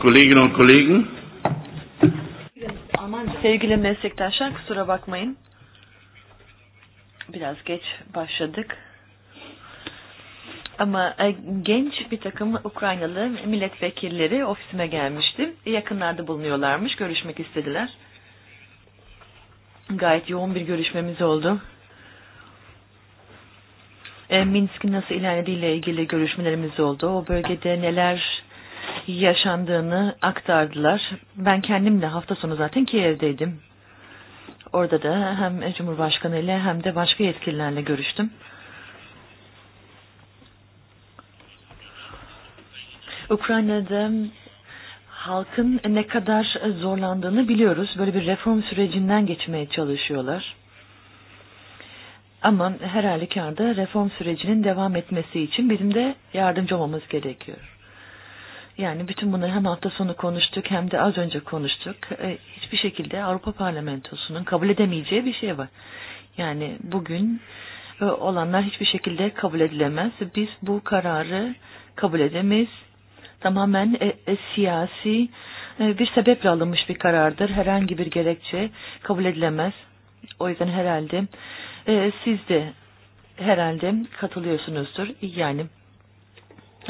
Kolleginnen und Kollegen. Sevgili meslektaşlar kusura bakmayın. Biraz geç başladık. Ama e, genç bir takım Ukraynalı milletvekilleri ofisime gelmişti. Yakınlarda bulunuyorlarmış, görüşmek istediler. Gayet yoğun bir görüşmemiz oldu. E, Minsk'in nasıl ilerlediğiyle ilgili görüşmelerimiz oldu. O bölgede neler yaşandığını aktardılar. Ben kendimle hafta sonu zaten ki evdeydim. Orada da hem Cumhurbaşkanı ile hem de başka yetkililerle görüştüm. Ukrayna'da halkın ne kadar zorlandığını biliyoruz. Böyle bir reform sürecinden geçmeye çalışıyorlar. Ama her halükarda reform sürecinin devam etmesi için bizim de yardımcı olmamız gerekiyor yani bütün bunları hem hafta sonu konuştuk hem de az önce konuştuk. E, hiçbir şekilde Avrupa Parlamentosu'nun kabul edemeyeceği bir şey var. Yani bugün e, olanlar hiçbir şekilde kabul edilemez. Biz bu kararı kabul edemeyiz. Tamamen e, e, siyasi e, bir sebeple alınmış bir karardır. Herhangi bir gerekçe kabul edilemez. O yüzden herhalde e, siz de herhalde katılıyorsunuzdur. Yani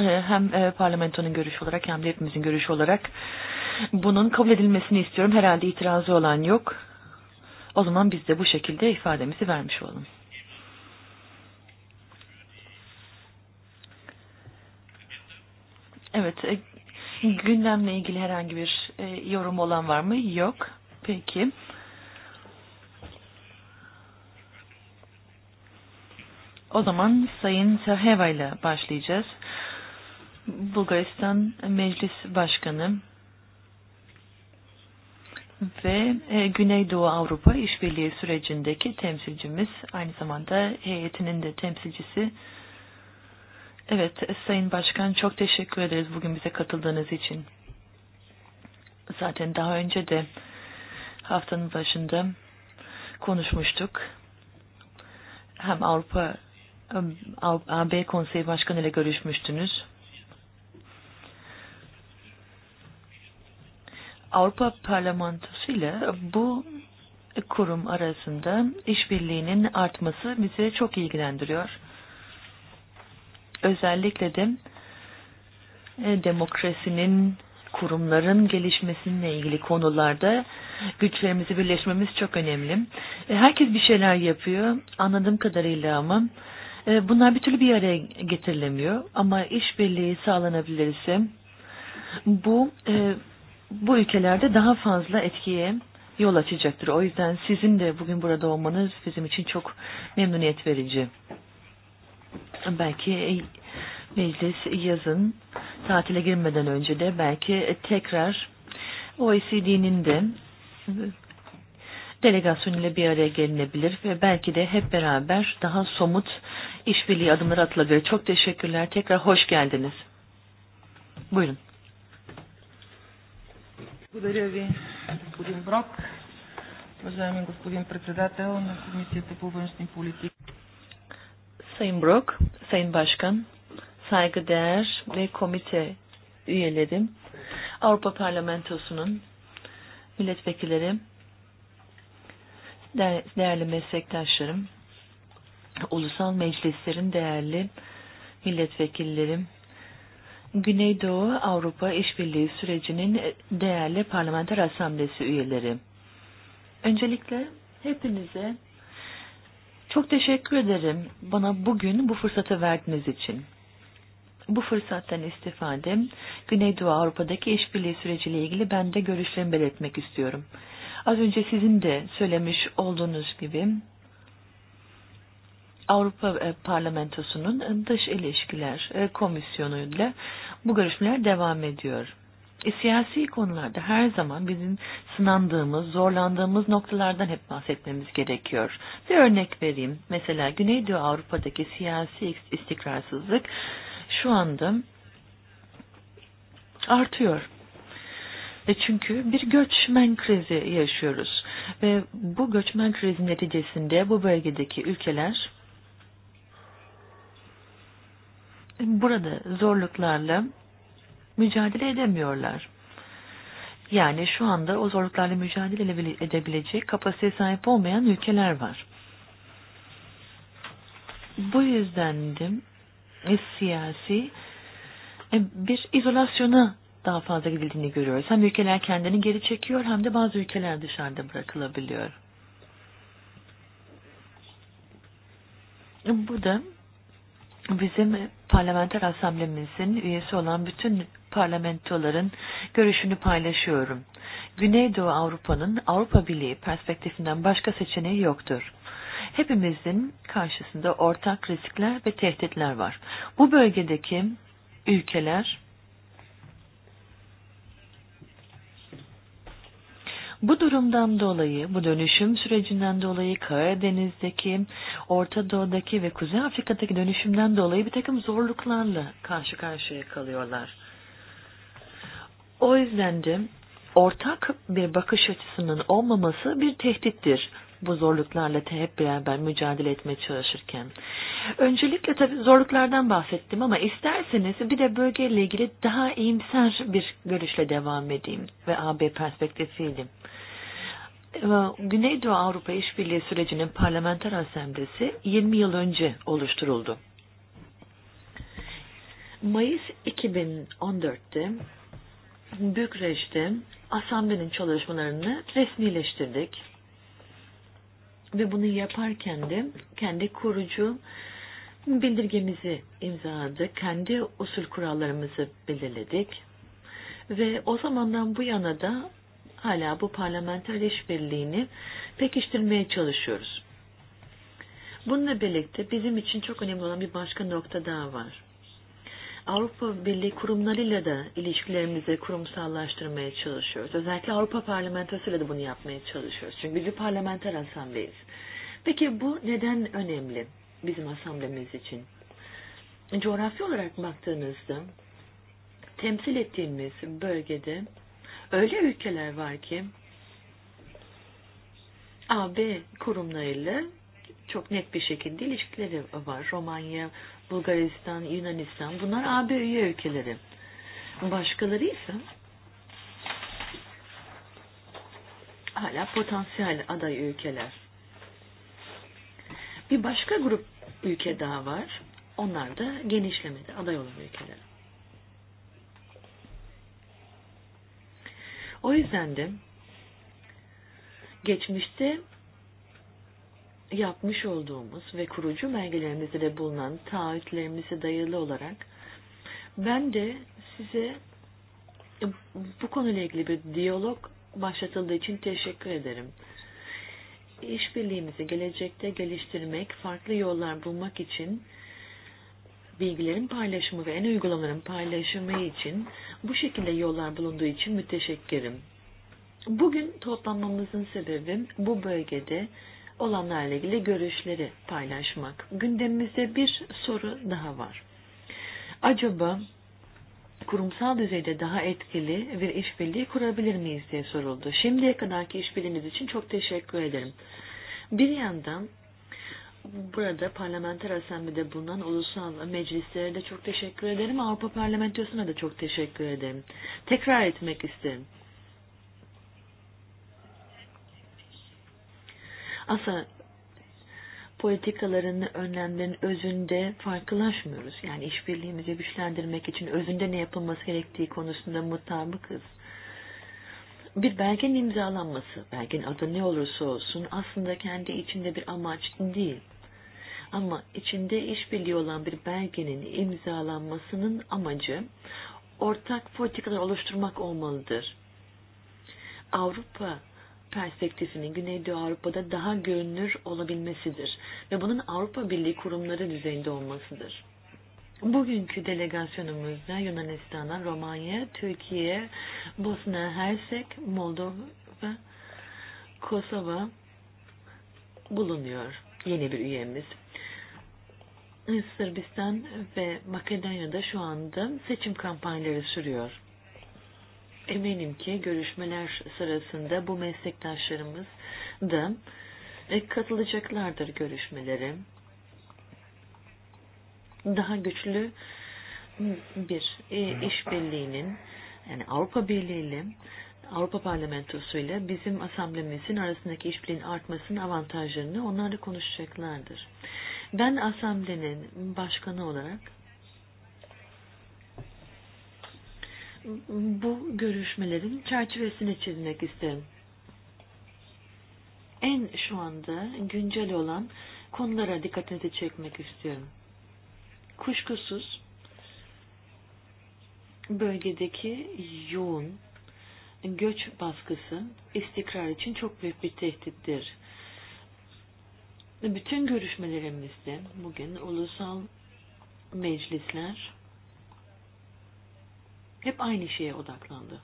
hem e, parlamenton ingörüş olarak hem de hepimizin görüş olarak bunun kabul edilmesini istiyorum. Herhalde itirazı olan yok. O zaman biz de bu şekilde ifademizi vermiş olalım. Evet, e, gündemle ilgili herhangi bir e, yorum olan var mı? Yok. Peki. O zaman Sayın Saheva ile başlayacağız. Bulgaristan Meclis Başkanı ve e, Güneydoğu Avrupa İşbirliği sürecindeki temsilcimiz aynı zamanda heyetinin de temsilcisi. Evet Sayın Başkan çok teşekkür ederiz bugün bize katıldığınız için. Zaten daha önce de haftanın başında konuşmuştuk. Hem Avrupa e, AB Konseyi Başkanı ile görüşmüştünüz Avrupa Parlamentosyla bu kurum arasında işbirliğinin artması bizi çok ilgilendiriyor. Özellikle de e, demokrasinin kurumların gelişmesiyle ilgili konularda güçlerimizi birleşmemiz çok önemli. E, herkes bir şeyler yapıyor anladığım kadarıyla ama e, bunlar bir türlü bir araya getirilemiyor ama işbirliği sağlanabilirse bu e, bu ülkelerde daha fazla etkiye yol açacaktır. O yüzden sizin de bugün burada olmanız bizim için çok memnuniyet verici. Belki meclis yazın tatile girmeden önce de belki tekrar OECD'nin de delegasyon ile bir araya gelinebilir ve belki de hep beraber daha somut işbirliği adımları atılabilir. Çok teşekkürler. Tekrar hoş geldiniz. Buyurun. Благодаря ви, господин Брок. Уважаеми господин председател на Комисията по външни политики. Сейн Брок, Сейн Башкан, saygıdeğer ve Комите üyeleri, Avrupa Parlamentosu'nun milletvekilleri, değerli meslektaşlarım, ulusal meclislerin değerli milletvekillerim, Gnejdu Awrupa ixbilli s-reġinin deħalli parlamentar assamli s-ujileri. Öncelikle hepinize çok teşekkür ederim bana bugün bu fırsatı verdiğiniz için. Bu fırsattan istifadem Güneydoğu Avrupa'daki işbirliği süreciyle ilgili ben de görüşlerimi belirtmek istiyorum. Az önce sizin de söylemiş olduğunuz gibi Avrupa e, Parlamentosu'nun dış ndax ilişkiler e, komisyonuyla bu görüşmeler devam ediyor. E, siyasi konularda her zaman bizim sınandığımız, zorlandığımız noktalardan hep bahsetmemiz gerekiyor. Bir örnek vereyim. Mesela Güneydoğu Avrupa'daki siyasi istikrarsızlık şu anda artıyor. E çünkü bir göçmen krizi yaşıyoruz ve bu göçmen krizi neticesinde bu bölgedeki ülkeler burada zorluklarla mücadele edemiyorlar. Yani şu anda o zorluklarla mücadele edebilecek kapasiteye sahip olmayan ülkeler var. Bu yüzden de e, siyasi e, bir izolasyona daha fazla gidildiğini görüyoruz. Hem ülkeler kendini geri çekiyor hem de bazı ülkeler dışarıda bırakılabiliyor. Bu da Bizim parlamenter asamblemizin üyesi olan bütün parlamentoların görüşünü paylaşıyorum. Güneydoğu Avrupa'nın Avrupa Birliği perspektifinden başka seçeneği yoktur. Hepimizin karşısında ortak riskler ve tehditler var. Bu bölgedeki ülkeler Bu durumdan dolayı, bu dönüşüm sürecinden dolayı Karadeniz'deki, Orta Doğu'daki ve Kuzey Afrika'daki dönüşümden dolayı bir takım zorluklarla karşı karşıya kalıyorlar. O yüzden de ortak bir bakış açısının olmaması bir tehdittir bu zorluklarla hep beraber mücadele etmeye çalışırken. Öncelikle tabii zorluklardan bahsettim ama isterseniz bir de bölgeyle ilgili daha iyimser bir görüşle devam edeyim ve AB perspektifiyle. Güneydoğu Avrupa İşbirliği sürecinin parlamenter asemblesi 20 yıl önce oluşturuldu. Mayıs 2014'te Bükreş'te asamblenin çalışmalarını resmileştirdik bibunija par kendi, kendi kurucu bildirgemizi imzaladı, kendi usul kurallarımızı belirledik ve o zamandan bu yana da hala bu parlamenter işbirliğini pekiştirmeye çalışıyoruz. Bununla birlikte bizim için çok önemli olan bir başka nokta daha var. Avrupa Birliği kurumlarıyla da ilişkilerimizi kurumsallaştırmaya çalışıyoruz. Özellikle Avrupa Parlamentosu ile de bunu yapmaya çalışıyoruz. Çünkü biz bir parlamenter asambleyiz. Peki bu neden önemli bizim asamblemiz için? Coğrafya olarak baktığınızda temsil ettiğimiz bölgede öyle ülkeler var ki AB kurumlarıyla çok net bir şekilde ilişkileri var. Romanya, Bulgaristan, Yunanistan bunlar AB üye ülkeleri. Başkaları ise hala potansiyel aday ülkeler. Bir başka grup ülke daha var. Onlar da genişlemede aday olan ülkeler. O yüzden de geçmişte yapmış olduğumuz ve kurucu belgelerimizde de bulunan taahhütlerimize dayalı olarak ben de size bu konuyla ilgili bir diyalog başlatıldığı için teşekkür ederim. İşbirliğimizi gelecekte geliştirmek, farklı yollar bulmak için bilgilerin paylaşımı ve en uygulamaların paylaşımı için bu şekilde yollar bulunduğu için müteşekkirim. Bugün toplanmamızın sebebi bu bölgede olanlarla görüşleri paylaşmak gündemimizde bir soru daha var. Acaba kurumsal düzeyde daha etkili bir işbirliği kurabilir miyiz diye soruldu. Şimdiye kadarki işbirliğiniz için çok teşekkür ederim. Bir yandan burada parlamenter asamblede bulunan ulusal meclislere de çok teşekkür ederim. Avrupa Parlamentosu'na da çok teşekkür ederim. Tekrar etmek isterim. asa politikaların önlemlerin özünde farklılaşmıyoruz. Yani işbirliğimizi güçlendirmek için özünde ne yapılması gerektiği konusunda mutabıkız. Bir belgenin imzalanması, belgenin adı ne olursa olsun aslında kendi içinde bir amaç değil. Ama içinde işbirliği olan bir belgenin imzalanmasının amacı ortak politikalar oluşturmak olmalıdır. Avrupa perspektifini Güneydoğu Avrupa'da daha görünür olabilmesidir ve bunun Avrupa Birliği kurumları düzeyinde olmasıdır. Bugünkü delegasyonumuzda Yunanistan'a, Romanya, Türkiye, Bosna, Hersek, Moldova, Kosova bulunuyor yeni bir üyemiz. Sırbistan ve Makedonya'da şu anda seçim kampanyaları sürüyor. Eminim ki görüşmeler sırasında bu meslektaşlarımız da e, katılacaklardır görüşmelere. Daha güçlü bir e, işbirliğinin yani Avrupa Birliği ile Avrupa Parlamentosu ile bizim asamblemizin arasındaki işbirliğin artmasının avantajlarını onlarla konuşacaklardır. Ben asamblenin başkanı olarak bu görüşmelerin çerçevesini çizmek isterim. En şu anda güncel olan konulara dikkatinizi çekmek istiyorum. Kuşkusuz bölgedeki yoğun göç baskısı istikrar için çok büyük bir tehdittir. Bütün görüşmelerimizde bugün ulusal meclisler Ibqajni xie u dak l-għanda.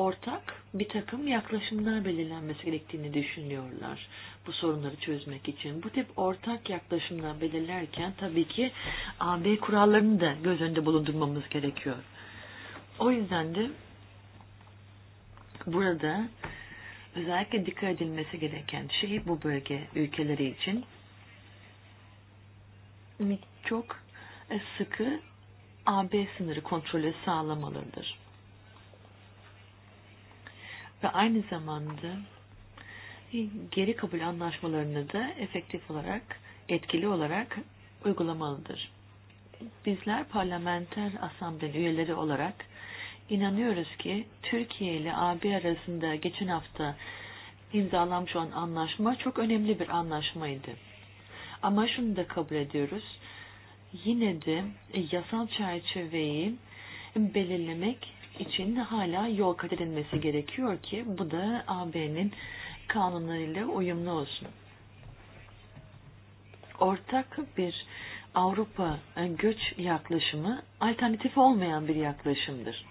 Ortak, bitakam jak laxim nabili l-għammes għiliktin edishin li orlax, bu sorun rċużme kiċin, bu tib ortak jak laxim nabili l-erken tabi ki abi kurallarında göz önünde bulundurmamız gerekiyor. O yüzden de burada özellikle dikkat edilmesi gereken şey bu bölge ülkeleri için çok E sıkı AB sınırı kontrolü sağlamalıdır. Ve aynı zamanda geri kabul anlaşmalarını da efektif olarak, etkili olarak uygulamalıdır. Bizler parlamenter asamblenin üyeleri olarak inanıyoruz ki Türkiye ile AB arasında geçen hafta imzalanmış olan anlaşma çok önemli bir anlaşmaydı. Ama şunu da kabul ediyoruz jinidi jasal çerçeveyi belirlemek için hala yol kat edilmesi gerekiyor ki bu da AB'nin kanunlarıyla uyumlu olsun. Ortak bir Avrupa göç yaklaşımı alternatif olmayan bir yaklaşımdır.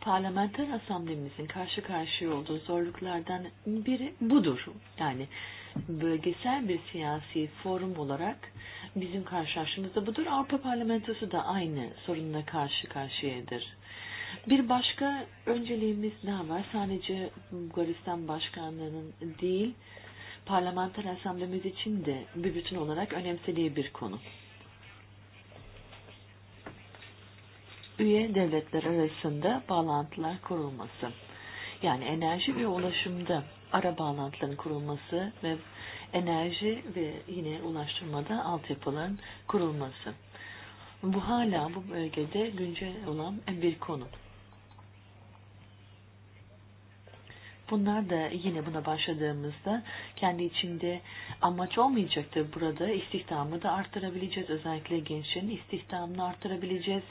Parlamenter asamblemizin karşı karşıya olduğu zorluklardan biri budur. Yani bölgesel bir siyasi forum olarak bizim karşılaştığımızda budur. Avrupa Parlamentosu da aynı sorunla karşı karşıyadır. Bir başka önceliğimiz daha var. Sadece Bulgaristan Başkanlığı'nın değil, parlamenter asamblemiz için de bir bütün olarak önemsediği bir konu. Üye devletler arasında bağlantılar kurulması. Yani enerji ve ulaşımda arabalarla kurulması ve enerji ve yine ulaştırmada altyapıların kurulması. Bu hala bu bölgede güncel olan bir konu. Bunlar da yine buna başladığımızda kendi içinde amaç olmayacaktır burada. istihdamı da arttırabileceğiz. Özellikle gençlerin istihdamını arttırabileceğiz.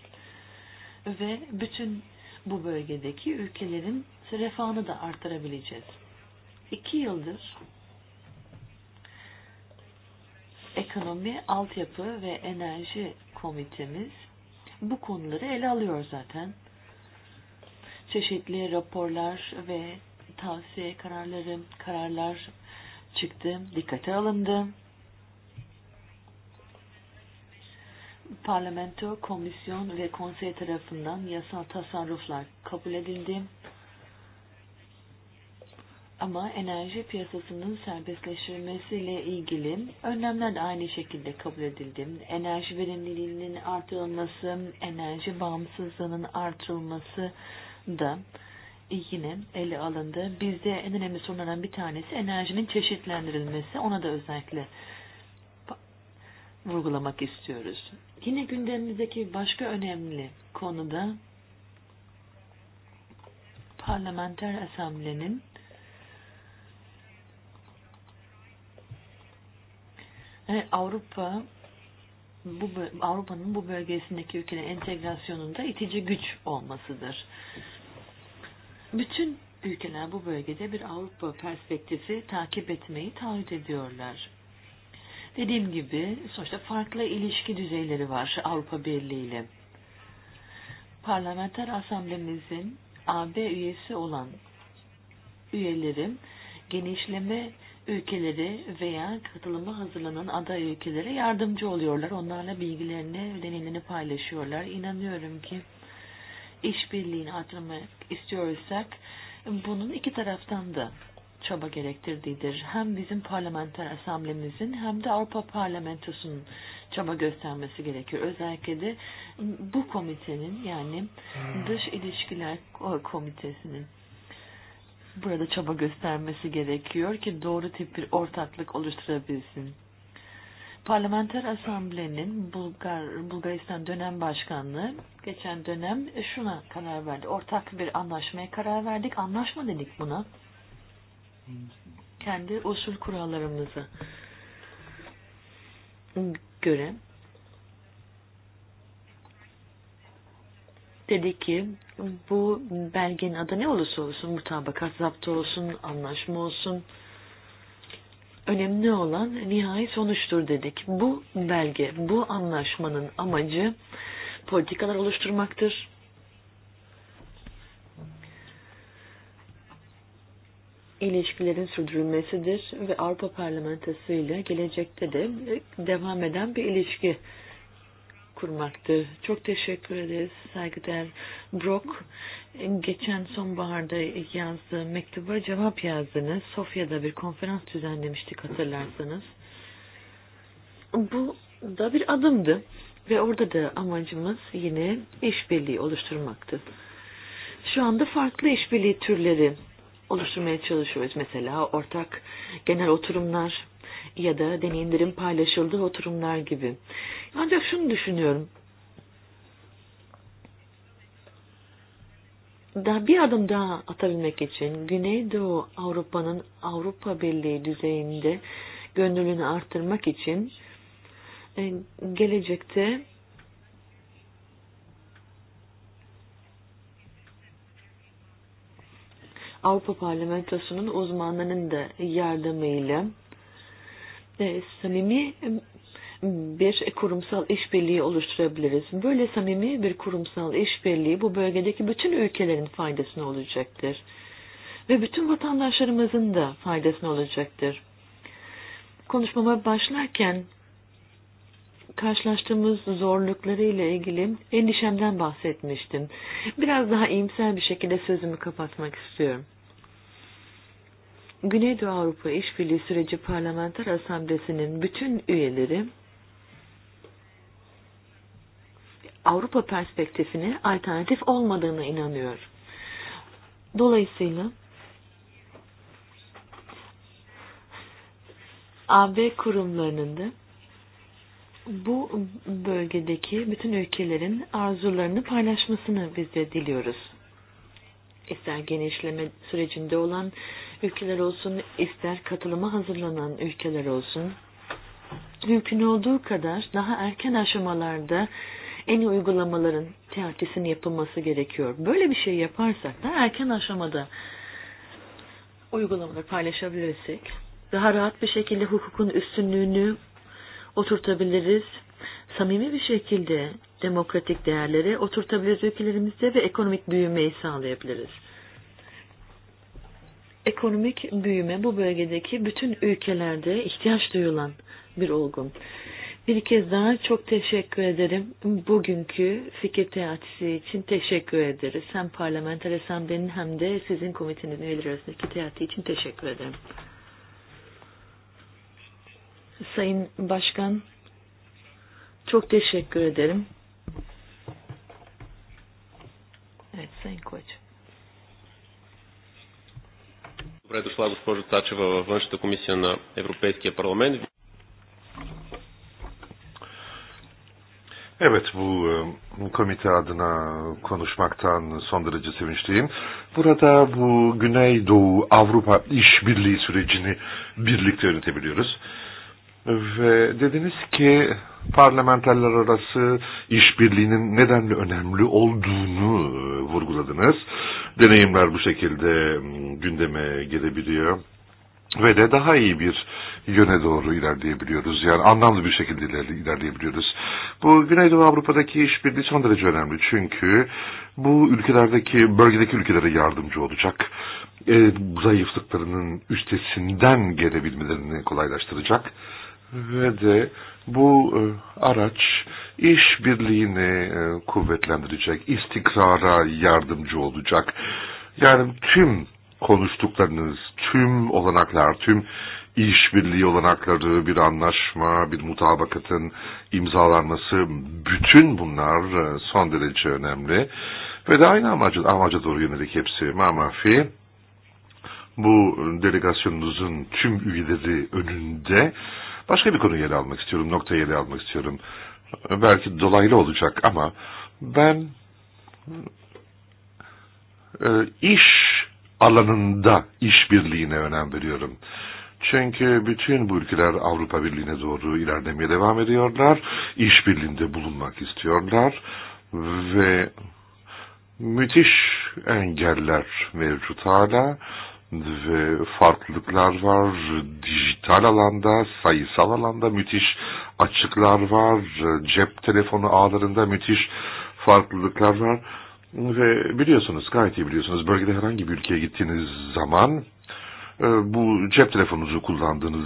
Ve bütün bu bölgedeki ülkelerin refahını da arttırabileceğiz killed us. Ekonomi, altyapı ve enerji komitemiz bu konuları ele alıyor zaten. Çeşitli raporlar ve tavsiye kararları, kararlar çıktı, dikkate alındı. Parlamento, komisyon ve konsey tarafından yasal tasarruflar kabul edildi Ama enerji piyasasının serbestleştirmesiyle ilgili önlemler de aynı şekilde kabul edildi. Enerji verimliliğinin artırılması, enerji bağımsızlığının artırılması da yine ele alındı. Bizde en önemli sorunlardan bir tanesi enerjinin çeşitlendirilmesi. Ona da özellikle vurgulamak istiyoruz. Yine gündemimizdeki başka önemli konuda parlamenter asamblenin E, Avrupa Avrupa'nın bu bölgesindeki ülkenin entegrasyonunda itici güç olmasıdır. Bütün ülkeler bu bölgede bir Avrupa perspektifi takip etmeyi taahhüt ediyorlar. Dediğim gibi sonuçta farklı ilişki düzeyleri var Avrupa Birliği ile. Parlamenter Asamblemizin AB üyesi olan üyelerin genişleme ülkeleri veya katılımlı hazırlanan aday ülkeleri yardımcı oluyorlar. Onlarla bilgilerini, deneyimlerini paylaşıyorlar. İnanıyorum ki işbirliğini artırmak istiyorsak bunun iki taraftan da çaba gerektirdiğidir. Hem bizim parlamenter asamblemizin hem de Avrupa parlamentosunun çaba göstermesi gerekiyor. Özellikle de bu komitenin yani hmm. dış ilişkiler komitesinin Burada çaba göstermesi gerekiyor ki doğru tip bir ortaklık oluşturabilsin. E Parlamenter Asamble'nin Bulgar, Bulgaristan dönem başkanlığı geçen dönem şuna karar verdi. Ortak bir anlaşmaya karar verdik. Anlaşma dedik buna. Kendi usul kurallarımızı göre dediki bu belgin adını olursa olsun mutabakat zapt olsun, anlaşma olsun. Önemli olan nihai sonuçtur dedik. Bu belge, bu anlaşmanın amacı politikalar oluşturmaktır. ilişkilerin sürdürülmesidir ve Avrupa Parlamentosu ile gelecekte de devam eden bir ilişki kurmaktı. Çok teşekkür ederiz. Saygıdeğer Brock. Geçen sonbaharda yazdığı mektuba cevap yazdınız. Sofya'da bir konferans düzenlemiştik hatırlarsanız. Bu da bir adımdı. Ve orada da amacımız yine işbirliği oluşturmaktı. Şu anda farklı işbirliği türleri oluşturmaya çalışıyoruz. Mesela ortak genel oturumlar, ya da deneyimlerin paylaşıldığı oturumlar gibi. Ancak şunu düşünüyorum. Daha bir adım daha atabilmek için Güneydoğu Avrupa'nın Avrupa Birliği düzeyinde gönlünü arttırmak için e, gelecekte Avrupa Parlamentosu'nun uzmanlarının da yardımıyla E, samimi bir kurumsal işbirliği oluşturabiliriz. Böyle samimi bir kurumsal işbirliği bu bölgedeki bütün ülkelerin faydasına olacaktır. Ve bütün vatandaşlarımızın da faydasına olacaktır. Konuşmama başlarken karşılaştığımız zorlukları ile ilgili endişemden bahsetmiştim. Biraz daha iyimser bir şekilde sözümü kapatmak istiyorum. Gnedu Avrupa işbirliği süreci parlamenter asamblesinin bütün üyeleri Avrupa perspektifine alternatif olmadığına inanıyor. Dolayısıyla AB kurumlarının da bu bölgedeki bütün ülkelerin arzularını paylaşmasını biz de diliyoruz. İster genişleme sürecinde olan ülkeler olsun, ister katılıma hazırlanan ülkeler olsun, mümkün olduğu kadar daha erken aşamalarda en iyi uygulamaların teatisini yapılması gerekiyor. Böyle bir şey yaparsak da erken aşamada uygulamaları paylaşabilirsek daha rahat bir şekilde hukukun üstünlüğünü oturtabiliriz. Samimi bir şekilde demokratik değerleri oturtabiliriz ülkelerimizde ve ekonomik büyümeyi sağlayabiliriz ekonomik büyüme bu bölgedeki bütün ülkelerde ihtiyaç duyulan bir olgun. Bir kez daha çok teşekkür ederim. Bugünkü fikir teatisi için teşekkür ederiz. Hem parlamenter esamdenin hem de sizin komitenin üyeleri arasındaki teatisi için teşekkür ederim. Sayın Başkan, çok teşekkür ederim. Evet, Sayın Koç. Добре дошла госпожо във външната комисия на Европейския парламент. Evet bu e, komite adına konuşmaktan son derece sevinçliyim. Burada bu Güneydoğu Avrupa işbirliği sürecini birlikte yönetebiliyoruz dediniz ki parlamenterler arası işbirliğinin neden önemli olduğunu e, vurguladınız. Deneyimler bu şekilde gündeme gelebiliyor ve de daha iyi bir yöne doğru ilerleyebiliyoruz. Yani anlamlı bir şekilde ilerleyebiliyoruz. Bu Güneydoğu Avrupa'daki işbirliği son derece önemli. Çünkü bu ülkelerdeki, bölgedeki ülkelere yardımcı olacak. E, zayıflıklarının üstesinden gelebilmelerini kolaylaştıracak vede bu eh, araç iş birliğini eh, kuvvetlendirecek, istikrara yardımcı olacak. Yani tüm konuştuklarınız, tüm olanaklar, tüm işbirliği olanakları, bir anlaşma, bir mutabakatın imzalanması, bütün bunlar eh, son derece önemli. Ve de aynı amaca, amaca doğru yönelik hepsi. Mamafi, bu delegasyonunuzun tüm üyeleri önünde Başka bir konuya ele almak istiyorum, noktayı ele almak istiyorum. Belki dolaylı olacak ama ben e, iş alanında işbirliğine önem veriyorum. Çünkü bütün bu ülkeler Avrupa Birliği'ne doğru ilerlemeye devam ediyorlar. İşbirliğinde bulunmak istiyorlar ve müthiş engeller mevcut hala w fartliklar var, dijital alanda, sayısal alanda müthiş açıklar var, cep telefonu ağlarında müthiş farklılıklar var. Ve biliyorsunuz, gayet iyi biliyorsunuz, bölgede herhangi bir ülkeye gittiğiniz zaman e, bu cep telefonunuzu kullandığınız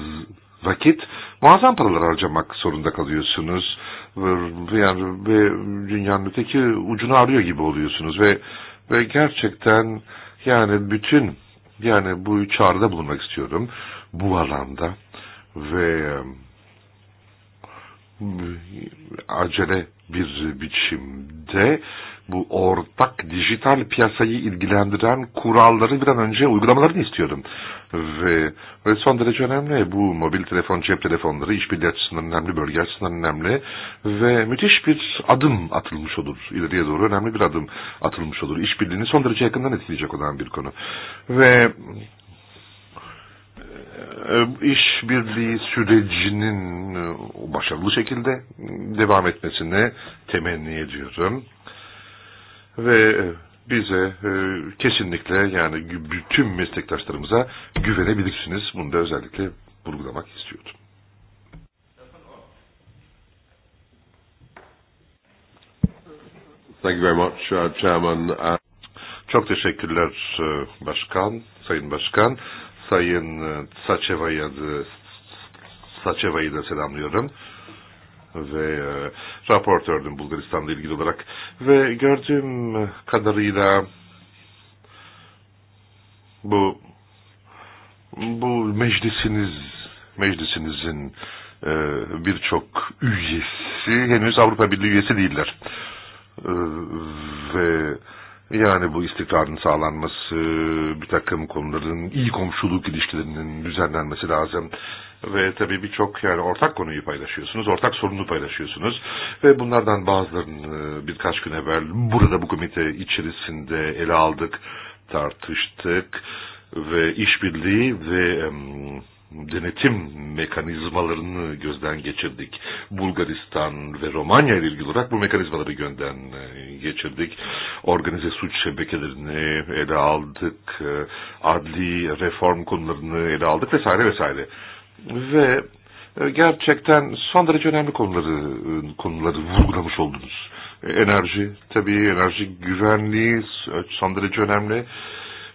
vakit muazzam paralar harcamak zorunda kalıyorsunuz. Ve, yani, ve dünyanın öteki ucunu arıyor gibi oluyorsunuz ve ve gerçekten yani bütün Yani bu çağrıda bulunmak istiyorum. Bu alanda ve e, acele bir biçimde bu ortak dijital piyasayı ilgilendiren kuralları bir an önce uygulamalarını istiyorum w sądy regionalne, bu mobil telefon, ciep telefon, riś pidec namny, bölgec namny, ve müthiş bir adım atılmış olur. İleriye doğru önemli bir adım atılmış olur. İşbirliğini son derece yakından etkileyecek olan bir konu. Ve e, e, işbirliği sürecinin e, başarılı şekilde devam etmesini temenni ediyorum. Ve bize e, kesinlikle yani bütün meslektaşlarımıza güvenebilirsiniz. Bunu da özellikle vurgulamak istiyordum. Thank you very much, uh, Chairman. Uh... Çok teşekkürler uh, Başkan, Sayın Başkan. Sayın e, Saçeva'yı da, Saçeva'yı da selamlıyorum ve e, raportördüm Bulgaristan'la ilgili olarak ve gördüğüm kadarıyla bu bu meclisiniz meclisinizin e, birçok üyesi henüz Avrupa Birliği üyesi değiller e, ve Yani bu istikrarın sağlanması bir takım konuların iyi komşuluk ilişkilerinin düzenlenmesi lazım. Ve tabi birçok yani ortak konuyu paylaşıyorsunuz, ortak sorunu paylaşıyorsunuz. Ve bunlardan bazılarını e, birkaç gün evvel burada bu komite içerisinde ele aldık, tartıştık ve işbirliği ve denetim mekanizmalarını gözden geçirdik. Bulgaristan ve Romanya ile ilgili olarak bu mekanizmaları gönden e, geçirdik. Organize suç şebekelerini ele aldık. E, adli reform konularını ele aldık vesaire vesaire. Ve e, gerçekten son derece önemli konuları konuları vurgulamış oldunuz. Enerji, tabii enerji güvenliği son derece önemli. Ee,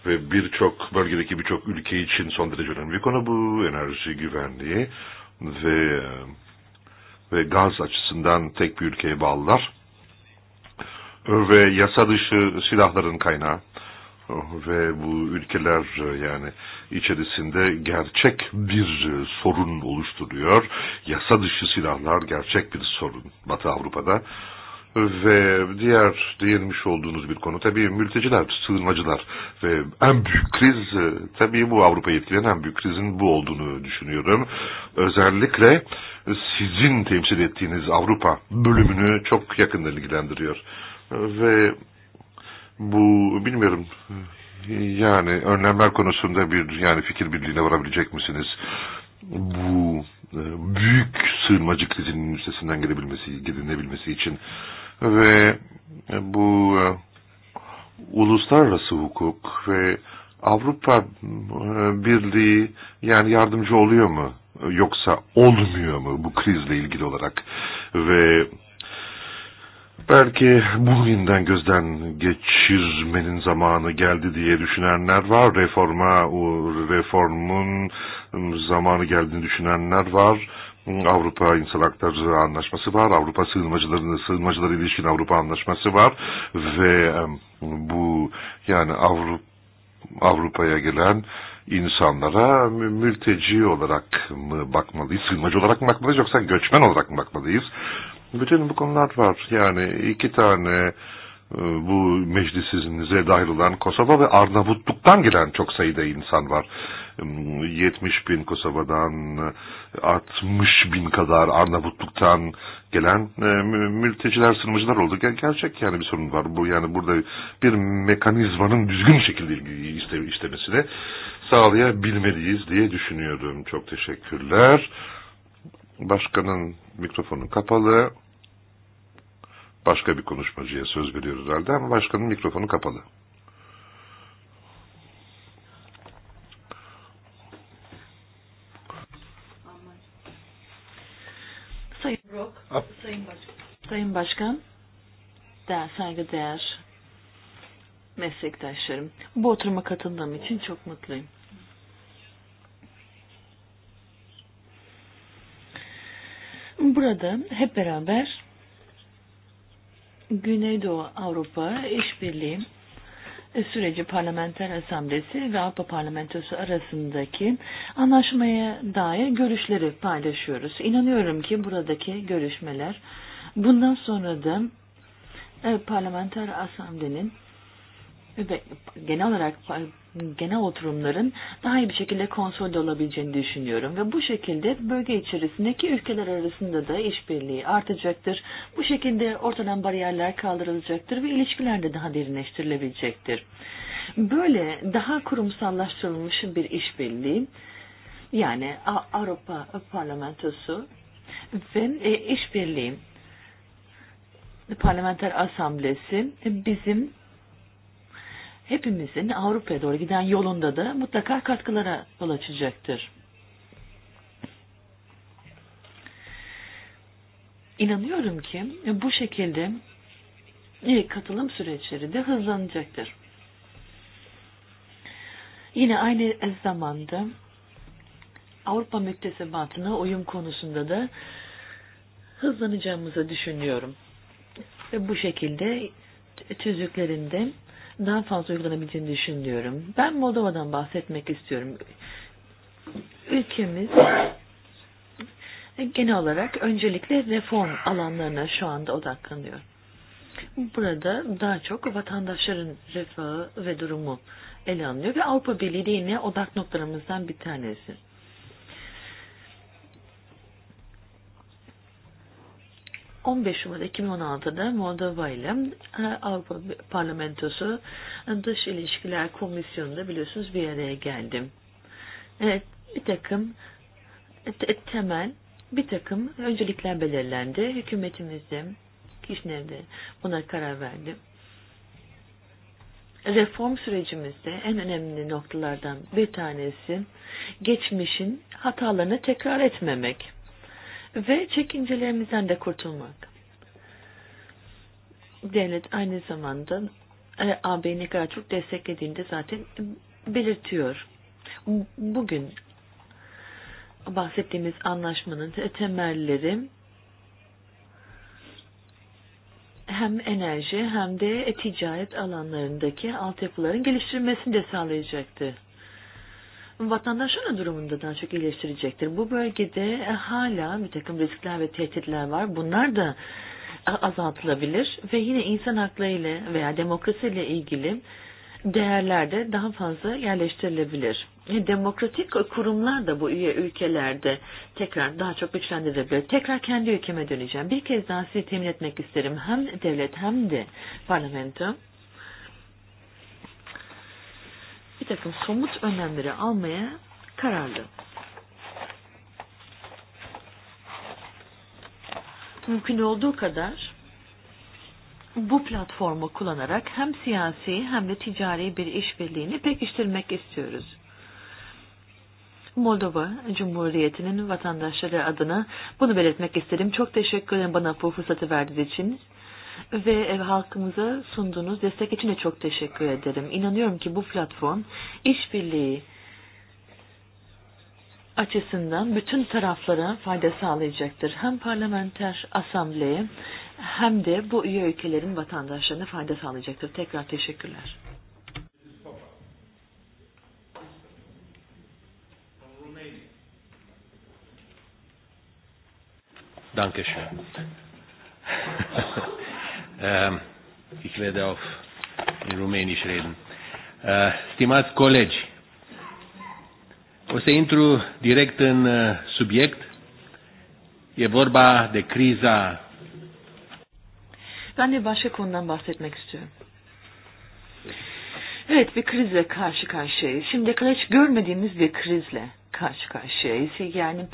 ve birçok bölgedeki birçok ülke için son derece önemli bir konu bu enerji güvenliği ve ve gaz açısından tek bir ülkeye bağlılar ve yasa dışı silahların kaynağı ve bu ülkeler yani içerisinde gerçek bir sorun oluşturuyor. Yasa dışı silahlar gerçek bir sorun Batı Avrupa'da ve diğer diyemiş olduğunuz bir konu. tabi mülteciler, sığınmacılar ve en büyük kriz e, tabi bu Avrupa'yı etkileyen en büyük krizin bu olduğunu düşünüyorum. Özellikle sizin temsil ettiğiniz Avrupa bölümünü çok yakında ilgilendiriyor. Ve bu bilmiyorum yani önlemler konusunda bir yani fikir birliğine varabilecek misiniz? Bu e, büyük sığınmacı krizinin üstesinden gelebilmesi, gelinebilmesi için ve bu e, uluslararası hukuk ve Avrupa e, Birliği yani yardımcı oluyor mu yoksa olmuyor mu bu krizle ilgili olarak ve Belki bugünden gözden geçirmenin zamanı geldi diye düşünenler var. Reforma, reformun zamanı geldiğini düşünenler var. Avrupa Inselaktar annax anlaşması var. Avrupa sığınmacılarının maġdar ilişkin Avrupa anlaşması var. ve bu yani Avrupa'ya gelen insanlara mülteci olarak mı bakmalıyız, sığınmacı olarak mı bakmalıyız yoksa göçmen olarak mı bakmalıyız? Bütün bu konular var. Yani iki tane bu meclisinize dahil olan Kosova ve Arnavutluk'tan gelen çok sayıda insan var jiet mixbin kosavadan għat bin kadar għanna buttuktan gelan e, mil oldu. darsin gerçek yani bir sorun var. Bu yani burada bir mekanizmanın düzgün şekilde istemesine sağlayabilmeliyiz diye düşünüyorum. Çok teşekkürler. Başkanın mikrofonu kapalı. Başka bir konuşmacıya söz veriyoruz herhalde ama başkanın mikrofonu kapalı. Sayın Brok, Sayın Başkan. Sayın Başkan, da saygıdeğer meslektaşlarım. Bu oturuma katıldığım için çok mutluyum. Burada hep beraber Güneydoğu Avrupa İşbirliği Is-sureġi parlamentar assembli sirra pa parlamentu arasındaki anlaşmaya dair görüşleri paylaşıyoruz. İnanıyorum ki buradaki görüşmeler bundan sonra da e, parlamenter asamblenin genel olarak genel oturumların daha iyi bir şekilde konsolide olabileceğini düşünüyorum ve bu şekilde bölge içerisindeki ülkeler arasında da işbirliği artacaktır. Bu şekilde ortadan bariyerler kaldırılacaktır ve ilişkiler de daha derinleştirilebilecektir. Böyle daha kurumsallaştırılmış bir işbirliği yani Avrupa Parlamentosu ve e, işbirliği Parlamenter Asamblesi bizim hepimizin Avrupa'ya doğru giden yolunda da mutlaka katkılara yol açacaktır. İnanıyorum ki bu şekilde e, katılım süreçleri de hızlanacaktır. Yine aynı zamanda Avrupa müktesebatına uyum konusunda da hızlanacağımızı düşünüyorum. Ve bu şekilde tüzüklerinde Daha fazla uygulanabileceğini düşünüyorum. Ben Moldova'dan bahsetmek istiyorum. Ülkemiz genel olarak öncelikle reform alanlarına şu anda odaklanıyor. Burada daha çok vatandaşların refahı ve durumu ele alınıyor ve Avrupa Birliği yine odak noktalarımızdan bir tanesi. 15 għadek imjonata moda vajlem għal parlamentu su għandax il-iċkila komisjon da bil-usu zbija għandim. Bittekem, temel, bittekem, għanġu li klabel l-landi, kimet imizdem, kiex nevde, unna karavandi. Reforms rejimizde en önemli noktalardan bir tanesi geçmişin hatalarını tekrar etmemek ve çekincelerimiz de kurtulmak. Devlet aynı zamanda e, AB'ni çok desteklediğinde zaten belirtiyor. Bugün bahsettiğimiz anlaşmanın temelleri hem enerji hem de ticaret alanlarındaki altyapıların geliştirilmesini de sağlayacaktı. Mbatt għanna xan għandu l-għum da danċu kili s-sirġek, il-bubar għide ħala, mitek kum rizklavi t-tiet l-għavar, bunnarda għazat l-għavilix, vejjina insan għak lejle, veja demokrasi li igilim, değerlerde daha fazla yerleştirilebilir. E Demokratik kurumlar da bu üye ülkelerde tekrar daha çok güçlendirilebilir. Tekrar kendi ülkeme döneceğim. Bir kez daha sizi temin etmek isterim. Hem devlet hem de parlamento bir takım somut önlemleri almaya kararlı. Mümkün olduğu kadar bu platformu kullanarak hem siyasi hem de ticari bir işbirliğini pekiştirmek istiyoruz. Moldova Cumhuriyeti'nin vatandaşları adına bunu belirtmek istedim. Çok teşekkür ederim bana bu fırsatı verdiğiniz için ve ev halkımıza sunduğunuz destek için de çok teşekkür ederim. İnanıyorum ki bu platform işbirliği açısından bütün taraflara fayda sağlayacaktır. Hem parlamenter asambleye hem de bu üye ülkelerin vatandaşlarına fayda sağlayacaktır. Tekrar teşekkürler. Danke schön. Uh, ich werde auf in Rumänisch reden. Uh, ehm, stimați colegi, o să intru direct în uh, eh, subiect. E vorba de criza. Dan iba xi kunna mbagħad Evet bir krizle karşı karşıyayız. Şimdi kadar hiç görmediğimiz bir krizle karşı karşıyayız. Yani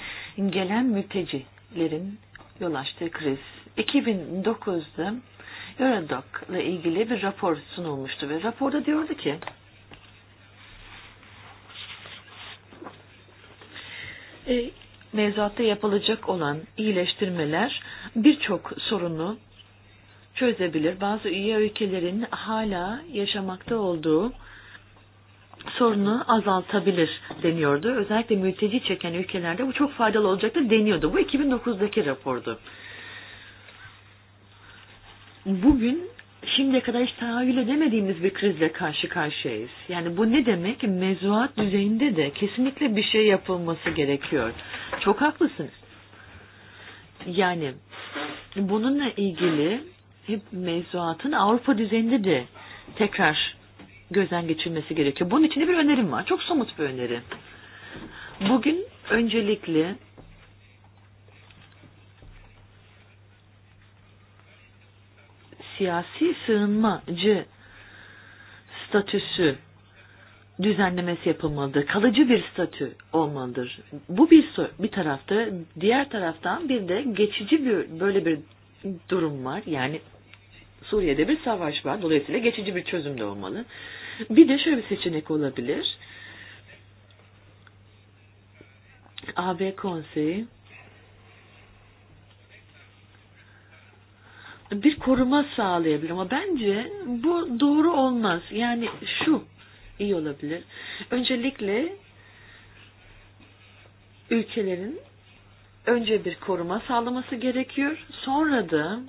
gelen mültecilerin yol açtığı kriz. 2009'da Gören dak ile ilgili bir rapor sunulmuştu ve raporda diyordu ki e, mevzuatta yapılacak olan iyileştirmeler birçok sorunu çözebilir. Bazı üye ülkelerin hala yaşamakta olduğu sorunu azaltabilir deniyordu. Özellikle mülteci çeken ülkelerde bu çok faydalı olacaktır deniyordu. Bu 2009'daki rapordu bugün şimdiye kadar hiç tahayyül edemediğimiz bir krizle karşı karşıyayız. Yani bu ne demek? Mevzuat düzeyinde de kesinlikle bir şey yapılması gerekiyor. Çok haklısınız. Yani bununla ilgili hep mevzuatın Avrupa düzeyinde de tekrar gözden geçirmesi gerekiyor. Bunun için de bir önerim var. Çok somut bir öneri. Bugün öncelikle siyasi sığınma cı statüsü düzenlemesi yapılmalıdır. Kalıcı bir statü olmalıdır. Bu bir bir tarafta, diğer taraftan bir de geçici bir böyle bir durum var. Yani Suriye'de bir savaş var. Dolayısıyla geçici bir çözüm de olmalı. Bir de şöyle bir seçenek olabilir. AB konseyi bir koruma sağlayabilir ama bence bu doğru olmaz. Yani şu iyi olabilir. Öncelikle ülkelerin önce bir koruma sağlaması gerekiyor. Sonra da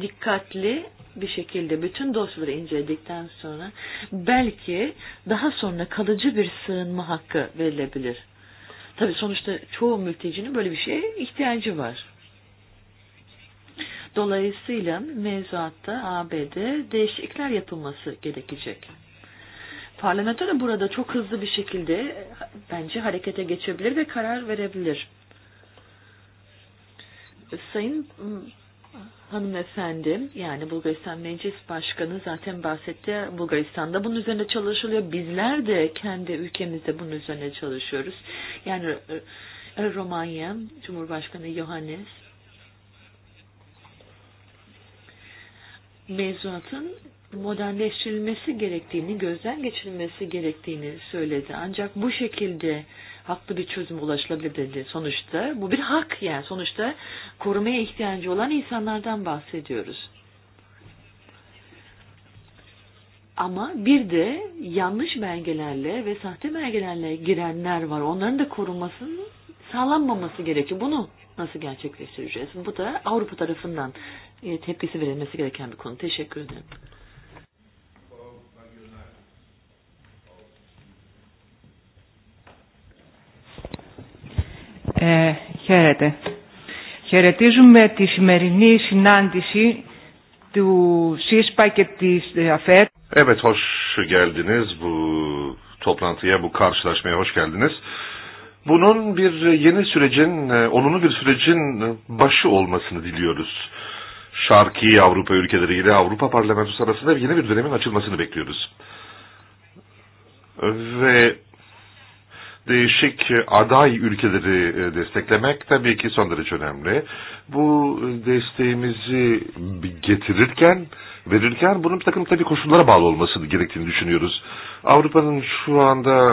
dikkatli bir şekilde bütün dosyaları inceledikten sonra belki daha sonra kalıcı bir sığınma hakkı verilebilir. Tabii sonuçta çoğu mültecinin böyle bir şeye ihtiyacı var dolayısıyla mevzuatta ABD değişiklikler yapılması gerekecek. Parlamento da burada çok hızlı bir şekilde e, bence harekete geçebilir ve karar verebilir. Sayın hanımefendi yani Bulgaristan Meclis Başkanı zaten bahsetti Bulgaristan'da bunun üzerine çalışılıyor. Bizler de kendi ülkemizde bunun üzerine çalışıyoruz. Yani Romanya Cumhurbaşkanı Yohannes mevzunatın modernleştirilmesi gerektiğini, gözden geçirilmesi gerektiğini söyledi. Ancak bu şekilde haklı bir çözüm ulaşılabilir dedi. Sonuçta bu bir hak yani sonuçta korumaya ihtiyacı olan insanlardan bahsediyoruz. Ama bir de yanlış belgelerle ve sahte belgelerle girenler var. Onların da korunmasının sağlanmaması gerekiyor. Bunu nasıl gerçekleştireceğiz? Bu da Avrupa tarafından Tibki si veri nisi kem konti xekrunem. Ε, χαίρετε. Χαιρετίζουμε τη σημερινή συνάντηση του ΣΥΣΠΑ και της ΑΦΕΤ. Evet, hoş geldiniz. Bu toplantıya, e bu karşılaşmaya hoş geldiniz. Bunun bir yeni sürecin, eh, olumlu bir sürecin başı olmasını diliyoruz şarki Avrupa ülkeleriyle Avrupa Parlamentosu arasında yeni bir dönemin açılmasını bekliyoruz. Ve değişik aday ülkeleri e, desteklemek tabii ki son derece önemli. Bu e, desteğimizi getirirken, verirken bunun bir takım tabii koşullara bağlı olması gerektiğini düşünüyoruz. Avrupa'nın şu anda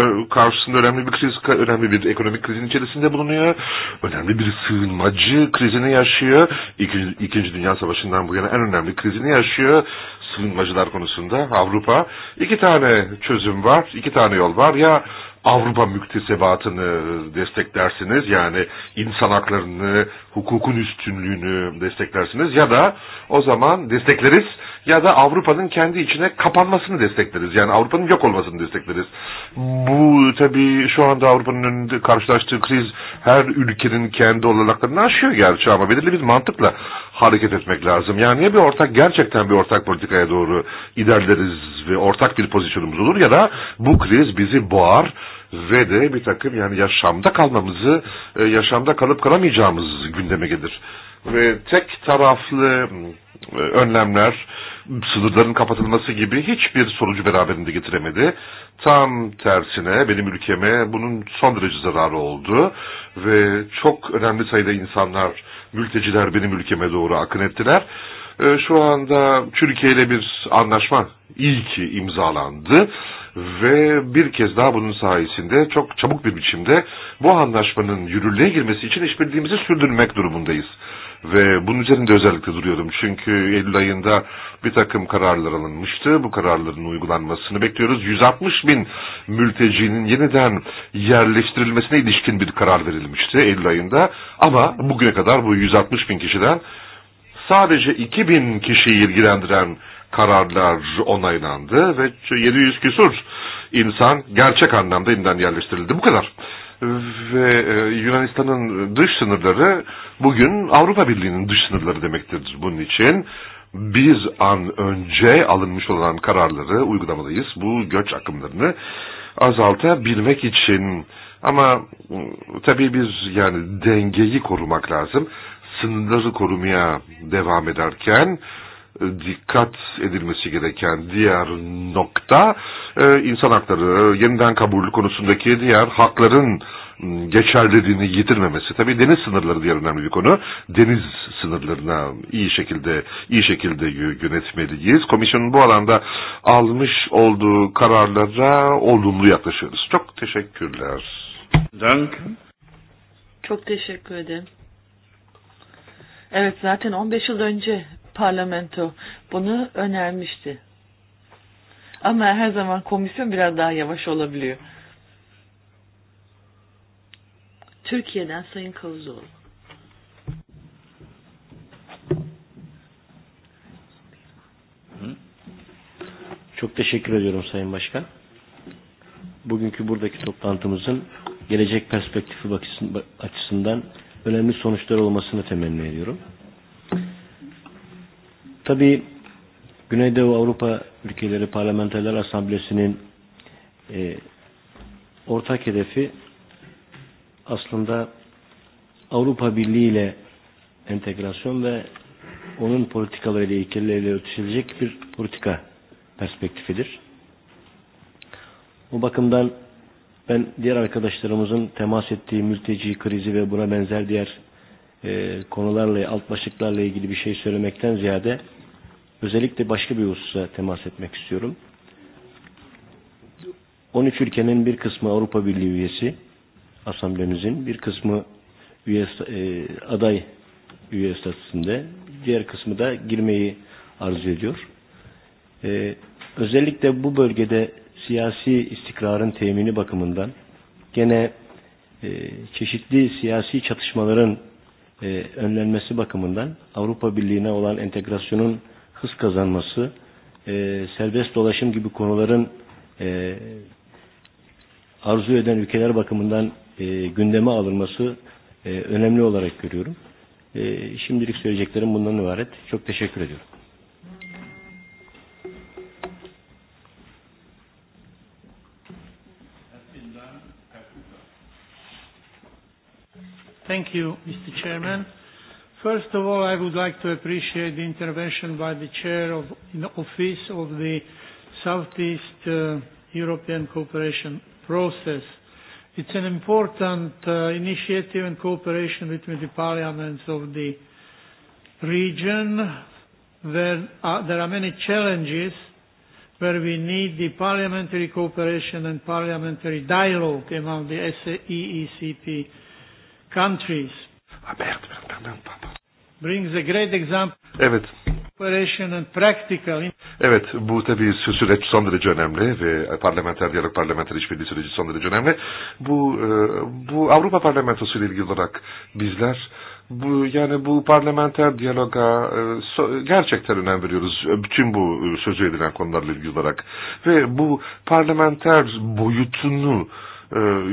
e, karşısında önemli bir kriz, önemli bir ekonomik krizin içerisinde bulunuyor. Önemli bir sığınmacı krizini yaşıyor. İkinci, İkinci Dünya Savaşı'ndan bu yana en önemli krizini yaşıyor sığınmacılar konusunda Avrupa. iki tane çözüm var, iki tane yol var. Ya Avrupa müktesebatını desteklersiniz yani insan haklarını, hukukun üstünlüğünü desteklersiniz ya da o zaman destekleriz ya da Avrupa'nın kendi içine kapanmasını destekleriz. Yani Avrupa'nın yok olmasını destekleriz. Bu tabi şu anda Avrupa'nın önünde karşılaştığı kriz her ülkenin kendi olanaklarını aşıyor gerçi ama belirli bir mantıkla hareket etmek lazım. Yani ya bir ortak gerçekten bir ortak politikaya doğru ilerleriz ve ortak bir pozisyonumuz olur ya da bu kriz bizi boğar ve de bir takım yani yaşamda kalmamızı, e, yaşamda kalıp kalamayacağımız gündeme gelir. Ve tek taraflı önlemler sınırların kapatılması gibi hiçbir sonucu beraberinde getiremedi. Tam tersine benim ülkeme bunun son derece zararı oldu ve çok önemli sayıda insanlar, mülteciler benim ülkeme doğru akın ettiler. Şu anda Türkiye ile bir anlaşma iyi ki imzalandı ve bir kez daha bunun sayesinde çok çabuk bir biçimde bu anlaşmanın yürürlüğe girmesi için işbirliğimizi sürdürmek durumundayız ve bunun üzerinde özellikle duruyorum. Çünkü Eylül ayında bir takım kararlar alınmıştı. Bu kararların uygulanmasını bekliyoruz. 160 bin mültecinin yeniden yerleştirilmesine ilişkin bir karar verilmişti Eylül ayında. Ama bugüne kadar bu 160 bin kişiden sadece 2 bin kişiyi ilgilendiren kararlar onaylandı ve 700 küsur insan gerçek anlamda yeniden yerleştirildi. Bu kadar ve e, Yunanistan'ın dış sınırları bugün Avrupa Birliği'nin dış sınırları demektir. Bunun için Biz an önce alınmış olan kararları uygulamalıyız. Bu göç akımlarını azaltabilmek için ama e, tabii biz yani dengeyi korumak lazım. Sınırları korumaya devam ederken dikkat edilmesi gereken diğer nokta e, insan hakları yeniden kabul konusundaki diğer hakların geçerliliğini yitirmemesi. Tabi deniz sınırları diğer önemli bir konu. Deniz sınırlarına iyi şekilde iyi şekilde yönetmeliyiz. Komisyonun bu alanda almış olduğu kararlara olumlu yaklaşıyoruz. Çok teşekkürler. Dank. Çok teşekkür ederim. Evet zaten 15 yıl önce parlamento bunu önermişti. Ama her zaman komisyon biraz daha yavaş olabiliyor. Türkiye'den Sayın Kavuzoğlu. Çok teşekkür ediyorum Sayın Başkan. Bugünkü buradaki toplantımızın gelecek perspektifi açısından önemli sonuçlar olmasını temenni ediyorum. Tabi, Güneydoğu Avrupa ülkeleri parlamenterler asamblesinin e, ortak hedefi aslında Avrupa Birliği ile entegrasyon ve onun politikalarıyla ilkeleriyle örtüşülecek bir politika perspektifidir. Bu bakımdan ben diğer arkadaşlarımızın temas ettiği mülteci krizi ve buna benzer diğer e, konularla, alt başlıklarla ilgili bir şey söylemekten ziyade Özellikle başka bir hususa temas etmek istiyorum. 13 ülkenin bir kısmı Avrupa Birliği üyesi asamblemizin, bir kısmı üye, e, aday üye statüsünde, diğer kısmı da girmeyi arzu ediyor. E, özellikle bu bölgede siyasi istikrarın temini bakımından gene e, çeşitli siyasi çatışmaların e, önlenmesi bakımından Avrupa Birliği'ne olan entegrasyonun hız kazanması, e, serbest dolaşım gibi konuların e, arzu eden ülkeler bakımından e, gündeme alınması e, önemli olarak görüyorum. E, şimdilik söyleyeceklerim bundan ibaret. Çok teşekkür ediyorum. Thank you, Mr. Chairman. First of all, I would like to appreciate the intervention by the Chair of the Office of the Southeast uh, European Cooperation Process. It's an important uh, initiative and cooperation between the parliaments of the region There are uh, there are many challenges where we need the parliamentary cooperation and parliamentary dialogue among the EECP countries. aperto, aperto, aperto brings a great example. Evet. Operation and practical. Evet, bu tabi süreç son derece önemli ve e, parlamenter diyalog parlamenter işbirliği süreci son derece önemli. Bu e, bu Avrupa Parlamentosu ile ilgili olarak bizler bu yani bu parlamenter diyaloga e, gerçekten önem veriyoruz bütün bu sözü edilen konularla ilgili olarak ve bu parlamenter boyutunu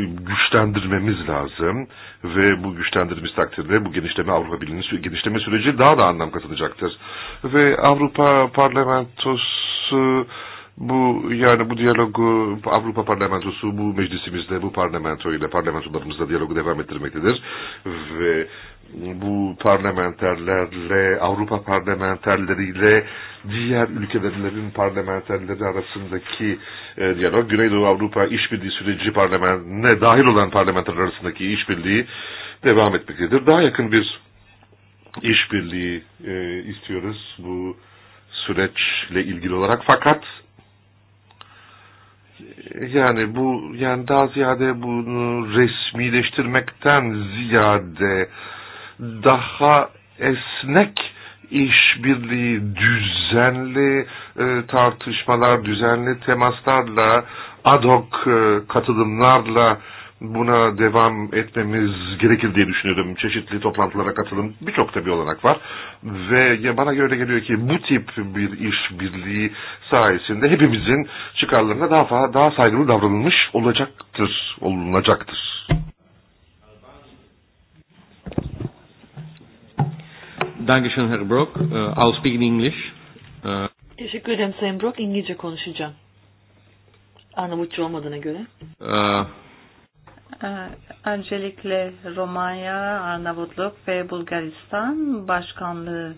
güçlendirmemiz etmemiz lazım ve bu güçlendirmemiz takdirde bu genişleme Avrupa Birliği'nin genişleme süreci daha da anlam kazanacaktır. Ve Avrupa Parlamentosu bu yani bu diyalogu Avrupa Parlamentosu bu meclisimizde bu parlamento ile parlamentolarımızla diyalogu devam ettirmektedir ve bu parlamenterlerle Avrupa parlamenterleriyle diğer ülkelerin parlamenterleri arasındaki e, diyalog Güneydoğu Avrupa işbirliği süreci parlamentine dahil olan parlamenter arasındaki işbirliği devam etmektedir. Daha yakın bir işbirliği e, istiyoruz bu süreçle ilgili olarak fakat yani bu yani daha ziyade bunu resmileştirmekten ziyade daha esnek işbirliği düzenli e, tartışmalar, düzenli temaslarla ad hoc e, katılımlarla e, Buna devam etmemiz gerekir diye düşünüyorum. Çeşitli toplantılara katılım Birçok tabi olanak var. Ve bana göre geliyor ki bu tip bir iş birliği sayesinde hepimizin çıkarlarına daha, fazla, daha saygılı davranılmış olacaktır. Olunacaktır. Dankeschön, Herr Brock. Uh, I'll speak in English. Uh... Teşekkür ederim Sayın Brock. İngilizce konuşacağım. Arnavutçu olmadığına göre. Uh, öncelikle Romanya, Arnavutluk ve Bulgaristan başkanlığı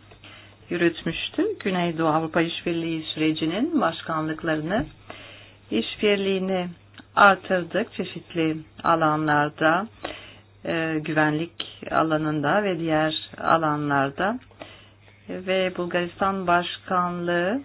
yürütmüştü. Güneydoğu Avrupa İşbirliği sürecinin başkanlıklarını, işbirliğini artırdık çeşitli alanlarda, e, güvenlik alanında ve diğer alanlarda e, ve Bulgaristan Başkanlığı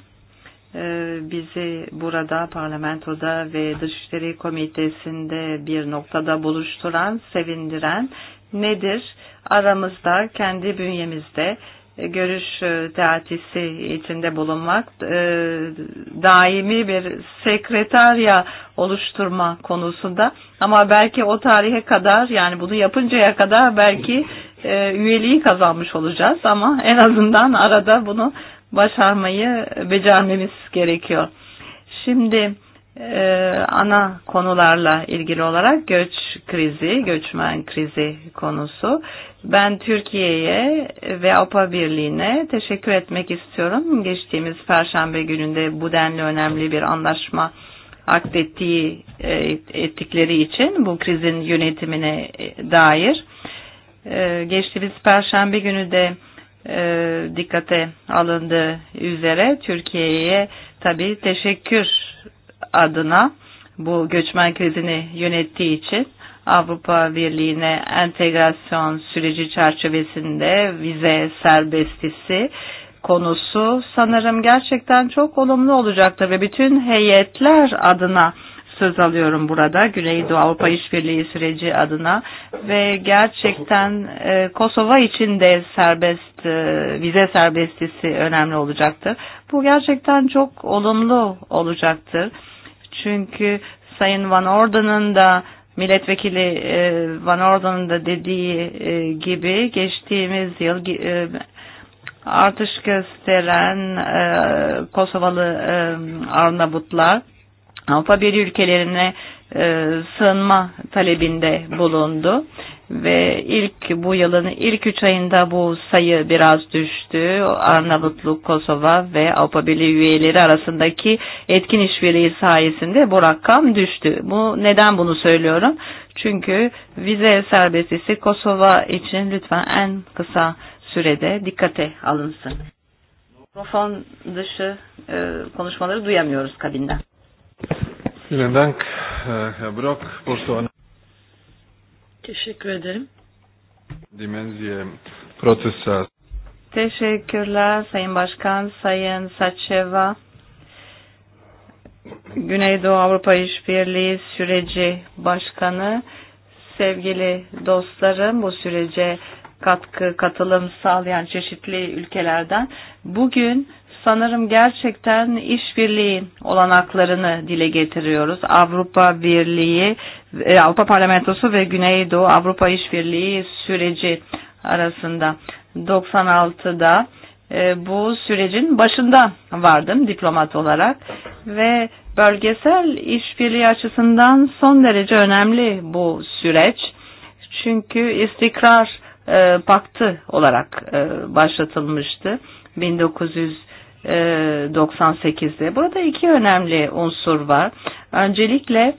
bizi burada parlamentoda ve Dışişleri Komitesi'nde bir noktada buluşturan, sevindiren nedir? Aramızda, kendi bünyemizde e, görüş e, teatisi içinde bulunmak, e, daimi bir sekreterya oluşturma konusunda ama belki o tarihe kadar yani bunu yapıncaya kadar belki üyeliği kazanmış olacağız ama en azından arada bunu başarmayı becermemiz gerekiyor. Şimdi e, ana konularla ilgili olarak göç krizi, göçmen krizi konusu. Ben Türkiye'ye ve Avrupa Birliği'ne teşekkür etmek istiyorum. Geçtiğimiz Perşembe gününde bu denli önemli bir anlaşma akdettiği e, ettikleri için bu krizin yönetimine e, dair. E, geçtiğimiz Perşembe günü de e, dikkate alındığı üzere Türkiye'ye tabi teşekkür adına bu göçmen krizini yönettiği için Avrupa Birliği'ne entegrasyon süreci çerçevesinde vize serbestisi konusu sanırım gerçekten çok olumlu olacaktır ve bütün heyetler adına söz alıyorum burada Güneydoğu Avrupa İşbirliği süreci adına ve gerçekten e, Kosova için de serbest e, vize serbestisi önemli olacaktır. Bu gerçekten çok olumlu olacaktır. Çünkü Sayın Van Orden'ın da milletvekili e, Van Orden'ın da dediği e, gibi geçtiğimiz yıl e, artış gösteren e, Kosovalı e, Arnavutlar Avrupa bir ülkelerine e, sığınma talebinde bulundu ve ilk bu yılın ilk üç ayında bu sayı biraz düştü. Arnavutluk, Kosova ve Avrupa Birliği üyeleri arasındaki etkin işbirliği sayesinde bu rakam düştü. Bu neden bunu söylüyorum? Çünkü vize serbestisi Kosova için lütfen en kısa sürede dikkate alınsın. Mikrofon dışı e, konuşmaları duyamıyoruz kabinden. Vielen Dank, eh, Herr Brock, poštovana. Teşekkür Dimenziye procesa. Teşekkürler Sayın Başkan, Sayın Saçeva. Güneydoğu Avrupa İşbirliği Süreci Başkanı, sevgili dostlarım bu sürece katkı, katılım sağlayan çeşitli ülkelerden. Bugün sanırım gerçekten işbirliği olanaklarını dile getiriyoruz. Avrupa Birliği, e, Avrupa Parlamentosu ve Güneydoğu Avrupa İşbirliği süreci arasında 96'da e, bu sürecin başında vardım diplomat olarak ve bölgesel işbirliği açısından son derece önemli bu süreç. Çünkü istikrar e, paktı olarak e, başlatılmıştı 1900 98'de. Burada iki önemli unsur var. Öncelikle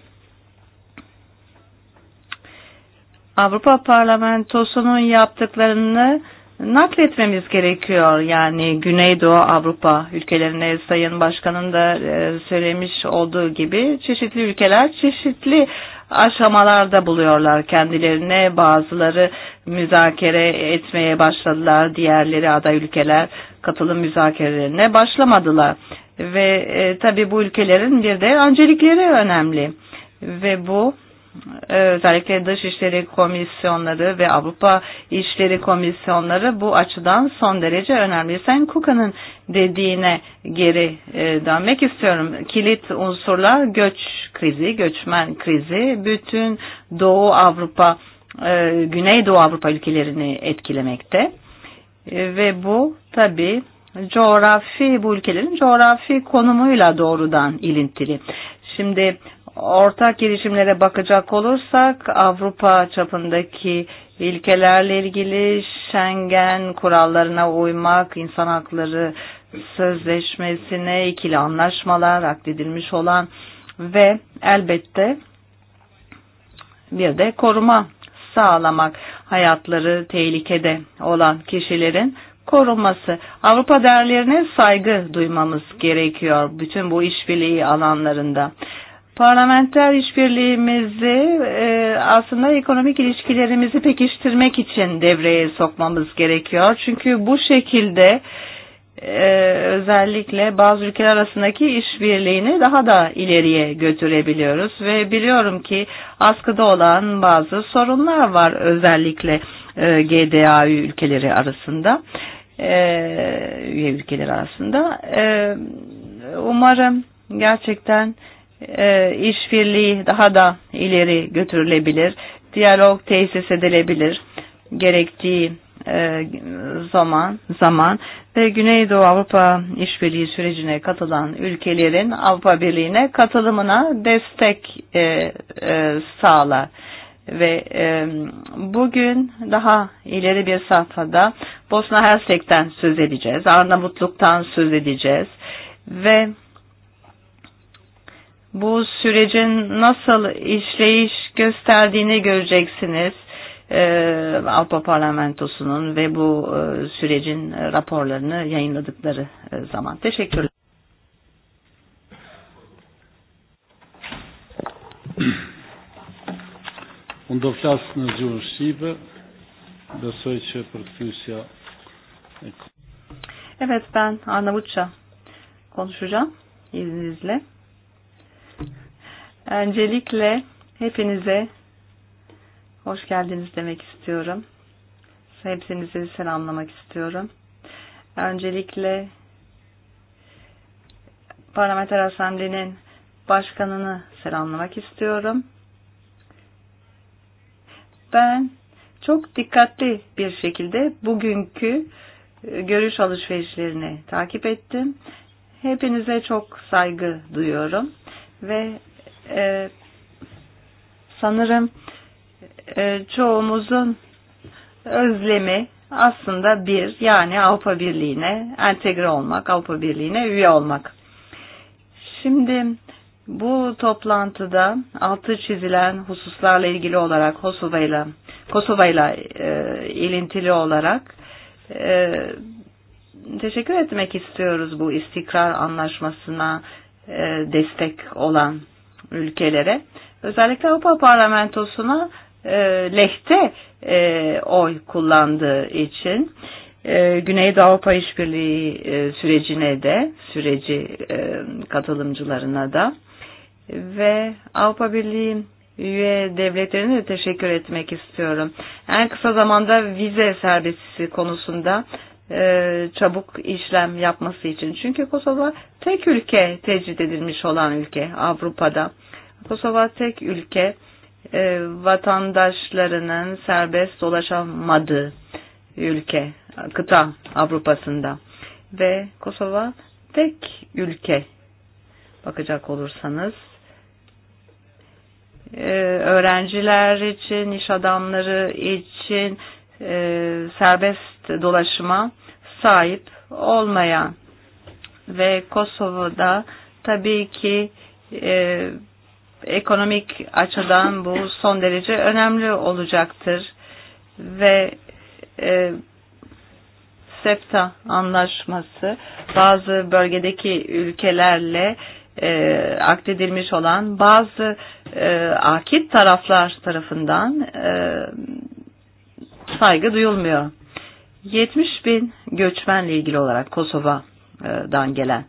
Avrupa Parlamentosu'nun yaptıklarını Nakli etmemiz gerekiyor. Yani Güneydoğu Avrupa ülkelerine Sayın Başkan'ın da e, söylemiş olduğu gibi çeşitli ülkeler çeşitli aşamalarda buluyorlar kendilerine. Bazıları müzakere etmeye başladılar. Diğerleri aday ülkeler katılım müzakerelerine başlamadılar. Ve e, tabi bu ülkelerin bir de öncelikleri önemli. Ve bu özellikle dış işleri komisyonları ve Avrupa işleri komisyonları bu açıdan son derece önemli. Sen Kuka'nın dediğine geri e, dönmek istiyorum. Kilit unsurlar göç krizi, göçmen krizi bütün Doğu Avrupa, e, Güneydoğu Avrupa ülkelerini etkilemekte. E, ve bu tabi coğrafi bu ülkelerin coğrafi konumuyla doğrudan ilintili. Şimdi ortak girişimlere bakacak olursak Avrupa çapındaki ilkelerle ilgili Schengen kurallarına uymak, insan hakları sözleşmesine ikili anlaşmalar akdedilmiş olan ve elbette bir de koruma sağlamak hayatları tehlikede olan kişilerin korunması. Avrupa değerlerine saygı duymamız gerekiyor bütün bu işbirliği alanlarında. Parlamenter işbirliğimizi eh, eh, e, aslında ekonomik ilişkilerimizi pekiştirmek için devreye sokmamız gerekiyor. Çünkü bu şekilde özellikle bazı ülkeler arasındaki işbirliğini daha da ileriye götürebiliyoruz ve biliyorum ki askıda olan bazı sorunlar var özellikle eh, GDA ülkeleri arasında üye ülkeler arasında umarım gerçekten Eh, işbirliği daha da ileri götürülebilir. Diyalog tesis edilebilir gerektiği e, eh, zaman zaman ve eh, Güneydoğu Avrupa işbirliği sürecine katılan ülkelerin Avrupa Birliği'ne katılımına destek e, e, sağlar ve e, bugün daha ileri bir safhada Bosna Hersek'ten söz edeceğiz, Arnavutluk'tan söz edeceğiz ve bu sürecin nasıl işleyiş gösterdiğini göreceksiniz e, Avrupa Parlamentosu'nun ve bu e, sürecin e, raporlarını yayınladıkları e, zaman. Teşekkürler. Unë do flasë në gjurë Shqipe, besoj që për të fysja e kërë. Evet ben Arnavutça konuşacağım izninizle. Öncelikle hepinize hoş geldiniz demek istiyorum. Hepinizi selamlamak istiyorum. Öncelikle Parlamenter Asambli'nin başkanını selamlamak istiyorum. Ben çok dikkatli bir şekilde bugünkü e, görüş alışverişlerini takip ettim. Hepinize çok saygı duyuyorum ve e, sanırım e, çoğumuzun özlemi aslında bir yani Avrupa Birliği'ne entegre olmak, Avrupa Birliği'ne üye olmak. Şimdi bu toplantıda altı çizilen hususlarla ilgili olarak Kosova ile Kosova ile e, ilintili olarak e, teşekkür etmek istiyoruz bu istikrar anlaşmasına E, destek olan ülkelere. Özellikle Avrupa Parlamentosu'na e, lehte e, oy kullandığı için e, Güneydoğu Avrupa İşbirliği e, sürecine de, süreci e, katılımcılarına da ve Avrupa Birliği üye devletlerine de teşekkür etmek istiyorum. En kısa zamanda vize serbestisi konusunda e, çabuk işlem yapması için. Çünkü Kosova tek ülke tecrit edilmiş olan ülke Avrupa'da. Kosova tek ülke e, vatandaşlarının serbest dolaşamadığı ülke, kıta Avrupa'sında. Ve Kosova tek ülke bakacak olursanız e, öğrenciler için, iş adamları için e, serbest dolaşıma sahip olmaya ve Kosova'da tabii ki e, ekonomik açıdan bu son derece önemli olacaktır ve e, SEPTA anlaşması bazı bölgedeki ülkelerle e, akdedilmiş olan bazı e, akit taraflar tarafından e, saygı duyulmuyor. 70 bin göçmenle ilgili olarak Kosova'dan gelen.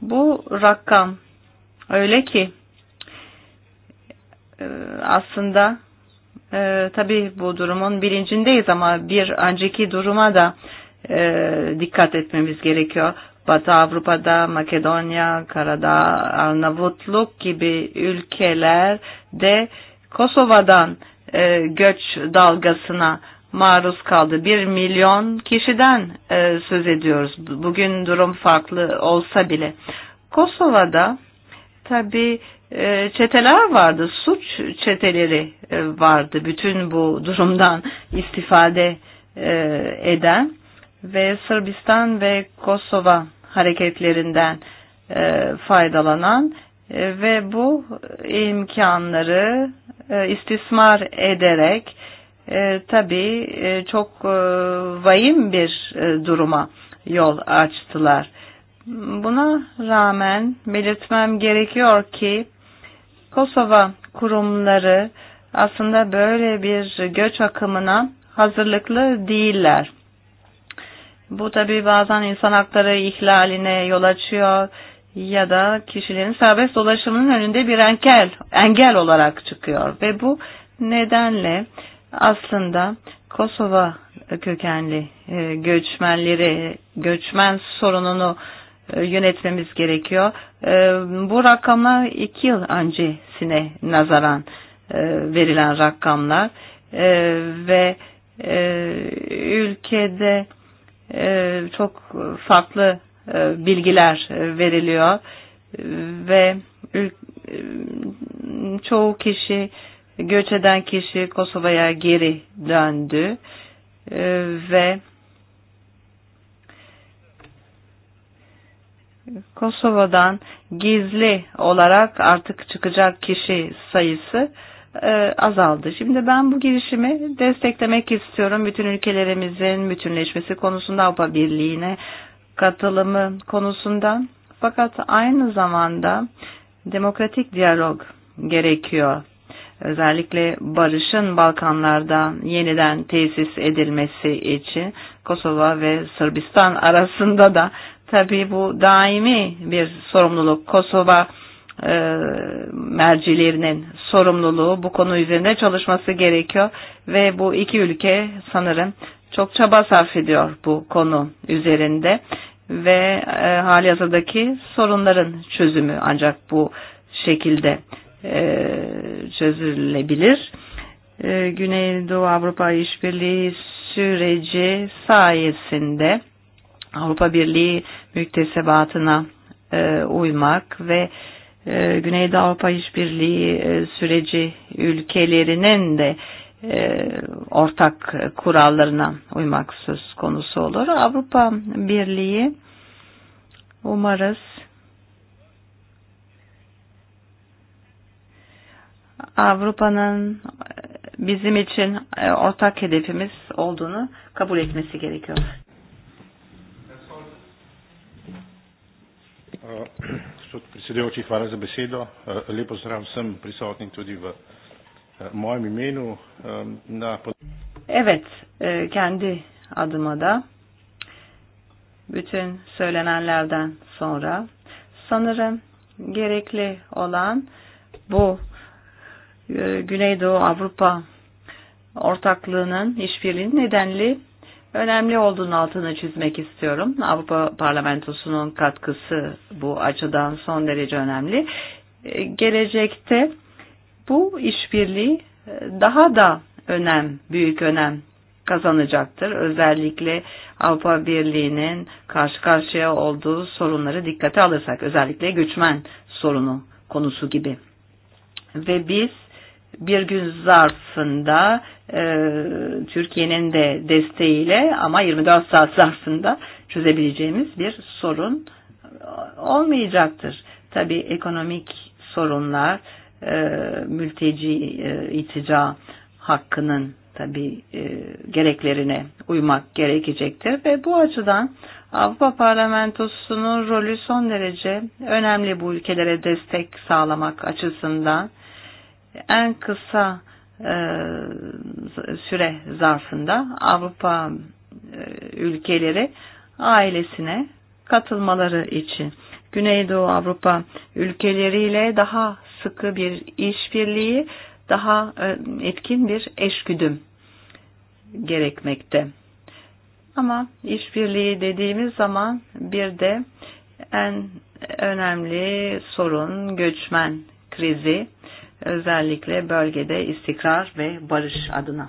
Bu rakam öyle ki e, aslında e, tabii bu durumun bilincindeyiz ama bir önceki duruma da e, dikkat etmemiz gerekiyor. Batı Avrupa'da, Makedonya, Karadağ, Arnavutluk gibi ülkelerde Kosova'dan e, göç dalgasına maruz kaldı. Bir milyon kişiden e, söz ediyoruz. Bugün durum farklı olsa bile. Kosova'da tabi e, çeteler vardı, suç çeteleri e, vardı. Bütün bu durumdan istifade e, eden ve Sırbistan ve Kosova hareketlerinden e, faydalanan e, ve bu imkanları e, istismar ederek e, tabi e, çok e, vahim bir e, duruma yol açtılar. Buna rağmen belirtmem gerekiyor ki Kosova kurumları aslında böyle bir göç akımına hazırlıklı değiller. Bu tabi bazen insan hakları ihlaline yol açıyor ya da kişilerin serbest dolaşımının önünde bir engel, engel olarak çıkıyor ve bu nedenle aslında Kosova kökenli e, göçmenleri, göçmen sorununu e, yönetmemiz gerekiyor. E, bu rakamlar iki yıl öncesine nazaran verilen rakamlar ve ülkede çok farklı bilgiler veriliyor ve çoğu kişi eden kişi Kosova'ya geri döndü e, ve Kosova'dan gizli olarak artık çıkacak kişi sayısı e, azaldı. Şimdi ben bu girişimi desteklemek istiyorum. Bütün ülkelerimizin bütünleşmesi konusunda Avrupa Birliği'ne katılımı konusunda. Fakat aynı zamanda demokratik diyalog gerekiyor özellikle barışın Balkanlarda yeniden tesis edilmesi için Kosova ve Sırbistan arasında da tabi bu daimi bir sorumluluk. Kosova e, mercilerinin sorumluluğu bu konu üzerinde çalışması gerekiyor ve bu iki ülke sanırım çok çaba sarf ediyor bu konu üzerinde ve e, hali hazırdaki sorunların çözümü ancak bu şekilde çözülebilir. E, Güneydoğu Avrupa İşbirliği süreci sayesinde Avrupa Birliği müktesebatına e, uymak ve e, Güneydoğu Avrupa İşbirliği süreci ülkelerinin de ortak kurallarına uymak söz konusu olur. Avrupa Birliği umarız Avrupa'nın bizim için e, ortak hedefimiz olduğunu kabul etmesi gerekiyor. Gospod predsedujoči, hvala za besedo. E, lep pozdrav vsem prisotnim tudi v e, mojem imenu. Na... Evet, kendi adıma da bütün söylenenlerden sonra sanırım gerekli olan bu Güneydoğu Avrupa ortaklığının işbirliğinin nedenli önemli olduğunu altını çizmek istiyorum. Avrupa Parlamentosu'nun katkısı bu açıdan son derece önemli. E, gelecekte bu işbirliği e, daha da önem, büyük önem kazanacaktır. Özellikle Avrupa Birliği'nin karşı karşıya olduğu sorunları dikkate alırsak, özellikle göçmen sorunu konusu gibi. Ve biz bir gün zarfında e, Türkiye'nin de desteğiyle ama 24 saat zarfında çözebileceğimiz bir sorun olmayacaktır. Tabi ekonomik sorunlar, e, mülteci e, itica hakkının tabi e, gereklerine uymak gerekecektir ve bu açıdan Avrupa Parlamentosu'nun rolü son derece önemli bu ülkelere destek sağlamak açısından en kısa e, süre zarfında Avrupa e, ülkeleri ailesine katılmaları için Güneydoğu Avrupa ülkeleriyle daha sıkı bir işbirliği, daha e, etkin bir eşgüdüm gerekmekte. Ama işbirliği dediğimiz zaman bir de en önemli sorun göçmen krizi özellikle bölgede istikrar ve barış adına.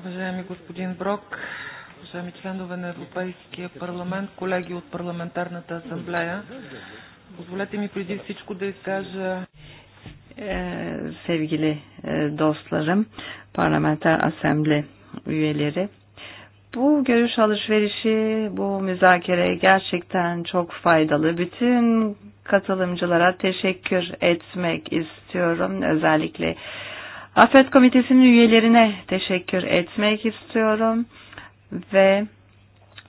Уважаеми господин Брок, уважаеми членове на Европейския парламент, колеги от Парламентарната асамблея, позволете ми преди всичко да изкажа Севгили dostlarım, парламентар асамблея, уелери, Bu görüş alışverişi, bu müzakere gerçekten çok faydalı. Bütün katılımcılara teşekkür etmek istiyorum. Özellikle Afet Komitesi'nin üyelerine teşekkür etmek istiyorum. Ve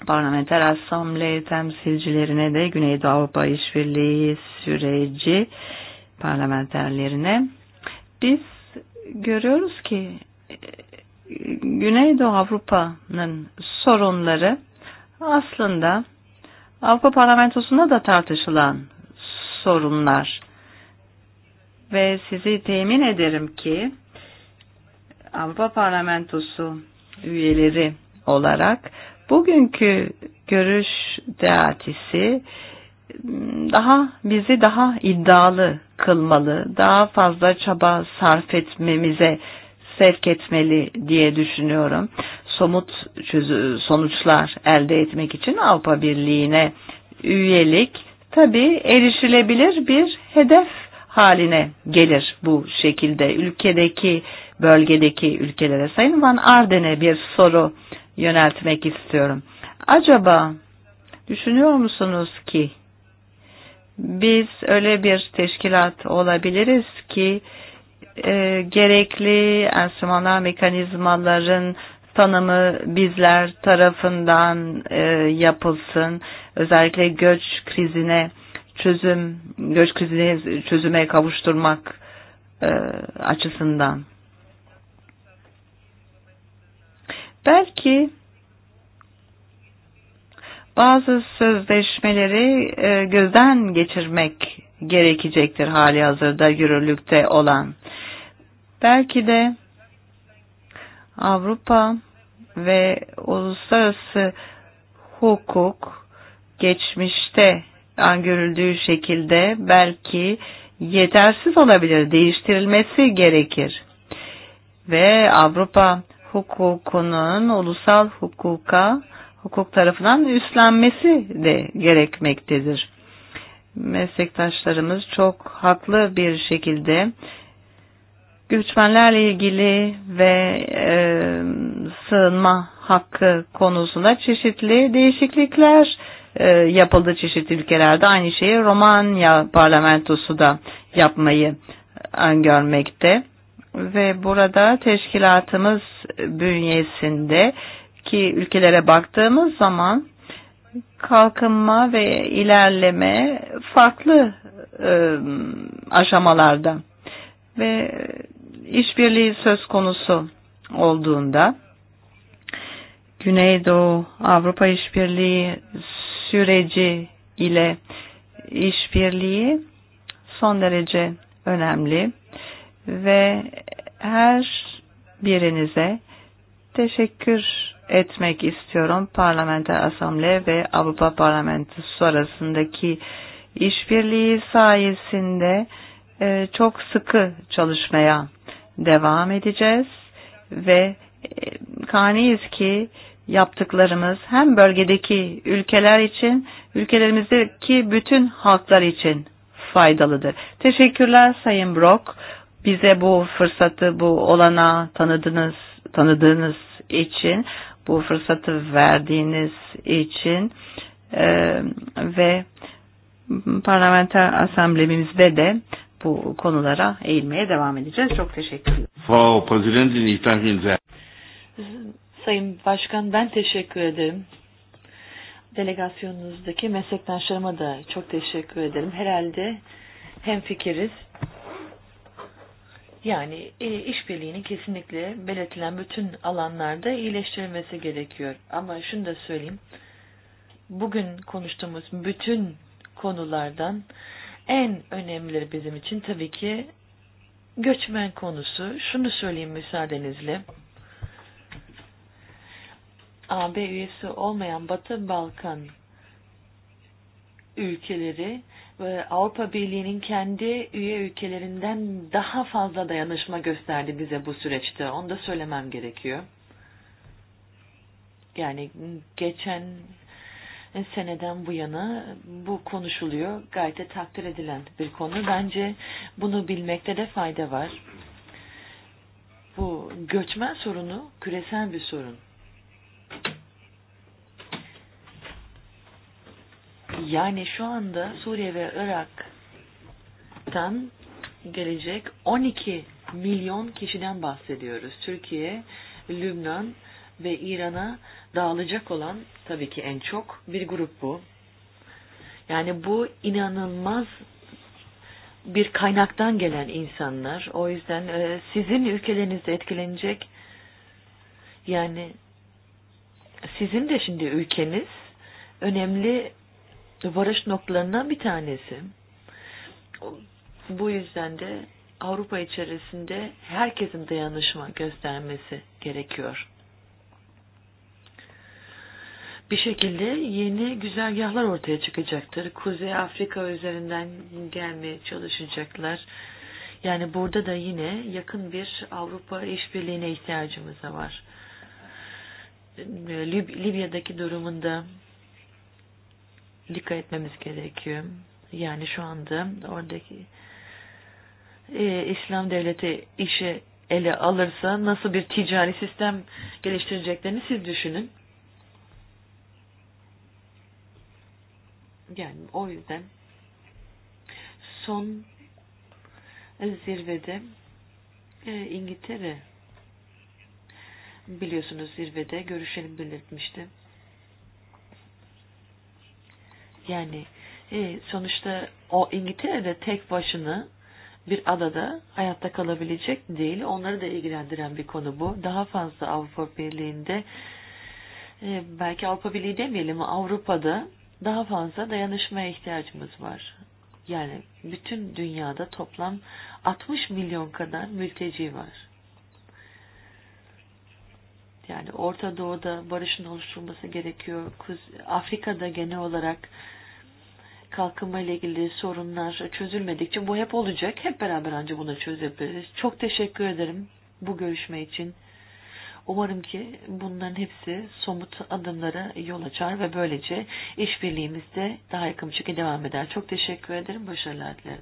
Parlamenter Asamble temsilcilerine de Güneydoğu Avrupa İşbirliği süreci parlamenterlerine biz görüyoruz ki Güneydoğu Avrupa'nın sorunları aslında Avrupa Parlamentosu'nda da tartışılan sorunlar. Ve sizi temin ederim ki Avrupa Parlamentosu üyeleri olarak bugünkü görüş deatisi daha bizi daha iddialı kılmalı, daha fazla çaba sarf etmemize sevk etmeli diye düşünüyorum. Somut sonuçlar elde etmek için Avrupa Birliği'ne üyelik tabi erişilebilir bir hedef haline gelir bu şekilde. Ülkedeki, bölgedeki ülkelere. Sayın Van Arden'e bir soru yöneltmek istiyorum. Acaba düşünüyor musunuz ki biz öyle bir teşkilat olabiliriz ki e, gerekli enstrümanlar mekanizmaların tanımı bizler tarafından e, yapılsın. Özellikle göç krizine çözüm, göç krizini çözüme kavuşturmak e, açısından. Belki bazı sözleşmeleri e, gözden geçirmek gerekecektir hali hazırda yürürlükte olan. E, Belki de Avrupa ve uluslararası hukuk geçmişte öngörüldüğü şekilde belki yetersiz olabilir, değiştirilmesi gerekir. Ve Avrupa hukukunun ulusal hukuka, hukuk tarafından üstlenmesi de gerekmektedir. Meslektaşlarımız çok haklı bir şekilde Göçmenlerle ilgili ve e, sığınma hakkı konusunda çeşitli değişiklikler e, yapıldı çeşitli ülkelerde. Aynı şeyi Romanya parlamentosu da yapmayı öngörmekte. Ve burada teşkilatımız bünyesinde ki ülkelere baktığımız zaman kalkınma ve ilerleme farklı e, aşamalarda ve işbirliği söz konusu olduğunda Güneydoğu Avrupa İşbirliği süreci ile işbirliği son derece önemli ve her birinize teşekkür etmek istiyorum Parlamenter Asamble ve Avrupa Parlamentosu arasındaki işbirliği sayesinde e, çok sıkı çalışmaya devam edeceğiz ve e, kaniyiz ki yaptıklarımız hem bölgedeki ülkeler için, ülkelerimizdeki bütün halklar için faydalıdır. Teşekkürler Sayın Brock. Bize bu fırsatı, bu olana tanıdınız, tanıdığınız için, bu fırsatı verdiğiniz için e, ve parlamenter asamblemimizde de bu konulara eğilmeye devam edeceğiz. Çok teşekkürler. Frau Präsidentin, ich danke Ihnen sehr. Sayın Başkan ben teşekkür ederim. Delegasyonunuzdaki meslektaşlarıma da çok teşekkür ederim. Herhalde hem fikiriz. Yani e, işbirliğinin kesinlikle belirtilen bütün alanlarda iyileştirilmesi gerekiyor. Ama şunu da söyleyeyim. Bugün konuştuğumuz bütün konulardan en önemli bizim için tabii ki göçmen konusu. Şunu söyleyeyim müsaadenizle. AB üyesi olmayan Batı Balkan ülkeleri ve Avrupa Birliği'nin kendi üye ülkelerinden daha fazla dayanışma gösterdi bize bu süreçte. Onu da söylemem gerekiyor. Yani geçen seneden bu yana bu konuşuluyor. Gayet de takdir edilen bir konu. Bence bunu bilmekte de fayda var. Bu göçmen sorunu küresel bir sorun. Yani şu anda Suriye ve Irak'tan gelecek 12 milyon kişiden bahsediyoruz. Türkiye, Lübnan ve İran'a dağılacak olan tabii ki en çok bir grup bu. Yani bu inanılmaz bir kaynaktan gelen insanlar. O yüzden e, sizin ülkelerinizde etkilenecek. Yani sizin de şimdi ülkeniz önemli varış noktalarından bir tanesi. Bu yüzden de Avrupa içerisinde herkesin dayanışma göstermesi gerekiyor. Bir şekilde yeni güzergahlar ortaya çıkacaktır. Kuzey Afrika üzerinden gelmeye çalışacaklar. Yani burada da yine yakın bir Avrupa işbirliğine ihtiyacımız var. Lib Libya'daki durumunda dikkat etmemiz gerekiyor. Yani şu anda oradaki e, İslam devleti işe ele alırsa nasıl bir ticari sistem geliştireceklerini siz düşünün. yani o yüzden son zirvede e, İngiltere biliyorsunuz zirvede görüşelim belirtmişti. Yani e, sonuçta o İngiltere'de tek başına bir adada hayatta kalabilecek değil. Onları da ilgilendiren bir konu bu. Daha fazla Avrupa Birliği'nde e, belki Avrupa Birliği demeyelim Avrupa'da Daha fazla dayanışmaya ihtiyacımız var. Yani bütün dünyada toplam 60 milyon kadar mülteci var. Yani Orta Doğu'da barışın oluşturulması gerekiyor. Kuz Afrika'da genel olarak kalkınma ile ilgili sorunlar çözülmedikçe bu hep olacak. Hep beraber ancak bunu çözebiliriz. Çok teşekkür ederim bu görüşme için. Umarım ki bunların hepsi somut adımlara yol açar ve böylece işbirliğimiz de daha yakın bir şekilde devam eder. Çok teşekkür ederim. Başarılar dilerim.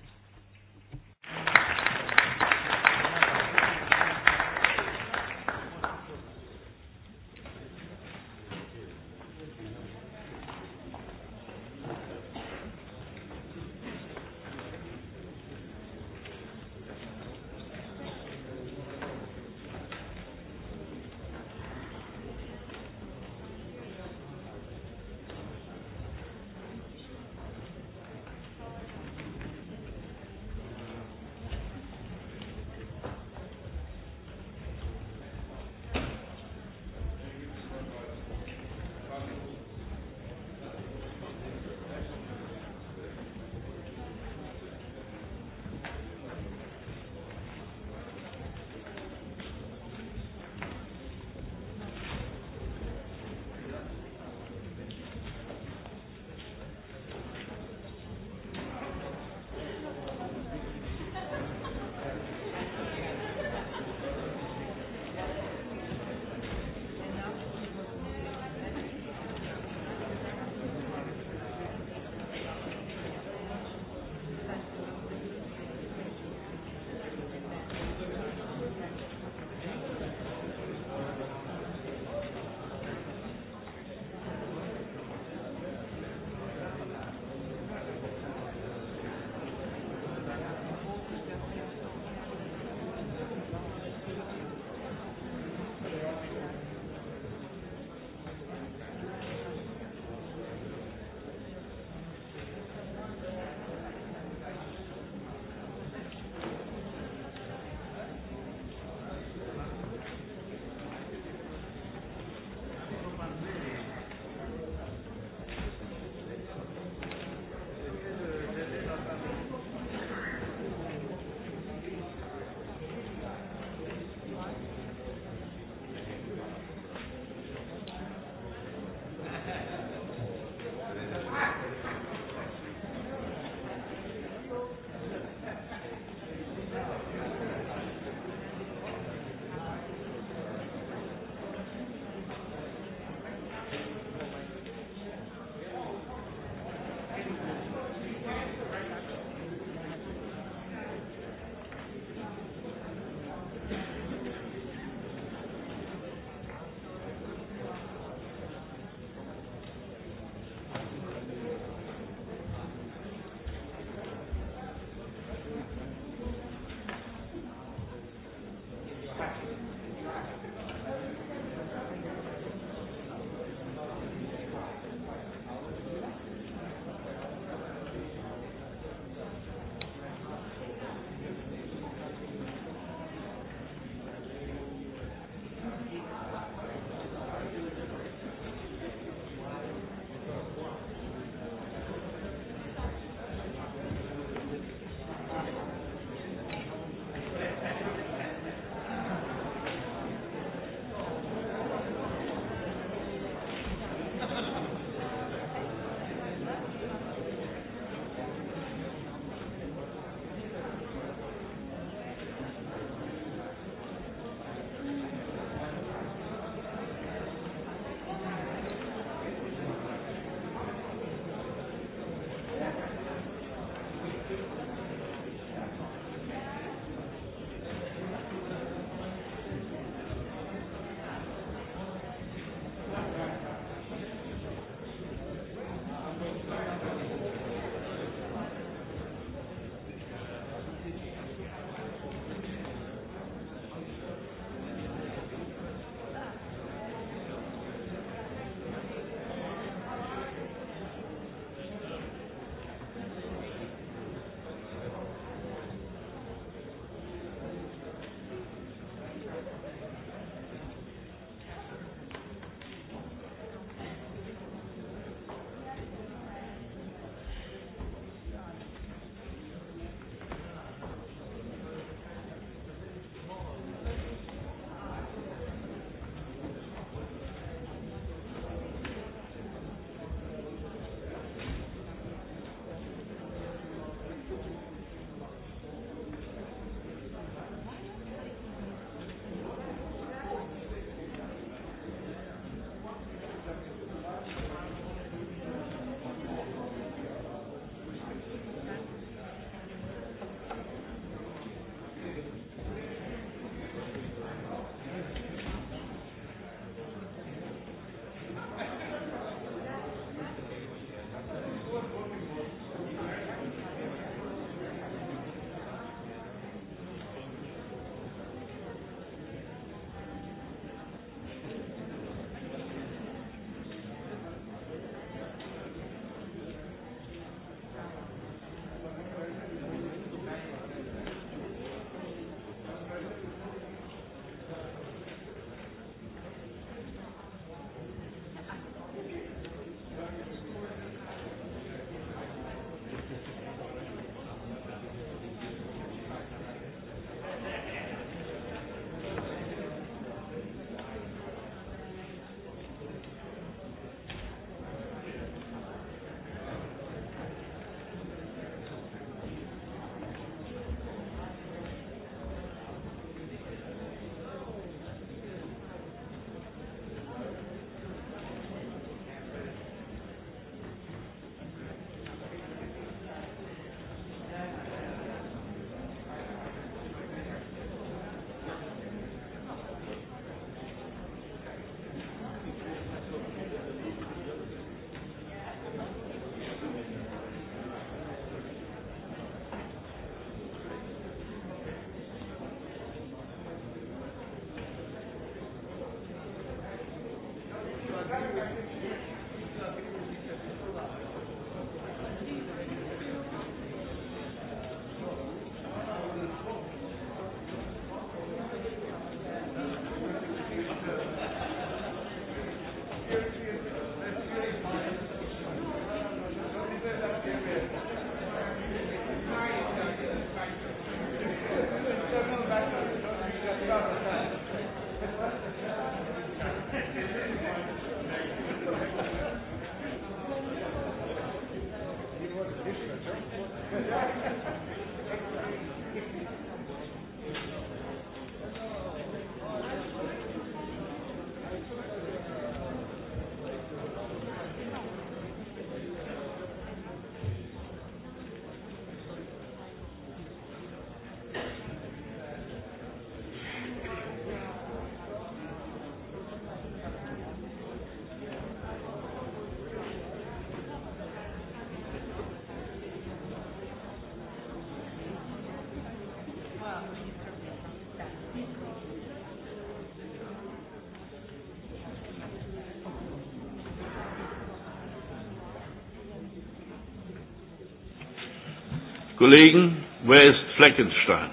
Kollegen, wer ist Fleckenstein?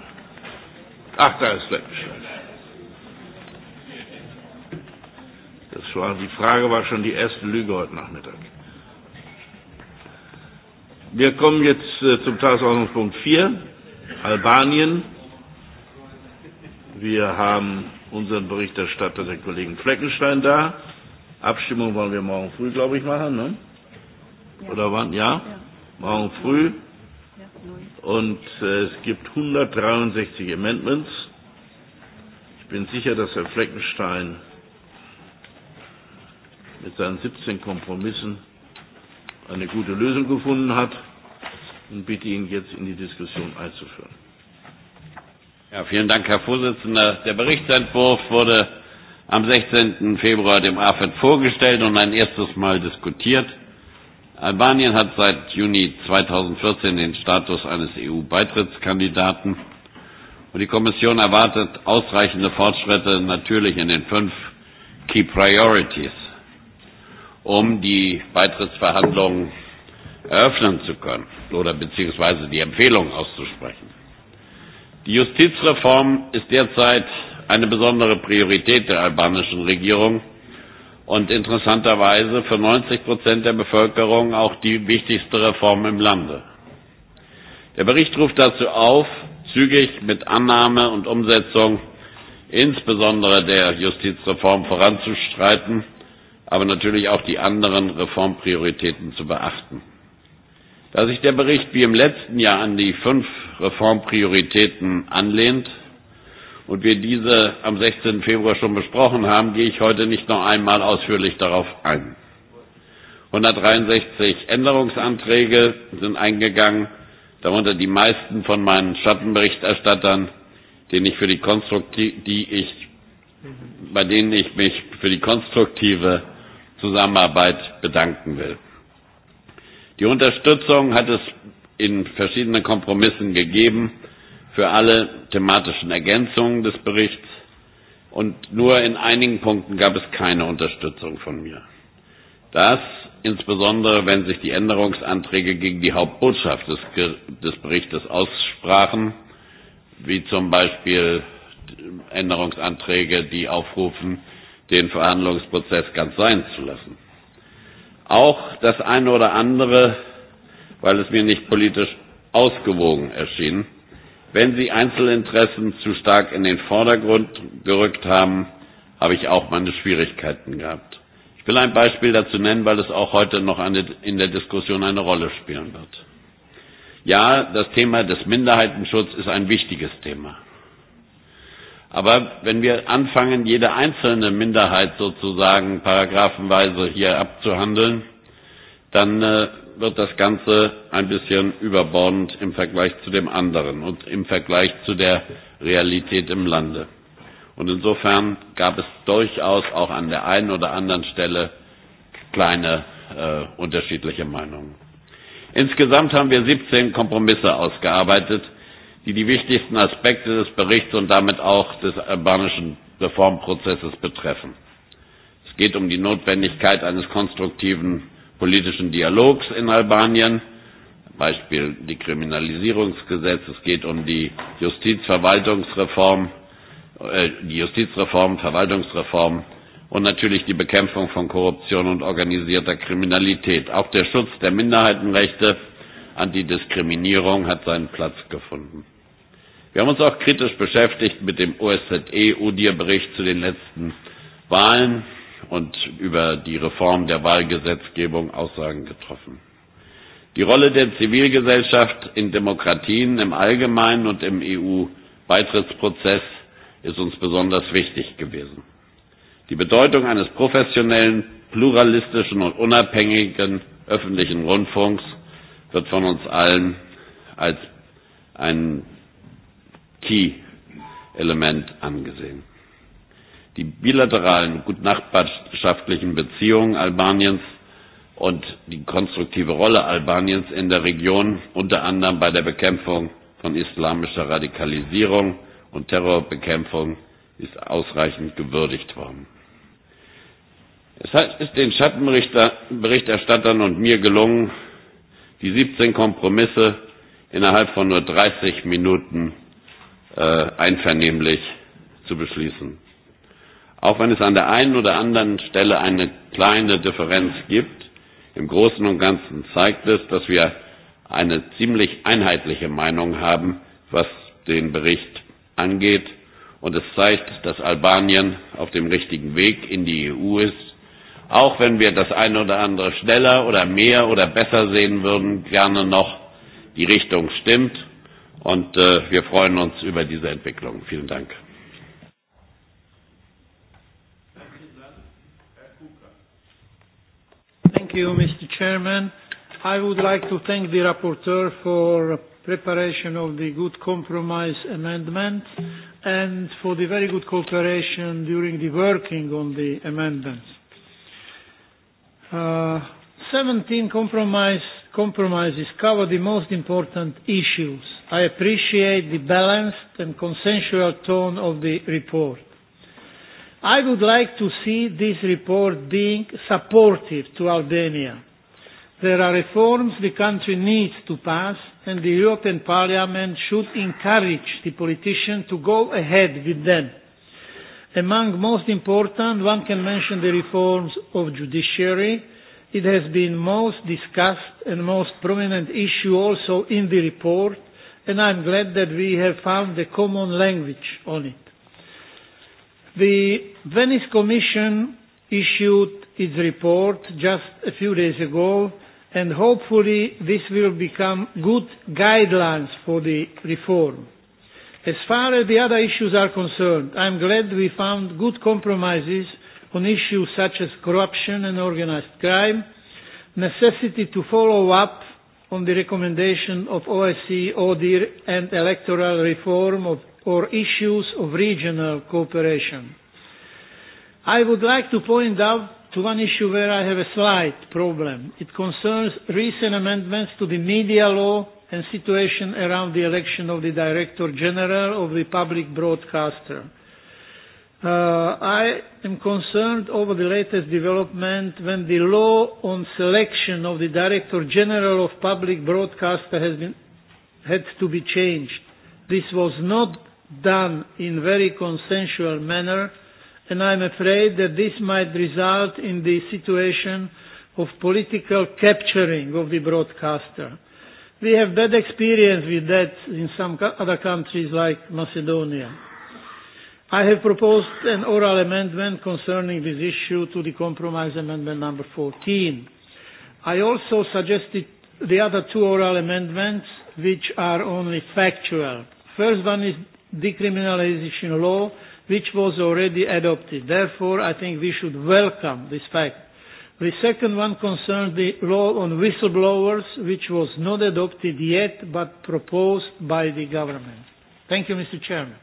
Ach, da ist Fleckenstein. Das war, die Frage war schon die erste Lüge heute Nachmittag. Wir kommen jetzt äh, zum Tagesordnungspunkt 4, Albanien. Wir haben unseren Berichterstatter, den Kollegen Fleckenstein, da. Abstimmung wollen wir morgen früh, glaube ich, machen, ne? Ja. Oder wann? Ja? ja? Morgen früh und äh, es gibt 163 Amendments. Ich bin sicher, dass Herr Fleckenstein mit seinen 17 Kompromissen eine gute Lösung gefunden hat und bitte ihn jetzt in die Diskussion einzuführen. Ja, vielen Dank, Herr Vorsitzender. Der Berichtsentwurf wurde am 16. Februar dem AFED vorgestellt und ein erstes Mal diskutiert. Albanien hat seit Juni 2014 den Status eines EU-Beitrittskandidaten und die Kommission erwartet ausreichende Fortschritte natürlich in den fünf Key Priorities, um die Beitrittsverhandlungen eröffnen zu können oder beziehungsweise die Empfehlung auszusprechen. Die Justizreform ist derzeit eine besondere Priorität der albanischen Regierung und interessanterweise für 90 Prozent der Bevölkerung auch die wichtigste Reform im Lande. Der Bericht ruft dazu auf, zügig mit Annahme und Umsetzung insbesondere der Justizreform voranzustreiten, aber natürlich auch die anderen Reformprioritäten zu beachten. Da sich der Bericht wie im letzten Jahr an die fünf Reformprioritäten anlehnt, und wir diese am 16. Februar schon besprochen haben, gehe ich heute nicht noch einmal ausführlich darauf ein. 163 Änderungsanträge sind eingegangen, darunter die meisten von meinen Schattenberichterstattern, denen ich für die die ich, bei denen ich mich für die konstruktive Zusammenarbeit bedanken will. Die Unterstützung hat es in verschiedenen Kompromissen gegeben für alle thematischen Ergänzungen des Berichts und nur in einigen Punkten gab es keine Unterstützung von mir. Das insbesondere, wenn sich die Änderungsanträge gegen die Hauptbotschaft des, des Berichtes aussprachen, wie zum Beispiel Änderungsanträge, die aufrufen, den Verhandlungsprozess ganz sein zu lassen. Auch das eine oder andere, weil es mir nicht politisch ausgewogen erschien, Wenn Sie Einzelinteressen zu stark in den Vordergrund gerückt haben, habe ich auch meine Schwierigkeiten gehabt. Ich will ein Beispiel dazu nennen, weil es auch heute noch eine, in der Diskussion eine Rolle spielen wird. Ja, das Thema des Minderheitenschutzes ist ein wichtiges Thema. Aber wenn wir anfangen, jede einzelne Minderheit sozusagen paragraphenweise hier abzuhandeln, dann äh, wird das Ganze ein bisschen überbordend im Vergleich zu dem anderen und im Vergleich zu der Realität im Lande. Und insofern gab es durchaus auch an der einen oder anderen Stelle kleine äh, unterschiedliche Meinungen. Insgesamt haben wir 17 Kompromisse ausgearbeitet, die die wichtigsten Aspekte des Berichts und damit auch des albanischen Reformprozesses betreffen. Es geht um die Notwendigkeit eines konstruktiven politischen Dialogs in Albanien, Beispiel die Kriminalisierungsgesetz, es geht um die Justizverwaltungsreform, äh, die Justizreform, Verwaltungsreform und natürlich die Bekämpfung von Korruption und organisierter Kriminalität. Auch der Schutz der Minderheitenrechte, Antidiskriminierung hat seinen Platz gefunden. Wir haben uns auch kritisch beschäftigt mit dem OSZE-UDIR-Bericht zu den letzten Wahlen und über die Reform der Wahlgesetzgebung Aussagen getroffen. Die Rolle der Zivilgesellschaft in Demokratien im Allgemeinen und im EU-Beitrittsprozess ist uns besonders wichtig gewesen. Die Bedeutung eines professionellen, pluralistischen und unabhängigen öffentlichen Rundfunks wird von uns allen als ein Key-Element angesehen die bilateralen gut nachbarschaftlichen Beziehungen Albaniens und die konstruktive Rolle Albaniens in der Region, unter anderem bei der Bekämpfung von islamischer Radikalisierung und Terrorbekämpfung, ist ausreichend gewürdigt worden. Es ist den Schattenberichterstattern und mir gelungen, die 17 Kompromisse innerhalb von nur 30 Minuten äh, einvernehmlich zu beschließen auch wenn es an der einen oder anderen Stelle eine kleine Differenz gibt, im Großen und Ganzen zeigt es, dass wir eine ziemlich einheitliche Meinung haben, was den Bericht angeht. Und es zeigt, dass Albanien auf dem richtigen Weg in die EU ist. Auch wenn wir das eine oder andere schneller oder mehr oder besser sehen würden, gerne noch die Richtung stimmt. Und äh, wir freuen uns über diese Entwicklung. Vielen Dank. Thank you, Mr. Chairman. I would like to thank the rapporteur for preparation of the good compromise amendment and for the very good cooperation during the working on the amendments. Uh, 17 compromise, compromises cover the most important issues. I appreciate the balanced and consensual tone of the report. I would like to see this report being supportive to Albania. There are reforms the country needs to pass and the European Parliament should encourage the politicians to go ahead with them. Among most important, one can mention the reforms of judiciary. It has been most discussed and most prominent issue also in the report, and I'm glad that we have found a common language on it. The Venice Commission issued its report just a few days ago and hopefully this will become good guidelines for the reform. As far as the other issues are concerned, I am glad we found good compromises on issues such as corruption and organized crime, necessity to follow up on the recommendation of OSCE, ODIR and electoral reform of or issues of regional cooperation. I would like to point out to one issue where I have a slight problem. It concerns recent amendments to the media law and situation around the election of the Director General of the Public Broadcaster. Uh, I am concerned over the latest development when the law on selection of the Director General of Public Broadcaster has been, had to be changed. This was not done in very consensual manner, and I'm afraid that this might result in the situation of political capturing of the broadcaster. We have bad experience with that in some other countries like Macedonia. I have proposed an oral amendment concerning this issue to the compromise amendment number 14. I also suggested the other two oral amendments which are only factual. First one is decriminalization law, which was already adopted. Therefore, I think we should welcome this fact. The second one concerned the law on whistleblowers, which was not adopted yet but proposed by the government. Thank you, Mr. Chairman.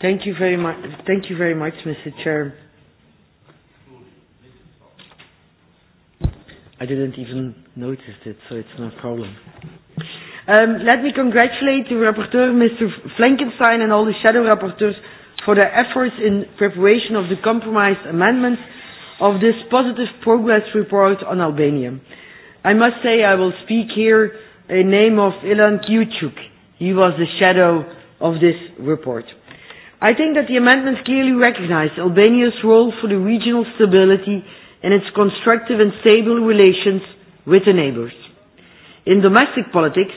Thank you very much. Thank you very much, Mr. Chair. I didn't even notice it, so it's no problem. Um, let me congratulate the rapporteur, Mr. Flankenstein, and all the shadow rapporteurs for their efforts in preparation of the compromise amendments of this positive progress report on Albania. I must say I will speak here in name of Ilan Kiuchuk. He was the shadow of this report. I think that the amendments clearly recognize Albania's role for the regional stability in its constructive and stable relations with the neighbors. In domestic politics,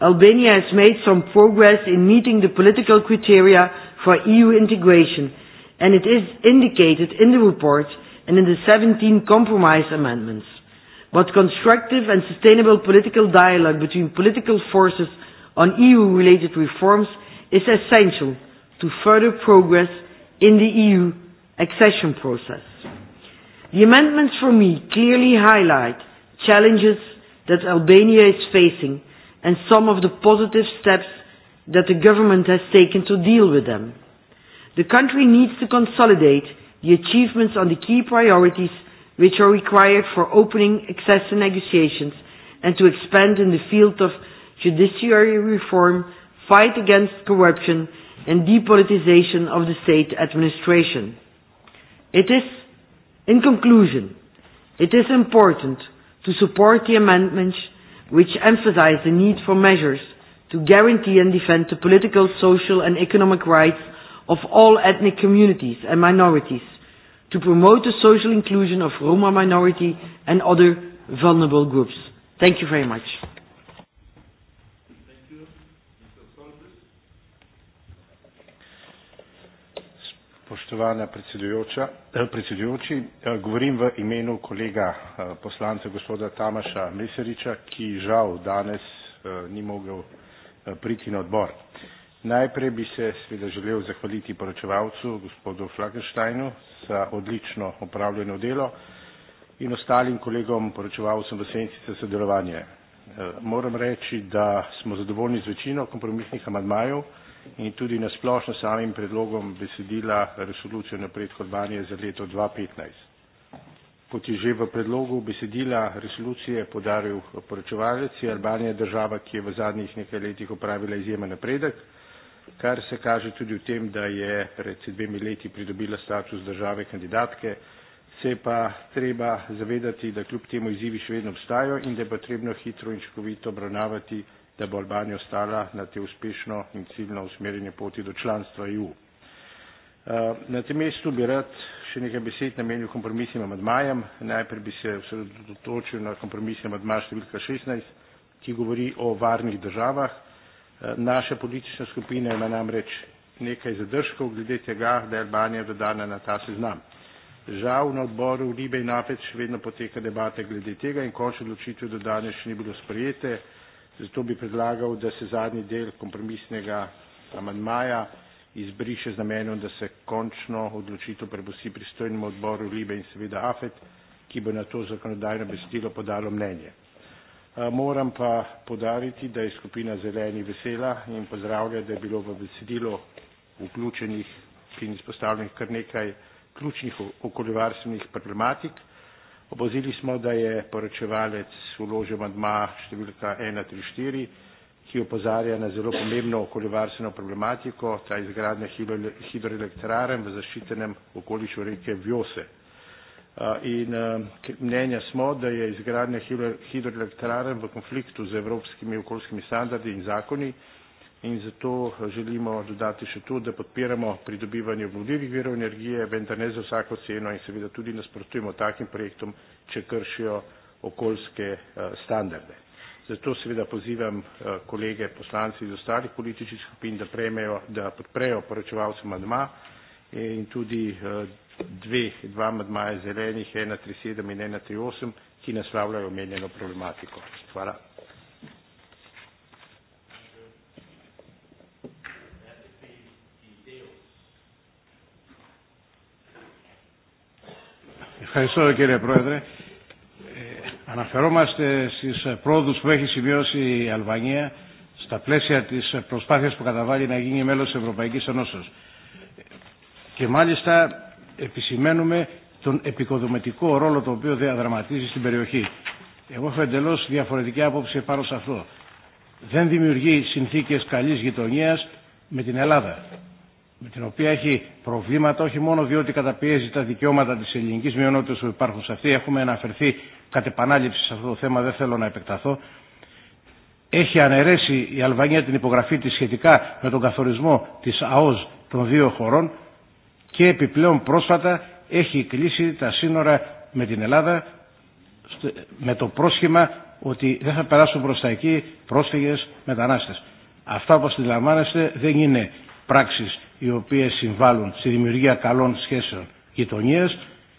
Albania has made some progress in meeting the political criteria for EU integration, and it is indicated in the report and in the 17 compromise amendments. But constructive and sustainable political dialogue between political forces on EU-related reforms is essential to further progress in the EU accession process. The amendments for me clearly highlight challenges that Albania is facing and some of the positive steps that the government has taken to deal with them. The country needs to consolidate the achievements on the key priorities which are required for opening access to negotiations and to expand in the field of judiciary reform, fight against corruption and depolitization of the state administration. It is In conclusion, it is important to support the amendments which emphasize the need for measures to guarantee and defend the political, social and economic rights of all ethnic communities and minorities, to promote the social inclusion of Roma minority and other vulnerable groups. Thank you very much. Poštovana predsedujoča, eh, predsedujoči, eh, govorim v imenu kolega eh, poslanca gospoda Tamaša Meseriča, ki žal danes ni mogel priti na odbor. Najprej bi se sveda želel zahvaliti poročevalcu, gospodu Flakensteinu, za odlično opravljeno delo in ostalim kolegom poročevalcem v senci za sodelovanje. Moram reči, da smo zadovoljni z večino kompromisnih amadmajev, in tudi splošno samim predlogom besedila resolucijo na predhodbanje za leto 2015. Kot je že v predlogu besedila resolucije podaril poročevalec, je Albanija država, ki je v zadnjih nekaj letih opravila izjemen napredek, kar se kaže tudi v tem, da je pred dvemi leti pridobila status države kandidatke, se pa treba zavedati, da kljub temu izzivi še vedno obstajajo in da je potrebno hitro in učinkovito obravnavati da bo Albanija ostala na te uspešno in ciljno usmerjene poti do članstva EU. Eh, na tem mestu bi rad še nekaj besed namenil kompromisnim amadmajem. Najprej bi se osredotočil na kompromisni amadma številka 16, ki govori o varnih državah. Eh, Naša politična skupina ima namreč nekaj zadržkov glede tega, da je Albanija dodana na ta seznam. Žal na odboru Libe in Apec še vedno poteka debate glede tega in končne odločitve do danes še ni bilo sprejete. Zato bi predlagal, da se zadnji del kompromisnega amandmaja izbriše z namenom, da se končno odločitev prepusti pristojnemu odboru Libe in seveda AFET, ki bo na to zakonodajno besedilo podalo mnenje. Moram pa podariti, da je skupina zeleni vesela in pozdravlja, da je bilo v besedilo vključenih in izpostavljenih kar nekaj ključnih okoljevarstvenih problematik, Obozili smo, da je poročevalec uložil mandma številka 134, ki opozarja na zelo pomembno okoljevarstveno problematiko, ta izgradnja hidroelektraren v zaščitenem okolišu reke Vjose. In mnenja smo, da je izgradnja hidroelektraren v konfliktu z evropskimi okoljskimi standardi in zakoni in zato želimo dodati še to, da podpiramo pridobivanje obnovljivih virov energije, vendar ne za vsako ceno in seveda tudi nasprotujemo takim projektom, če kršijo okoljske eh, standarde. Zato seveda pozivam eh, kolege poslanci iz ostalih političnih skupin, da, prejmejo, da podprejo poročevalce madma in tudi eh, dve, dva madmaja zelenih, 137 in 138, ki naslavljajo omenjeno problematiko. Hvala. Ευχαριστώ κύριε Πρόεδρε. Αναφερόμαστε στις πρόοδους που έχει σημειώσει η Αλβανία στα πλαίσια της προσπάθειας που καταβάλει να γίνει μέλος της Ευρωπαϊκής Ενώσεως. Και μάλιστα επισημαίνουμε τον επικοδομητικό ρόλο το οποίο διαδραματίζει στην περιοχή. Εγώ έχω εντελώ διαφορετική άποψη πάνω σε αυτό. Δεν δημιουργεί συνθήκες καλής γειτονίας με την Ελλάδα με την οποία έχει προβλήματα όχι μόνο διότι καταπιέζει τα δικαιώματα της ελληνικής μειονότητας που υπάρχουν σε αυτή, έχουμε αναφερθεί κατ' επανάληψη σε αυτό το θέμα, δεν θέλω να επεκταθώ, έχει αναιρέσει η Αλβανία την υπογραφή της σχετικά με τον καθορισμό της ΑΟΣ των δύο χωρών και επιπλέον πρόσφατα έχει κλείσει τα σύνορα με την Ελλάδα με το πρόσχημα ότι δεν θα περάσουν προς τα εκεί πρόσφυγες μετανάστες. Αυτά όπως αντιλαμβάνεστε δεν είναι πράξεις οι οποίες συμβάλλουν στη δημιουργία καλών σχέσεων γειτονίας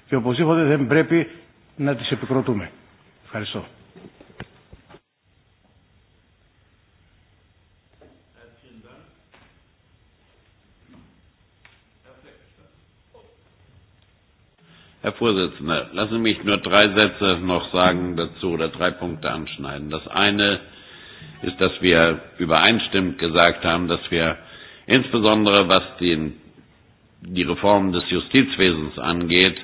και οπωσδήποτε δεν πρέπει να τις επικροτούμε. Ευχαριστώ. Herr Vorsitzender, lassen Sie mich nur drei Sätze noch sagen dazu oder drei Punkte anschneiden. Das eine ist, dass wir übereinstimmend gesagt haben, dass wir Insbesondere was den, die Reform des Justizwesens angeht,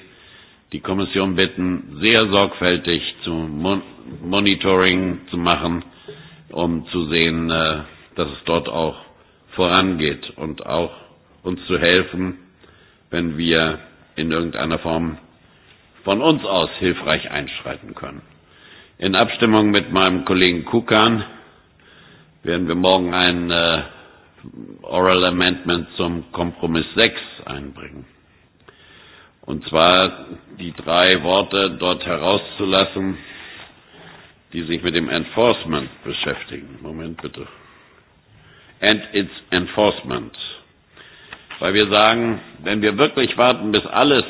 die Kommission bitten, sehr sorgfältig zu Mon Monitoring zu machen, um zu sehen, äh, dass es dort auch vorangeht und auch uns zu helfen, wenn wir in irgendeiner Form von uns aus hilfreich einschreiten können. In Abstimmung mit meinem Kollegen Kukan werden wir morgen einen äh, Oral Amendment zum Kompromiss 6 einbringen. Und zwar die drei Worte dort herauszulassen, die sich mit dem Enforcement beschäftigen. Moment bitte. And its Enforcement. Weil wir sagen, wenn wir wirklich warten, bis alles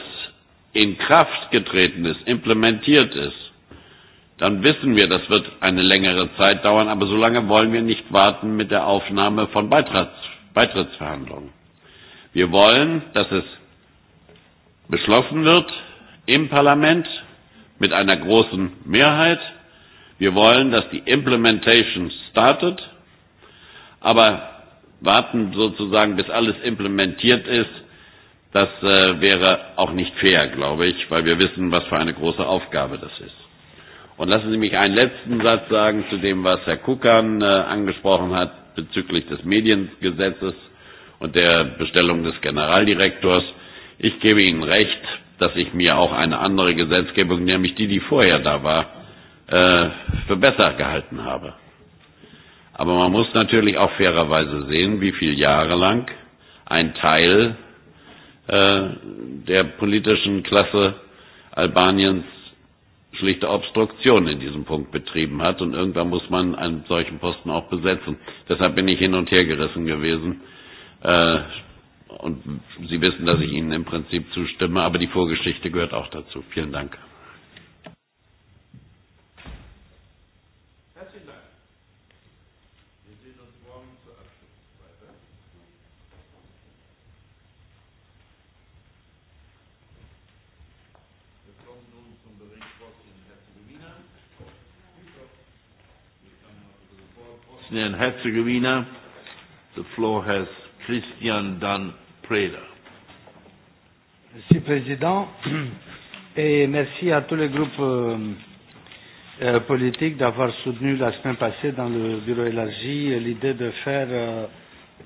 in Kraft getreten ist, implementiert ist, dann wissen wir, das wird eine längere Zeit dauern, aber so lange wollen wir nicht warten mit der Aufnahme von Beitritts, Beitrittsverhandlungen. Wir wollen, dass es beschlossen wird im Parlament mit einer großen Mehrheit. Wir wollen, dass die Implementation startet, aber warten sozusagen, bis alles implementiert ist, das äh, wäre auch nicht fair, glaube ich, weil wir wissen, was für eine große Aufgabe das ist. Und lassen Sie mich einen letzten Satz sagen zu dem, was Herr Kukan äh, angesprochen hat bezüglich des Mediengesetzes und der Bestellung des Generaldirektors. Ich gebe Ihnen recht, dass ich mir auch eine andere Gesetzgebung, nämlich die, die vorher da war, äh, für besser gehalten habe. Aber man muss natürlich auch fairerweise sehen, wie viele Jahre lang ein Teil äh, der politischen Klasse Albaniens schlichte Obstruktion in diesem Punkt betrieben hat. Und irgendwann muss man einen solchen Posten auch besetzen. Deshalb bin ich hin und her gerissen gewesen. Äh, und Sie wissen, dass ich Ihnen im Prinzip zustimme, aber die Vorgeschichte gehört auch dazu. Vielen Dank. Bosnia and Herzegovina. The floor has Christian Dan Preda. Monsieur Président, et merci à tous les groupes euh, euh, politiques d'avoir soutenu la semaine passée dans le bureau élargi l'idée de faire, euh,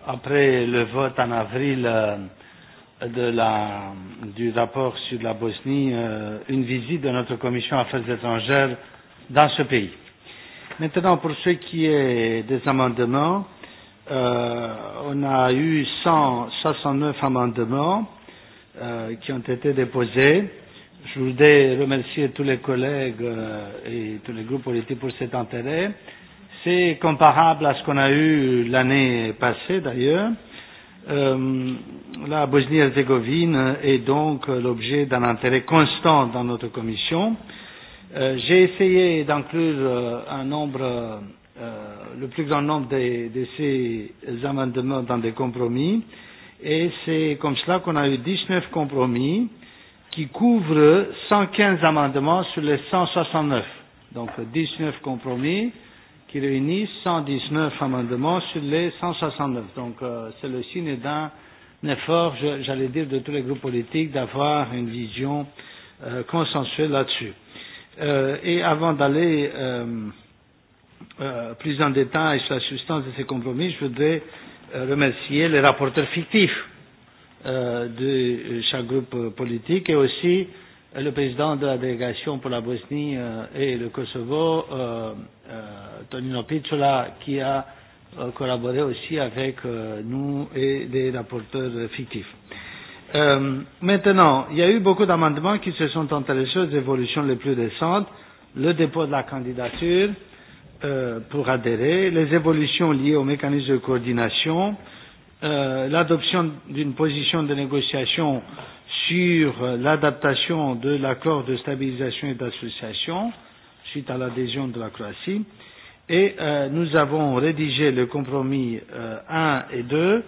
après le vote en avril euh, de la, du rapport sur la Bosnie, euh, une visite de notre commission Affaires étrangères dans ce pays. Maintenant, pour ce qui est des amendements, euh, on a eu 169 amendements euh, qui ont été déposés. Je voudrais remercier tous les collègues euh, et tous les groupes politiques pour cet intérêt. C'est comparable à ce qu'on a eu l'année passée d'ailleurs. Euh, la Bosnie-Herzégovine est donc l'objet d'un intérêt constant dans notre commission. Euh, Euh, j'ai essayé d'inclure euh, un nombre, euh, le plus grand nombre de, de ces amendements dans des compromis. Et c'est comme cela qu'on a eu 19 compromis qui couvrent 115 amendements sur les 169. Donc 19 compromis qui réunissent 119 amendements sur les 169. Donc euh, c'est le signe d'un effort, j'allais dire, de tous les groupes politiques d'avoir une vision euh, consensuelle là-dessus. Euh, et avant d'aller euh, euh, plus en détail sur la substance de ces compromis, je voudrais euh, remercier les rapporteurs fictifs euh, de euh, chaque groupe euh, politique et aussi euh, le président de la délégation pour la Bosnie euh, et le Kosovo, euh, euh, Tonino Piccola, qui a euh, collaboré aussi avec euh, nous et les rapporteurs fictifs. Euh, maintenant, il y a eu beaucoup d'amendements qui se sont intéressés aux évolutions les plus récentes, le dépôt de la candidature euh, pour adhérer, les évolutions liées au mécanisme de coordination, euh, l'adoption d'une position de négociation sur l'adaptation de l'accord de stabilisation et d'association suite à l'adhésion de la Croatie. Et euh, nous avons rédigé le compromis euh, 1 et 2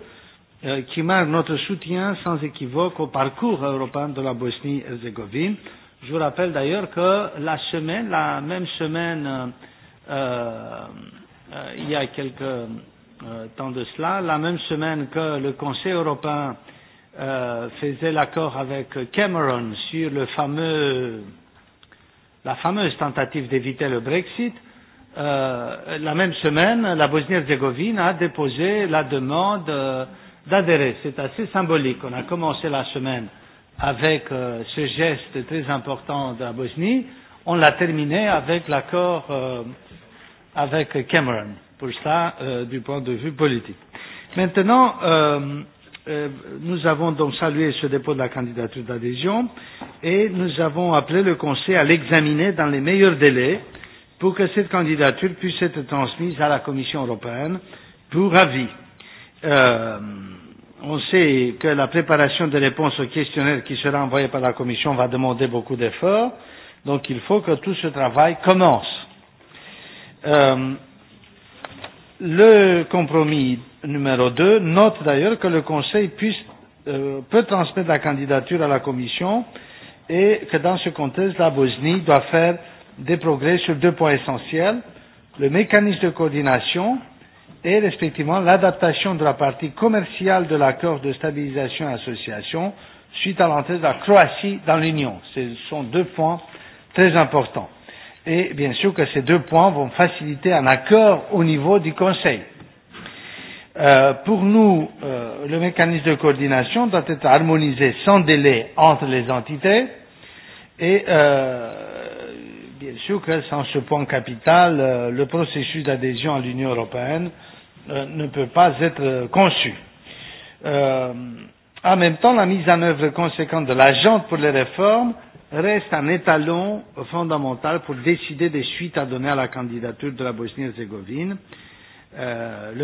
Euh, qui marque notre soutien sans équivoque au parcours européen de la Bosnie-Herzégovine. Je vous rappelle d'ailleurs que la semaine, la même semaine, euh, euh, euh il y a quelques euh, temps de cela, la même semaine que le Conseil européen euh, faisait l'accord avec Cameron sur le fameux, la fameuse tentative d'éviter le Brexit, euh, la même semaine, la Bosnie-Herzégovine a déposé la demande euh, d'adhérer. C'est assez symbolique. On a commencé la semaine avec euh, ce geste très important de la Bosnie. On l'a terminé avec l'accord euh, avec Cameron, pour ça, euh, du point de vue politique. Maintenant, euh, euh, nous avons donc salué ce dépôt de la candidature d'adhésion et nous avons appelé le Conseil à l'examiner dans les meilleurs délais pour que cette candidature puisse être transmise à la Commission européenne pour avis euh, on sait que la préparation des réponses au questionnaire qui sera envoyé par la Commission va demander beaucoup d'efforts, donc il faut que tout ce travail commence. Euh, le compromis numéro 2 note d'ailleurs que le Conseil puisse, euh, peut transmettre la candidature à la Commission et que dans ce contexte, la Bosnie doit faire des progrès sur deux points essentiels. Le mécanisme de coordination et respectivement l'adaptation de la partie commerciale de l'accord de stabilisation et association suite à l'entrée de la Croatie dans l'Union. Ce sont deux points très importants. Et bien sûr que ces deux points vont faciliter un accord au niveau du Conseil. Euh, pour nous, euh, le mécanisme de coordination doit être harmonisé sans délai entre les entités et euh, bien sûr que sans ce point capital, euh, le processus d'adhésion à l'Union européenne euh, Euh, ne peut pas être conçue. Euh, en même temps, la mise en œuvre conséquente de l'agente pour les réformes reste un étalon fondamental pour décider des suites à donner à la candidature de la Bosnie-Herzégovine. Euh, le,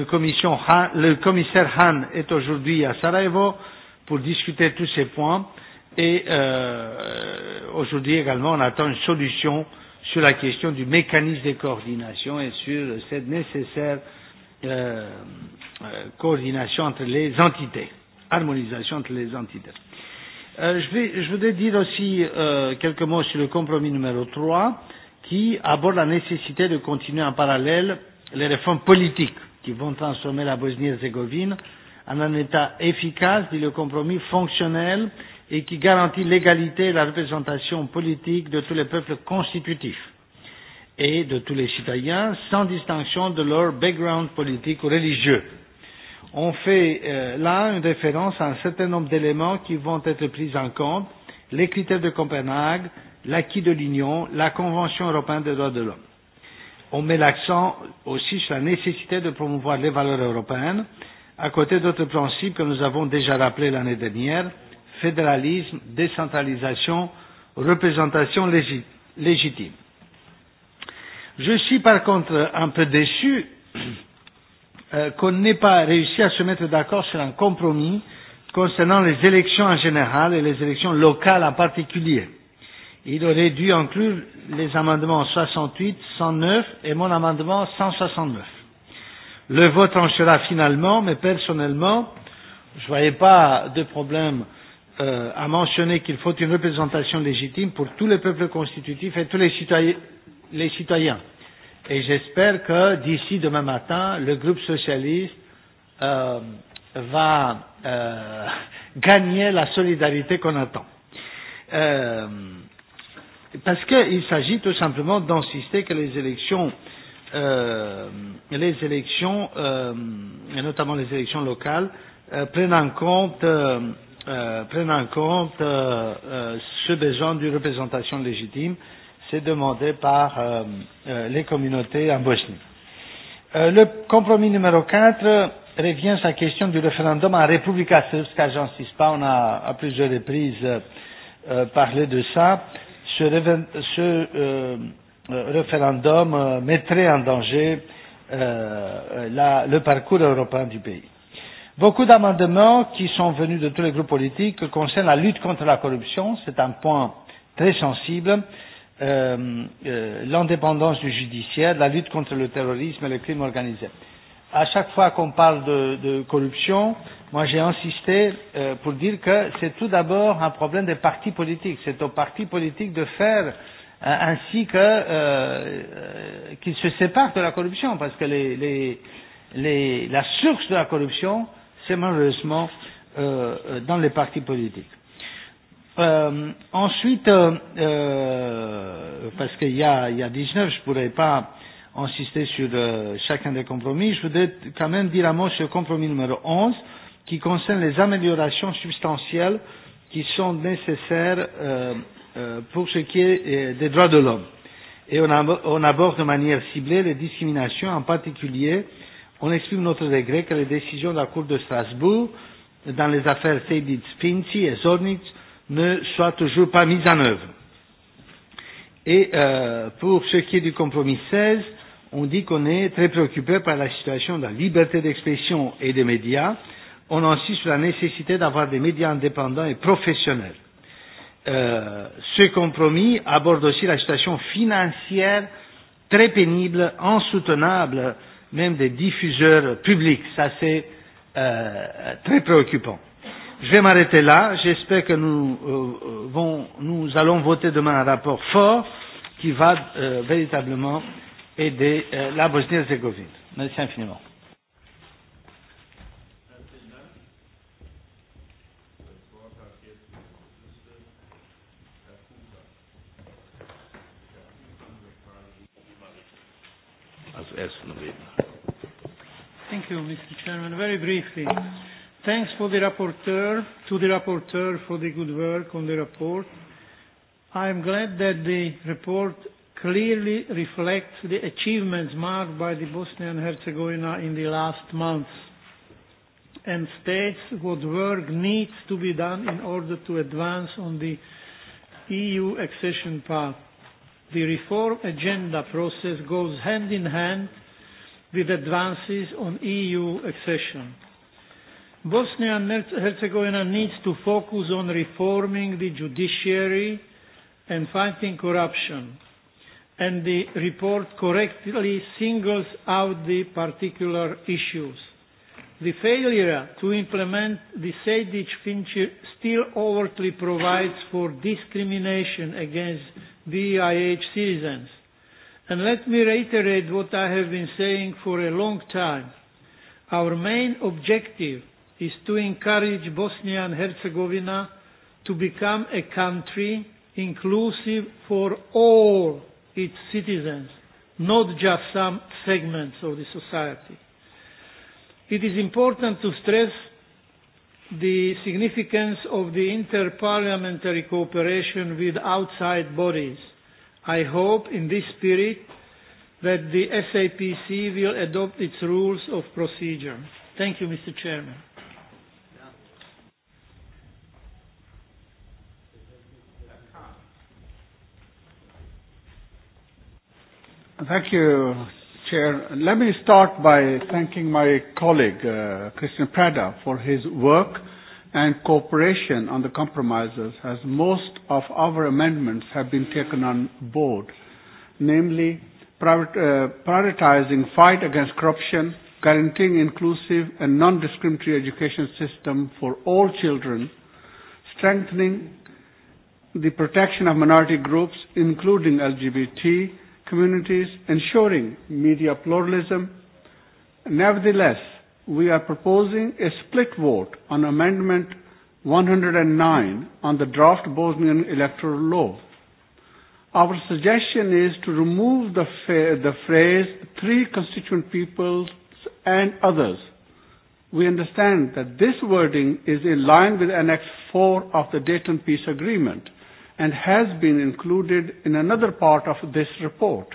le commissaire Hahn est aujourd'hui à Sarajevo pour discuter tous ces points et euh, aujourd'hui également on attend une solution sur la question du mécanisme de coordination et sur cette nécessaire Euh, euh, coordination entre les entités, harmonisation entre les entités. Euh, je, vais, je voudrais dire aussi euh, quelques mots sur le compromis numéro 3 qui aborde la nécessité de continuer en parallèle les réformes politiques qui vont transformer la Bosnie-Herzégovine en un État efficace, dit le compromis fonctionnel et qui garantit l'égalité et la représentation politique de tous les peuples constitutifs et de tous les citoyens sans distinction de leur background politique ou religieux. On fait euh, là une référence à un certain nombre d'éléments qui vont être pris en compte, les critères de Copenhague, l'acquis de l'Union, la Convention européenne des droits de l'homme. On met l'accent aussi sur la nécessité de promouvoir les valeurs européennes, à côté d'autres principes que nous avons déjà rappelés l'année dernière, fédéralisme, décentralisation, représentation légitime. Je suis par contre un peu déçu euh, qu'on n'ait pas réussi à se mettre d'accord sur un compromis concernant les élections en général et les élections locales en particulier. Il aurait dû inclure les amendements 68, 109 et mon amendement 169. Le vote en sera finalement, mais personnellement, je ne voyais pas de problème euh, à mentionner qu'il faut une représentation légitime pour tous les peuples constitutifs et tous les citoyens les citoyens. Et j'espère que d'ici demain matin, le groupe socialiste euh, va euh, gagner la solidarité qu'on attend. Euh, parce qu'il s'agit tout simplement d'insister que les élections, euh, les élections, euh, et notamment les élections locales, euh, prennent en compte, euh, euh, prennent en compte euh, euh, ce besoin d'une représentation légitime euh, c'est demandé par euh, euh, les communautés en Bosnie. Euh, le compromis numéro 4 revient sur la question du référendum en République serbe, car j'insiste pas, on a à plusieurs reprises euh, euh parlé de ça. Ce, ce euh, euh, référendum euh, mettrait en danger euh, la, le parcours européen du pays. Beaucoup d'amendements qui sont venus de tous les groupes politiques concernent la lutte contre la corruption, c'est un point très sensible. Euh, Euh, euh, l'indépendance du judiciaire, la lutte contre le terrorisme et le crime organisé. À chaque fois qu'on parle de, de corruption, moi j'ai insisté euh, pour dire que c'est tout d'abord un problème des partis politiques. C'est aux partis politiques de faire euh, ainsi que euh, euh qu'ils se séparent de la corruption parce que les, les, les, la source de la corruption c'est malheureusement euh, dans les partis politiques. Euh, ensuite, euh, euh, parce qu'il y a, il y a 19, je ne pourrais pas insister sur euh, chacun des compromis, je voudrais quand même dire un mot sur le compromis numéro 11 qui concerne les améliorations substantielles qui sont nécessaires euh, euh, pour ce qui est euh, des droits de l'homme. Et on, ab on aborde de manière ciblée les discriminations, en particulier, on exprime notre regret que les décisions de la Cour de Strasbourg dans les affaires Seyditz Pinci et Zornitz ne soit toujours pas mise en œuvre. Et euh, pour ce qui est du compromis 16, on dit qu'on est très préoccupé par la situation de la liberté d'expression et des médias. On insiste sur la nécessité d'avoir des médias indépendants et professionnels. Euh, ce compromis aborde aussi la situation financière très pénible, insoutenable, même des diffuseurs publics. Ça, c'est euh, très préoccupant. Je vais m'arrêter là. J'espère que nous, euh, euh, vont, nous allons voter demain un rapport fort qui va euh, véritablement aider euh, la Bosnie-Herzégovine. Merci infiniment. Thank you, Mr. Chairman. Very briefly. Thanks for the rapporteur, to the rapporteur for the good work on the report. I am glad that the report clearly reflects the achievements marked by the Bosnia and Herzegovina in the last months and states what work needs to be done in order to advance on the EU accession path. The reform agenda process goes hand in hand with advances on EU accession. Bosnia and Herzegovina needs to focus on reforming the judiciary and fighting corruption. And the report correctly singles out the particular issues. The failure to implement the sejdic Fincher still overtly provides for discrimination against DIH citizens. And let me reiterate what I have been saying for a long time. Our main objective is to encourage Bosnia and Herzegovina to become a country inclusive for all its citizens, not just some segments of the society. It is important to stress the significance of the interparliamentary cooperation with outside bodies. I hope in this spirit that the SAPC will adopt its rules of procedure. Thank you, Mr. Chairman. Thank you, Chair. Let me start by thanking my colleague, uh, Christian Prada, for his work and cooperation on the compromises, as most of our amendments have been taken on board, namely uh, prioritizing fight against corruption, guaranteeing inclusive and non-discriminatory education system for all children, strengthening the protection of minority groups, including LGBT, communities, ensuring media pluralism. Nevertheless, we are proposing a split vote on Amendment 109 on the draft Bosnian electoral law. Our suggestion is to remove the, the phrase three constituent peoples and others. We understand that this wording is in line with Annex 4 of the Dayton Peace Agreement and has been included in another part of this report.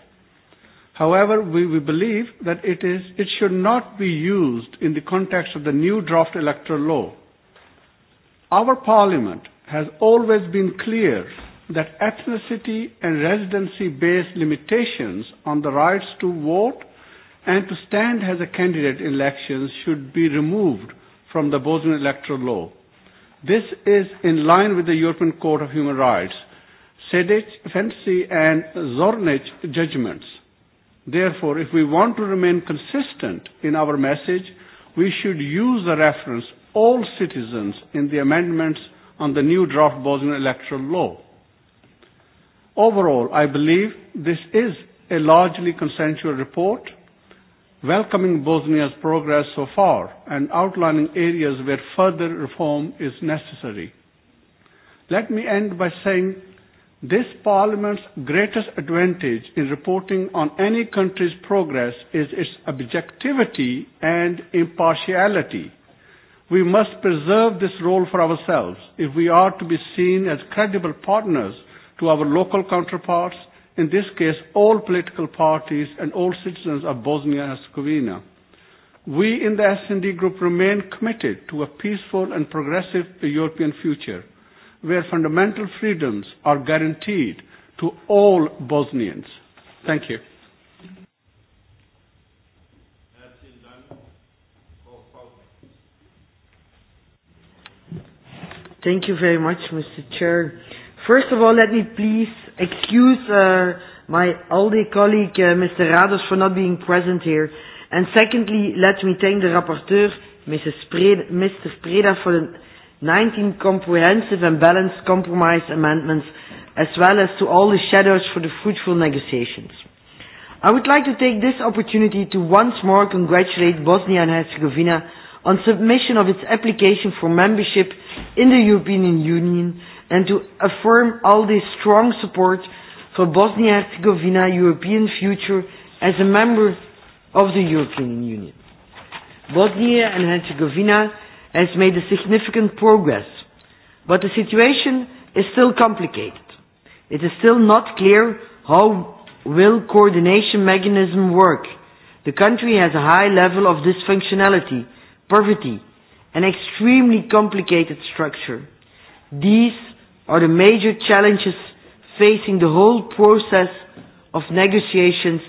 However, we, we believe that it, is, it should not be used in the context of the new draft electoral law. Our parliament has always been clear that ethnicity and residency-based limitations on the rights to vote and to stand as a candidate in elections should be removed from the Bosnian electoral law. This is in line with the European Court of Human Rights, Sedic, Fancy, and Zornich judgments. Therefore, if we want to remain consistent in our message, we should use the reference all citizens in the amendments on the new draft Bosnian electoral law. Overall, I believe this is a largely consensual report welcoming Bosnia's progress so far and outlining areas where further reform is necessary. Let me end by saying this Parliament's greatest advantage in reporting on any country's progress is its objectivity and impartiality. We must preserve this role for ourselves if we are to be seen as credible partners to our local counterparts in this case all political parties and all citizens of Bosnia and Herzegovina. We in the SND group remain committed to a peaceful and progressive European future where fundamental freedoms are guaranteed to all Bosnians. Thank you. Thank you very much, Mr. Chair. First of all, let me please excuse uh, my ALDE colleague, uh, Mr. Rados, for not being present here. And secondly, let me thank the rapporteur, Mrs. Preda, Mr. Preda, for the 19 comprehensive and balanced compromise amendments, as well as to all the shadows for the fruitful negotiations. I would like to take this opportunity to once more congratulate Bosnia and Herzegovina on submission of its application for membership in the European Union and to affirm all the strong support for Bosnia-Herzegovina's European future as a member of the European Union. Bosnia and Herzegovina has made a significant progress, but the situation is still complicated. It is still not clear how will coordination mechanism work. The country has a high level of dysfunctionality, poverty, an extremely complicated structure. These are the major challenges facing the whole process of negotiations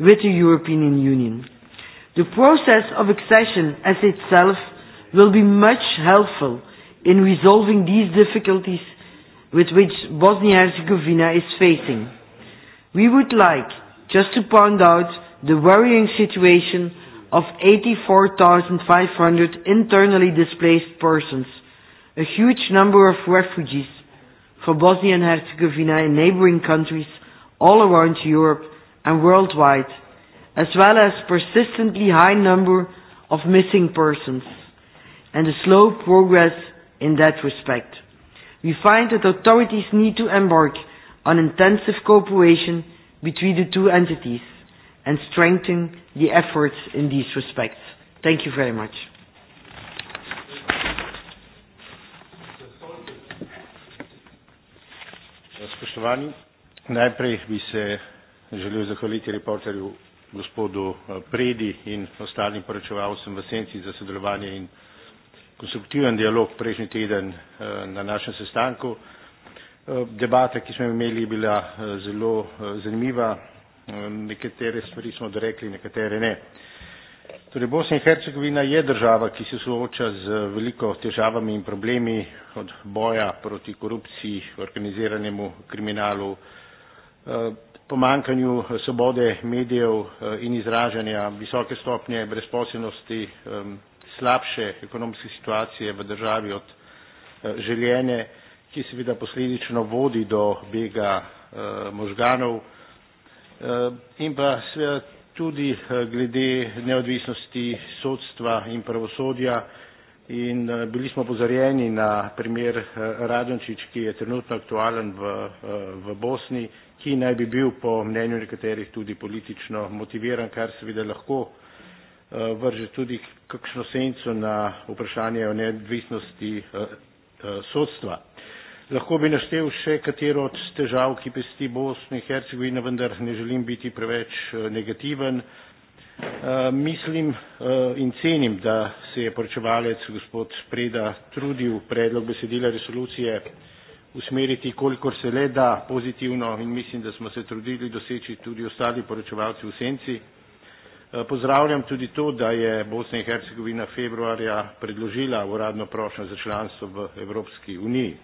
with the European Union. The process of accession as itself will be much helpful in resolving these difficulties with which Bosnia-Herzegovina is facing. We would like just to point out the worrying situation of 84,500 internally displaced persons, a huge number of refugees, for Bosnia and Herzegovina in neighboring countries all around Europe and worldwide, as well as persistently high number of missing persons and a slow progress in that respect. We find that authorities need to embark on intensive cooperation between the two entities and strengthen the efforts in these respects. Thank you very much. Spoštovani, najprej bi se želel zahvaliti reporterju gospodu eh, Predi in ostalim poročevalcem v Senci za sodelovanje in konstruktiven dialog prejšnji teden eh, na našem sestanku. Eh, debata, ki smo imeli, je bila zelo zanimiva. Nekatere stvari smo dorekli, nekatere ne. Torej, Bosna in Hercegovina je država, ki se sooča z veliko težavami in problemi od boja proti korupciji, organiziranemu kriminalu, eh, pomankanju svobode medijev eh, in izražanja, visoke stopnje brezposobnosti, eh, slabše ekonomske situacije v državi od željene, ki seveda posledično vodi do bega možganov in pa seveda tudi eh, glede neodvisnosti sodstva in pravosodja in eh, bili smo pozorjeni na primer eh, Radončić, ki je trenutno aktualen v, v Bosni, ki naj bi bil po mnenju nekaterih tudi politično motiviran, kar seveda lahko vrže tudi kakšno senco na vprašanje o neodvisnosti sodstva. Lahko bi naštel še katero od težav, ki pesti Bosne in Hercegovine, vendar ne želim biti preveč eh, negativen. Eh, mislim eh, in cenim, da se je poročevalec gospod Preda trudil predlog besedila resolucije usmeriti, kolikor se le da pozitivno in mislim, da smo se trudili doseči tudi ostali poročevalci v senci. pozdravljam tudi to, da je Bosna in Hercegovina februarja predložila uradno prošnjo za članstvo v Evropski uniji.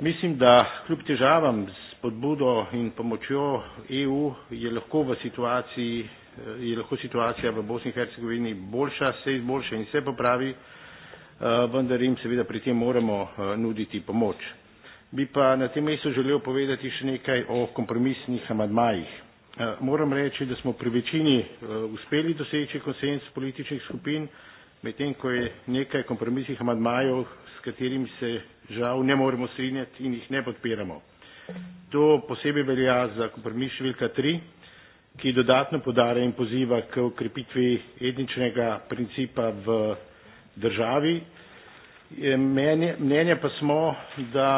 Mislim, da kljub težavam s podbudo in pomočjo EU je lahko v situaciji, eh, je lahko situacija v Bosni in Hercegovini boljša, se izboljša in se popravi, eh, vendar jim seveda pri tem moramo eh, nuditi pomoč. Bi pa na tem mestu želel povedati še nekaj o kompromisnih amadmajih. Moram reči, da smo pri večini uspeli doseči konsens političnih skupin, medtem ko je nekaj kompromisnih amadmajev, s katerimi se žal ne moremo strinjati in jih ne podpiramo. To posebej velja za kompromis številka 3, ki dodatno podara in poziva k ukrepitvi etničnega principa v državi. Mnenje pa smo, da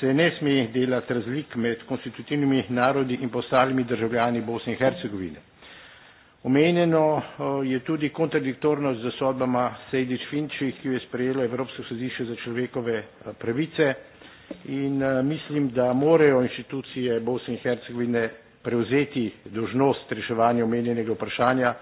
se ne sme delati razlik med konstitutivnimi narodi in postalimi državljani Bosne in Hercegovine. Omenjeno je tudi kontradiktornost z sodbama Sejdič Finči, ki jo je sprejelo Evropsko sodišče za človekove pravice in mislim, da morajo inštitucije Bosne in Hercegovine prevzeti dožnost reševanja omenjenega vprašanja,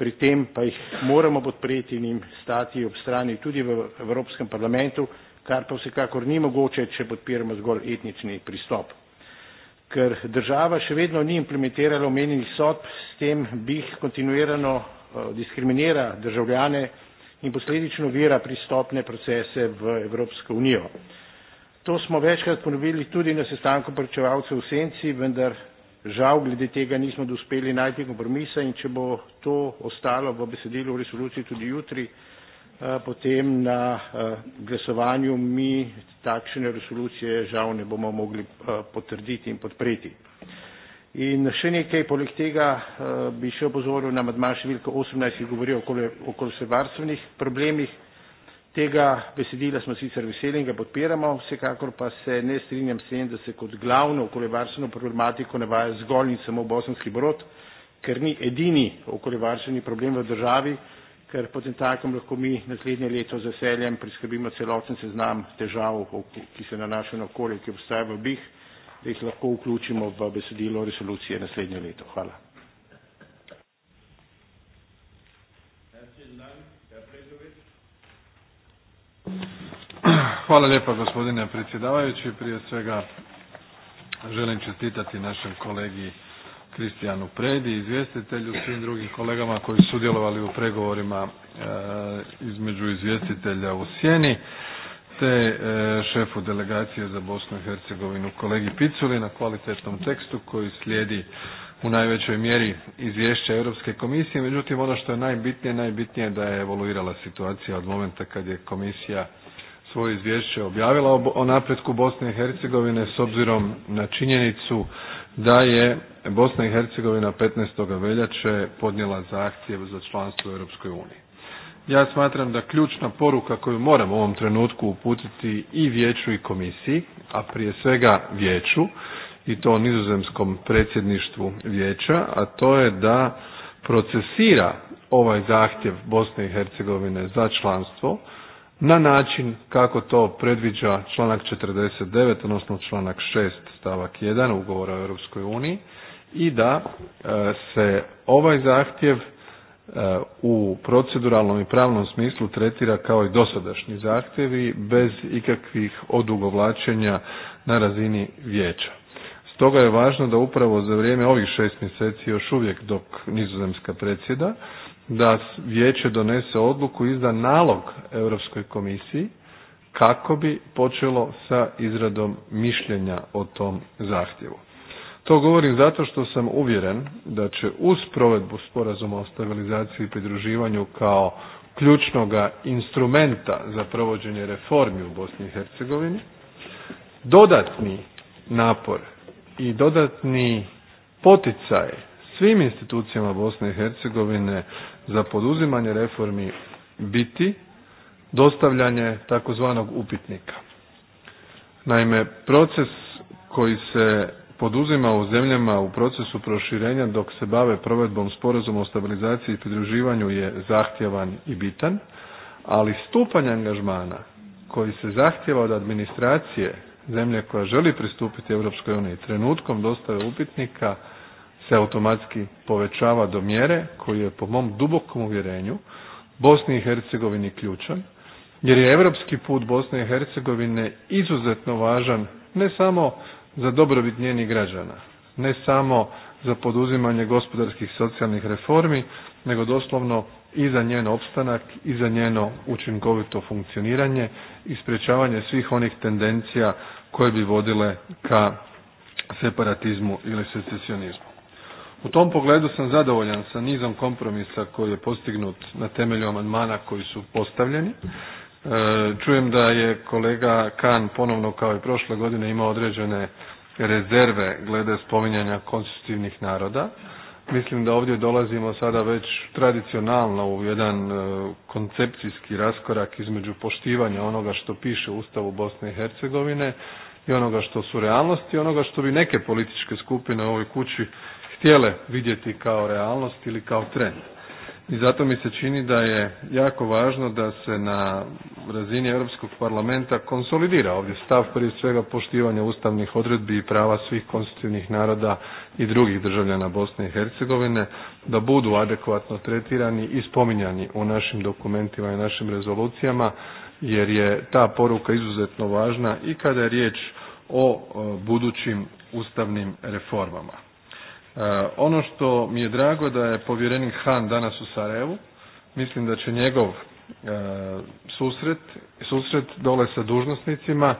pri tem pa jih moramo podpreti in jim stati ob strani tudi v Evropskem parlamentu, kar pa vsekakor ni mogoče, če podpiramo zgolj etnični pristop ker država še vedno ni implementirala omenjenih sodb, s tem bi jih kontinuirano eh, diskriminira državljane in posledično vira pristopne procese v Evropsko unijo. To smo večkrat ponovili tudi na sestanku pričevalcev v Senci, vendar žal glede tega nismo dospeli najti kompromisa in če bo to ostalo v besedilu resoluciji tudi jutri, Eh, potem na eh, glasovanju mi takšne resolucije žal ne bomo mogli eh, potrditi in podpreti. In še nekaj, poleg tega bi še opozoril na madma številko 18, ki govori o okoljevarstvenih problemih. Tega besedila smo sicer veseli in ga podpiramo, vsekakor pa se ne strinjam s tem, da se kot glavno okoljevarstveno problematiko navaja zgolj in samo bosanski brod, ker ni edini okoljevarstveni problem v državi, ker potem takem lahko mi naslednje leto z veseljem priskrbimo celoten seznam težav, ki se nanašajo na okolje, ki obstaja v BIH, da jih lahko vključimo v besedilo resolucije naslednje leto. Hvala. Hvala lijepa gospodine predsjedavajući. Prije svega želim čestitati našem kolegi Kristijanu Predi, izvjestitelju, svim drugim kolegama koji su sudjelovali u pregovorima e, između izvjestitelja u Sjeni, te e, šefu delegacije za Bosnu i Hercegovinu kolegi Piculi na kvalitetnom tekstu koji slijedi u najvećoj mjeri izvješća Europske komisije. Međutim, ono što je najbitnije, najbitnije je da je evoluirala situacija od momenta kad je komisija svoje izvješće objavila o napretku Bosne i Hercegovine s obzirom na činjenicu da je Bosna i Hercegovina 15. veljače podnijela zahtjev za članstvo u Europskoj uniji. Ja smatram da ključna poruka koju moram u ovom trenutku uputiti i vijeću i komisiji, a prije svega vijeću, i to nizozemskom predsjedništvu vijeća, a to je da procesira ovaj zahtjev Bosne i Hercegovine za članstvo, na način kako to predviđa članak 49, odnosno članak 6 stavak 1 ugovora o Europskoj uniji i da e, se ovaj zahtjev e, u proceduralnom i pravnom smislu tretira kao i dosadašnji zahtjevi bez ikakvih odugovlačenja na razini vijeća. Stoga je važno da upravo za vrijeme ovih šest mjeseci još uvijek dok nizozemska predsjeda da vijeće donese odluku i izda nalog Europskoj komisiji kako bi počelo sa izradom mišljenja o tom zahtjevu. To govorim zato što sam uvjeren da će uz provedbu sporazuma o stabilizaciji i pridruživanju kao ključnoga instrumenta za provođenje reformi u Bosni i Hercegovini, dodatni napor i dodatni poticaj svim institucijama Bosne i Hercegovine za poduzimanje reformi biti dostavljanje takozvanog upitnika. Naime, proces koji se poduzima u zemljama u procesu proširenja dok se bave provedbom sporazuma o stabilizaciji i pridruživanju je zahtjevan i bitan, ali stupanj angažmana koji se zahtjeva od administracije zemlje koja želi pristupiti Europskoj uniji trenutkom dostave upitnika se automatski povećava do mjere koji je po mom dubokom uvjerenju Bosni i Hercegovini ključan, jer je evropski put Bosne i Hercegovine izuzetno važan ne samo za dobrobit njenih građana, ne samo za poduzimanje gospodarskih socijalnih reformi, nego doslovno i za njen opstanak i za njeno učinkovito funkcioniranje i sprečavanje svih onih tendencija koje bi vodile ka separatizmu ili secesionizmu. U tom pogledu sam zadovoljan sa nizom kompromisa koji je postignut na temelju amandmana koji su postavljeni. E, čujem da je kolega Kan ponovno kao i prošle godine imao određene rezerve glede spominjanja konstitutivnih naroda. Mislim da ovdje dolazimo sada već tradicionalno u jedan e, koncepcijski raskorak između poštivanja onoga što piše u Ustavu Bosne i Hercegovine i onoga što su realnosti i onoga što bi neke političke skupine u ovoj kući htjele vidjeti kao realnost ili kao trend. I zato mi se čini da je jako važno da se na razini Europskog parlamenta konsolidira ovdje stav prije svega poštivanja ustavnih odredbi i prava svih konstitutivnih naroda i drugih državljana Bosne i Hercegovine da budu adekvatno tretirani i spominjani u našim dokumentima i našim rezolucijama jer je ta poruka izuzetno važna i kada je riječ o e, budućim ustavnim reformama. E, ono što mi je drago da je povjerenik Han danas u Sarajevu, mislim da će njegov e, susret, susret dole sa dužnosnicima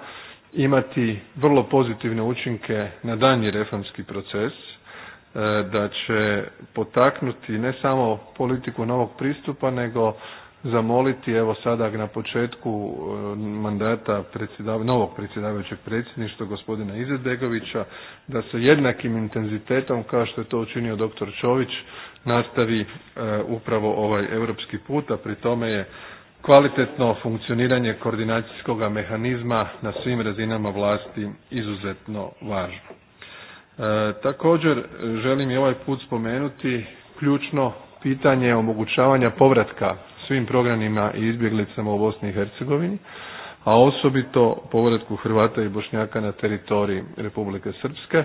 imati vrlo pozitivne učinke na danji reformski proces, e, da će potaknuti ne samo politiku novog pristupa, nego zamoliti evo sada na početku e, mandata predsjedav, novog predsjedavajućeg predsjedništva gospodina Izetbegovića da se jednakim intenzitetom kao što je to učinio dr. Čović nastavi e, upravo ovaj europski put, a pri tome je kvalitetno funkcioniranje koordinacijskog mehanizma na svim razinama vlasti izuzetno važno. E, također želim i ovaj put spomenuti ključno pitanje omogućavanja povratka svim programima i izbjeglicama u Bosni i Hercegovini, a osobito povratku Hrvata i Bošnjaka na teritoriji Republike Srpske,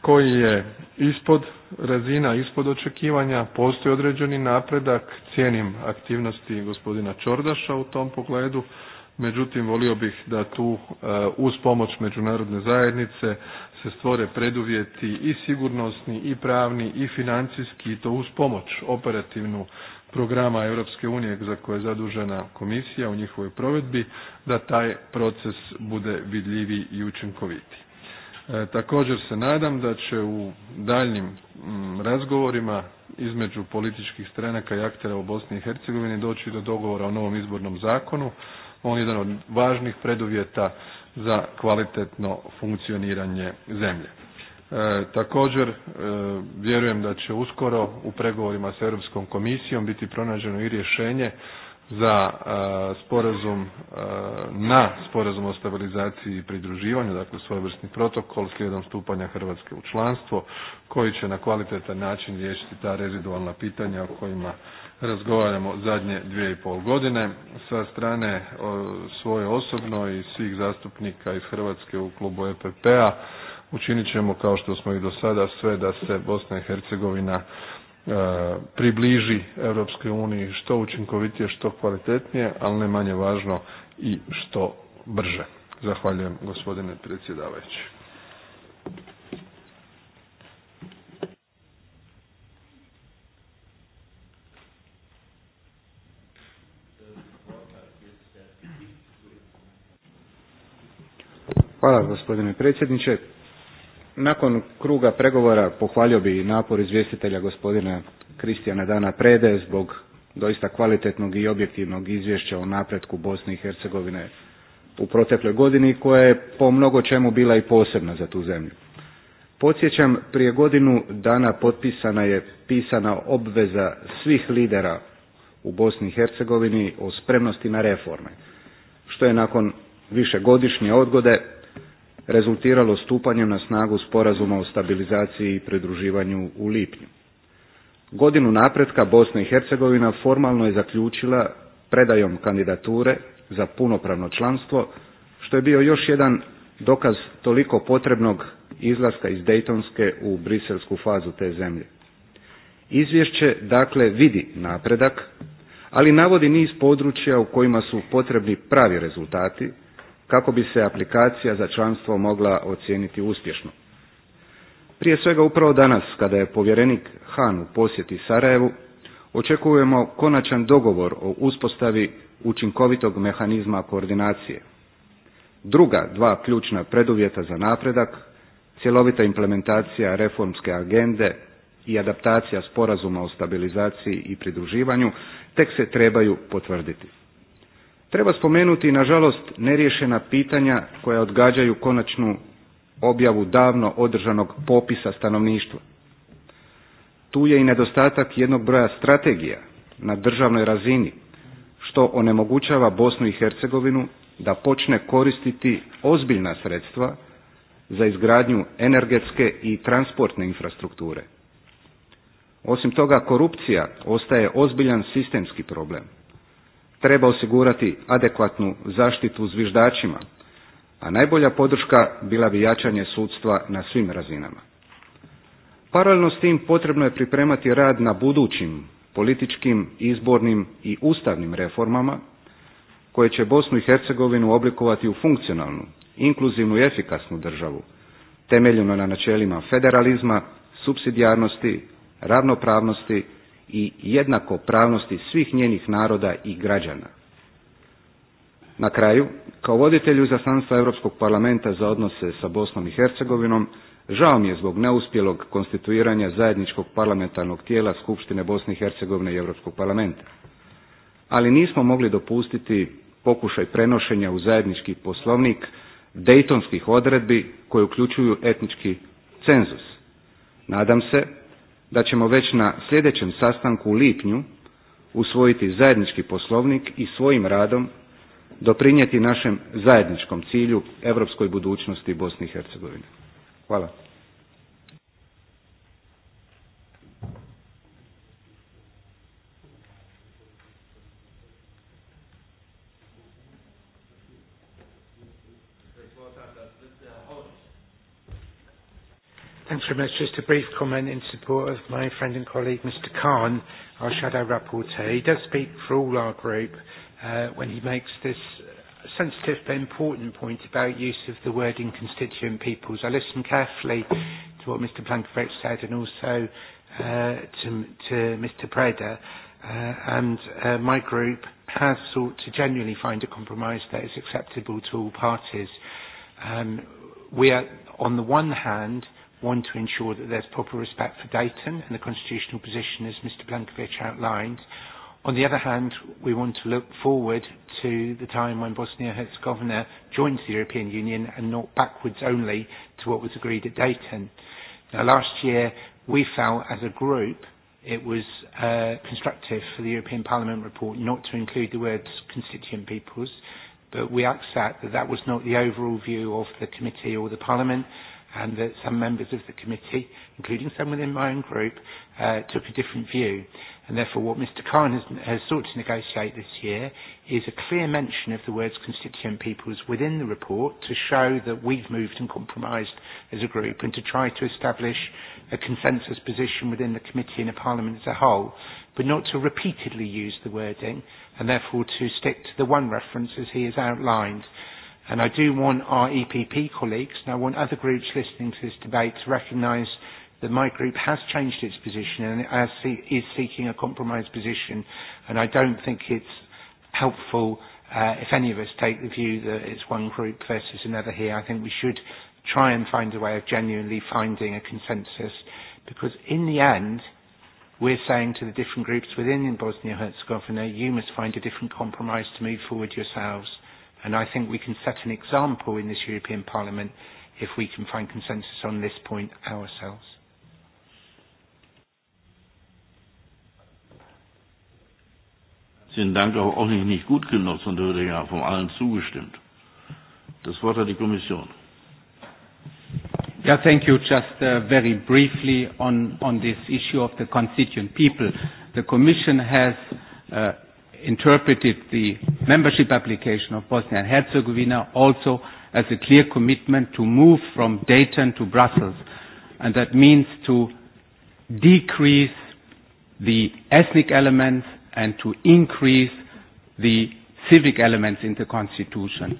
koji je ispod razina, ispod očekivanja, postoji određeni napredak, cijenim aktivnosti gospodina Čordaša u tom pogledu, međutim volio bih da tu e, uz pomoć međunarodne zajednice se stvore preduvjeti i sigurnosni, i pravni, i financijski, i to uz pomoć operativnu programa Europske unije za koje je zadužena komisija u njihovoj provedbi, da taj proces bude vidljiviji i učinkoviti. E, također se nadam da će u daljnim m, mm, razgovorima između političkih stranaka i aktera u Bosni i Hercegovini doći do dogovora o novom izbornom zakonu. On je jedan od važnih preduvjeta za kvalitetno funkcioniranje zemlje. E, također, e, vjerujem da će uskoro u pregovorima s Europskom komisijom biti pronađeno i rješenje za e, sporazum na sporazum o stabilizaciji i pridruživanju, dakle svojevrsni protokol slijedom stupanja Hrvatske u članstvo, koji će na kvalitetan način riješiti ta rezidualna pitanja o kojima razgovaramo zadnje dvije i pol godine. Sa strane svoje osobno i svih zastupnika iz Hrvatske u klubu EPP-a učinit ćemo kao što smo i do sada sve da se Bosna i Hercegovina e, približi Europskoj uniji što učinkovitije, što kvalitetnije, ali ne manje važno i što brže. Zahvaljujem gospodine predsjedavajući. Hvala gospodine predsjedniče. Nakon kruga pregovora pohvalio bi napor izvjestitelja gospodina Kristijana Dana Prede zbog doista kvalitetnog i objektivnog izvješća o napretku Bosne i Hercegovine u protekloj godini koja je po mnogo čemu bila i posebna za tu zemlju. Podsjećam, prije godinu dana potpisana je pisana obveza svih lidera u Bosni i Hercegovini o spremnosti na reforme, što je nakon višegodišnje odgode rezultiralo stupanjem na snagu sporazuma o stabilizaciji i pridruživanju u lipnju. Godinu napretka Bosna i Hercegovina formalno je zaključila predajom kandidature za punopravno članstvo, što je bio još jedan dokaz toliko potrebnog izlaska iz Dejtonske u briselsku fazu te zemlje. Izvješće dakle vidi napredak, ali navodi niz područja u kojima su potrebni pravi rezultati, kako bi se aplikacija za članstvo mogla ocijeniti uspješno. Prije svega upravo danas, kada je povjerenik Han u posjeti Sarajevu, očekujemo konačan dogovor o uspostavi učinkovitog mehanizma koordinacije. Druga dva ključna preduvjeta za napredak, cjelovita implementacija reformske agende i adaptacija sporazuma o stabilizaciji i pridruživanju, tek se trebaju potvrditi. Treba spomenuti, nažalost, neriješena pitanja koja odgađaju konačnu objavu davno održanog popisa stanovništva. Tu je i nedostatak jednog broja strategija na državnoj razini, što onemogućava Bosnu i Hercegovinu da počne koristiti ozbiljna sredstva za izgradnju energetske i transportne infrastrukture. Osim toga, korupcija ostaje ozbiljan sistemski problem – Treba osigurati adekvatnu zaštitu zviždačima, a najbolja podrška bila bi jačanje sudstva na svim razinama. Paralelno s tim potrebno je pripremati rad na budućim političkim, izbornim i ustavnim reformama koje će Bosnu i Hercegovinu oblikovati u funkcionalnu, inkluzivnu i efikasnu državu, temeljeno na načelima federalizma, subsidijarnosti, ravnopravnosti, i jednakopravnosti svih njenih naroda i građana. Na kraju, kao voditelju izaslanstva Europskog parlamenta za odnose sa Bosnom i Hercegovinom, žao mi je zbog neuspjelog konstituiranja zajedničkog parlamentarnog tijela Skupštine Bosne i Hercegovine i Europskog parlamenta. Ali nismo mogli dopustiti pokušaj prenošenja u zajednički poslovnik dejtonskih odredbi koje uključuju etnički cenzus. Nadam se da ćemo već na sljedećem sastanku u lipnju usvojiti zajednički poslovnik i svojim radom doprinijeti našem zajedničkom cilju europskoj budućnosti Bosne i Hercegovine. Hvala. Thanks very much. Just a brief comment in support of my friend and colleague, Mr. Khan, our shadow rapporteur. He does speak for all our group uh, when he makes this sensitive but important point about use of the word in constituent peoples. I listened carefully to what Mr. Plankovic said and also uh, to, to Mr. Preda. Uh, and uh, my group has sought to genuinely find a compromise that is acceptable to all parties. Um, we are, on the one hand, One, to ensure that there's proper respect for Dayton and the constitutional position as Mr Blankovic outlined. On the other hand, we want to look forward to the time when Bosnia-Herzegovina joins the European Union and not backwards only to what was agreed at Dayton. Now, last year, we felt as a group it was uh, constructive for the European Parliament report not to include the words constituent peoples, but we accept that that was not the overall view of the committee or the Parliament and that some members of the committee, including some within my own group, uh, took a different view. And therefore what Mr Khan has, has sought to negotiate this year is a clear mention of the words constituent peoples within the report to show that we've moved and compromised as a group and to try to establish a consensus position within the committee and the parliament as a whole, but not to repeatedly use the wording and therefore to stick to the one reference as he has outlined. And I do want our EPP colleagues, and I want other groups listening to this debate to recognise that my group has changed its position and as is seeking a compromise position. And I don't think it's helpful uh, if any of us take the view that it's one group versus another here. I think we should try and find a way of genuinely finding a consensus because in the end, we're saying to the different groups within Bosnia-Herzegovina, you must find a different compromise to move forward yourselves. And I think we can set an example in this European Parliament if we can find consensus on this point ourselves. Vielen Dank, aber auch nicht, nicht gut genug, sondern wurde ja von allen zugestimmt. Das Wort hat die Kommission. Yeah, thank you. Just uh, very briefly on, on this issue of the constituent people. The Commission has uh, interpreted the membership application of Bosnia and Herzegovina also as a clear commitment to move from Dayton to Brussels. And that means to decrease the ethnic elements and to increase the civic elements in the constitution.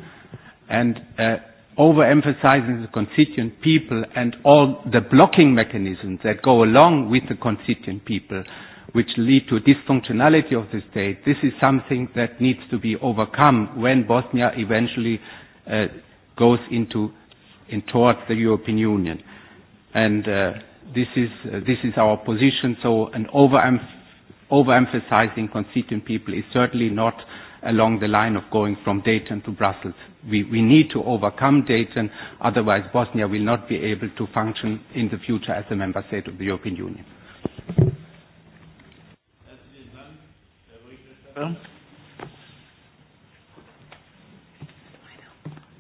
And uh, overemphasizing the constituent people and all the blocking mechanisms that go along with the constituent people which lead to dysfunctionality of the state, this is something that needs to be overcome when Bosnia eventually uh, goes into in towards the European Union. And uh, this, is, uh, this is our position, so an overemph overemphasizing constituent people is certainly not along the line of going from Dayton to Brussels. We, we need to overcome Dayton, otherwise Bosnia will not be able to function in the future as a member state of the European Union.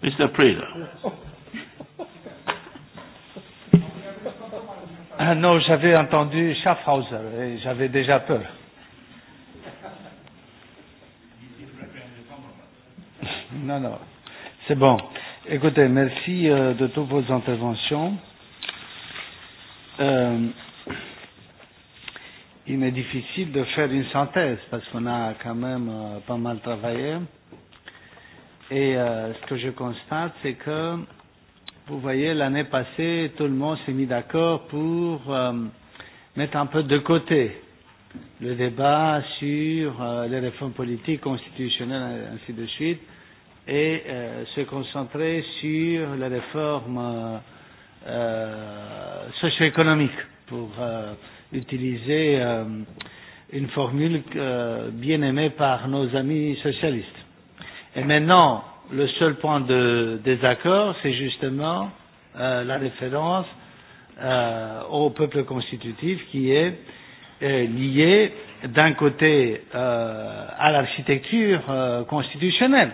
Mr. Preda. Ah, non, j'avais entendu Schaffhauser et j'avais déjà peur. non, non. C'est bon. Écoutez, merci euh, de toutes vos interventions. Euh, il m'est difficile de faire une synthèse parce qu'on a quand même euh, pas mal travaillé. Et euh, ce que je constate, c'est que, vous voyez, l'année passée, tout le monde s'est mis d'accord pour euh, mettre un peu de côté le débat sur euh, les réformes politiques, constitutionnelles, ainsi de suite, et euh, se concentrer sur les réformes euh, euh socio-économiques pour. Euh, utiliser euh, une formule euh, bien aimée par nos amis socialistes. Et maintenant, le seul point de désaccord, c'est justement euh, la référence euh, au peuple constitutif qui est euh, lié d'un côté euh, à l'architecture euh, constitutionnelle,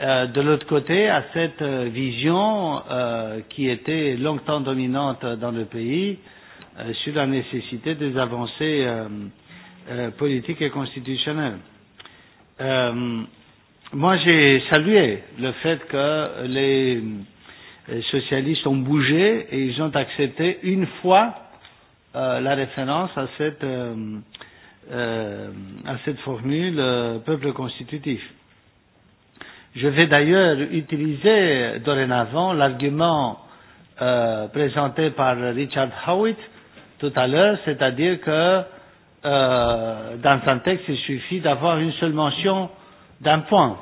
euh, de l'autre côté à cette euh, vision euh, qui était longtemps dominante dans le pays, euh, Euh, sur la nécessité des avancées euh, euh, politiques et constitutionnelles. Euh, moi, j'ai salué le fait que les euh, socialistes ont bougé et ils ont accepté une fois euh, la référence à cette, euh, euh, à cette formule euh, peuple constitutif. Je vais d'ailleurs utiliser dorénavant l'argument euh, présenté par Richard Howitt tout à l'heure, c'est-à-dire que euh, dans un texte, il suffit d'avoir une seule mention d'un point.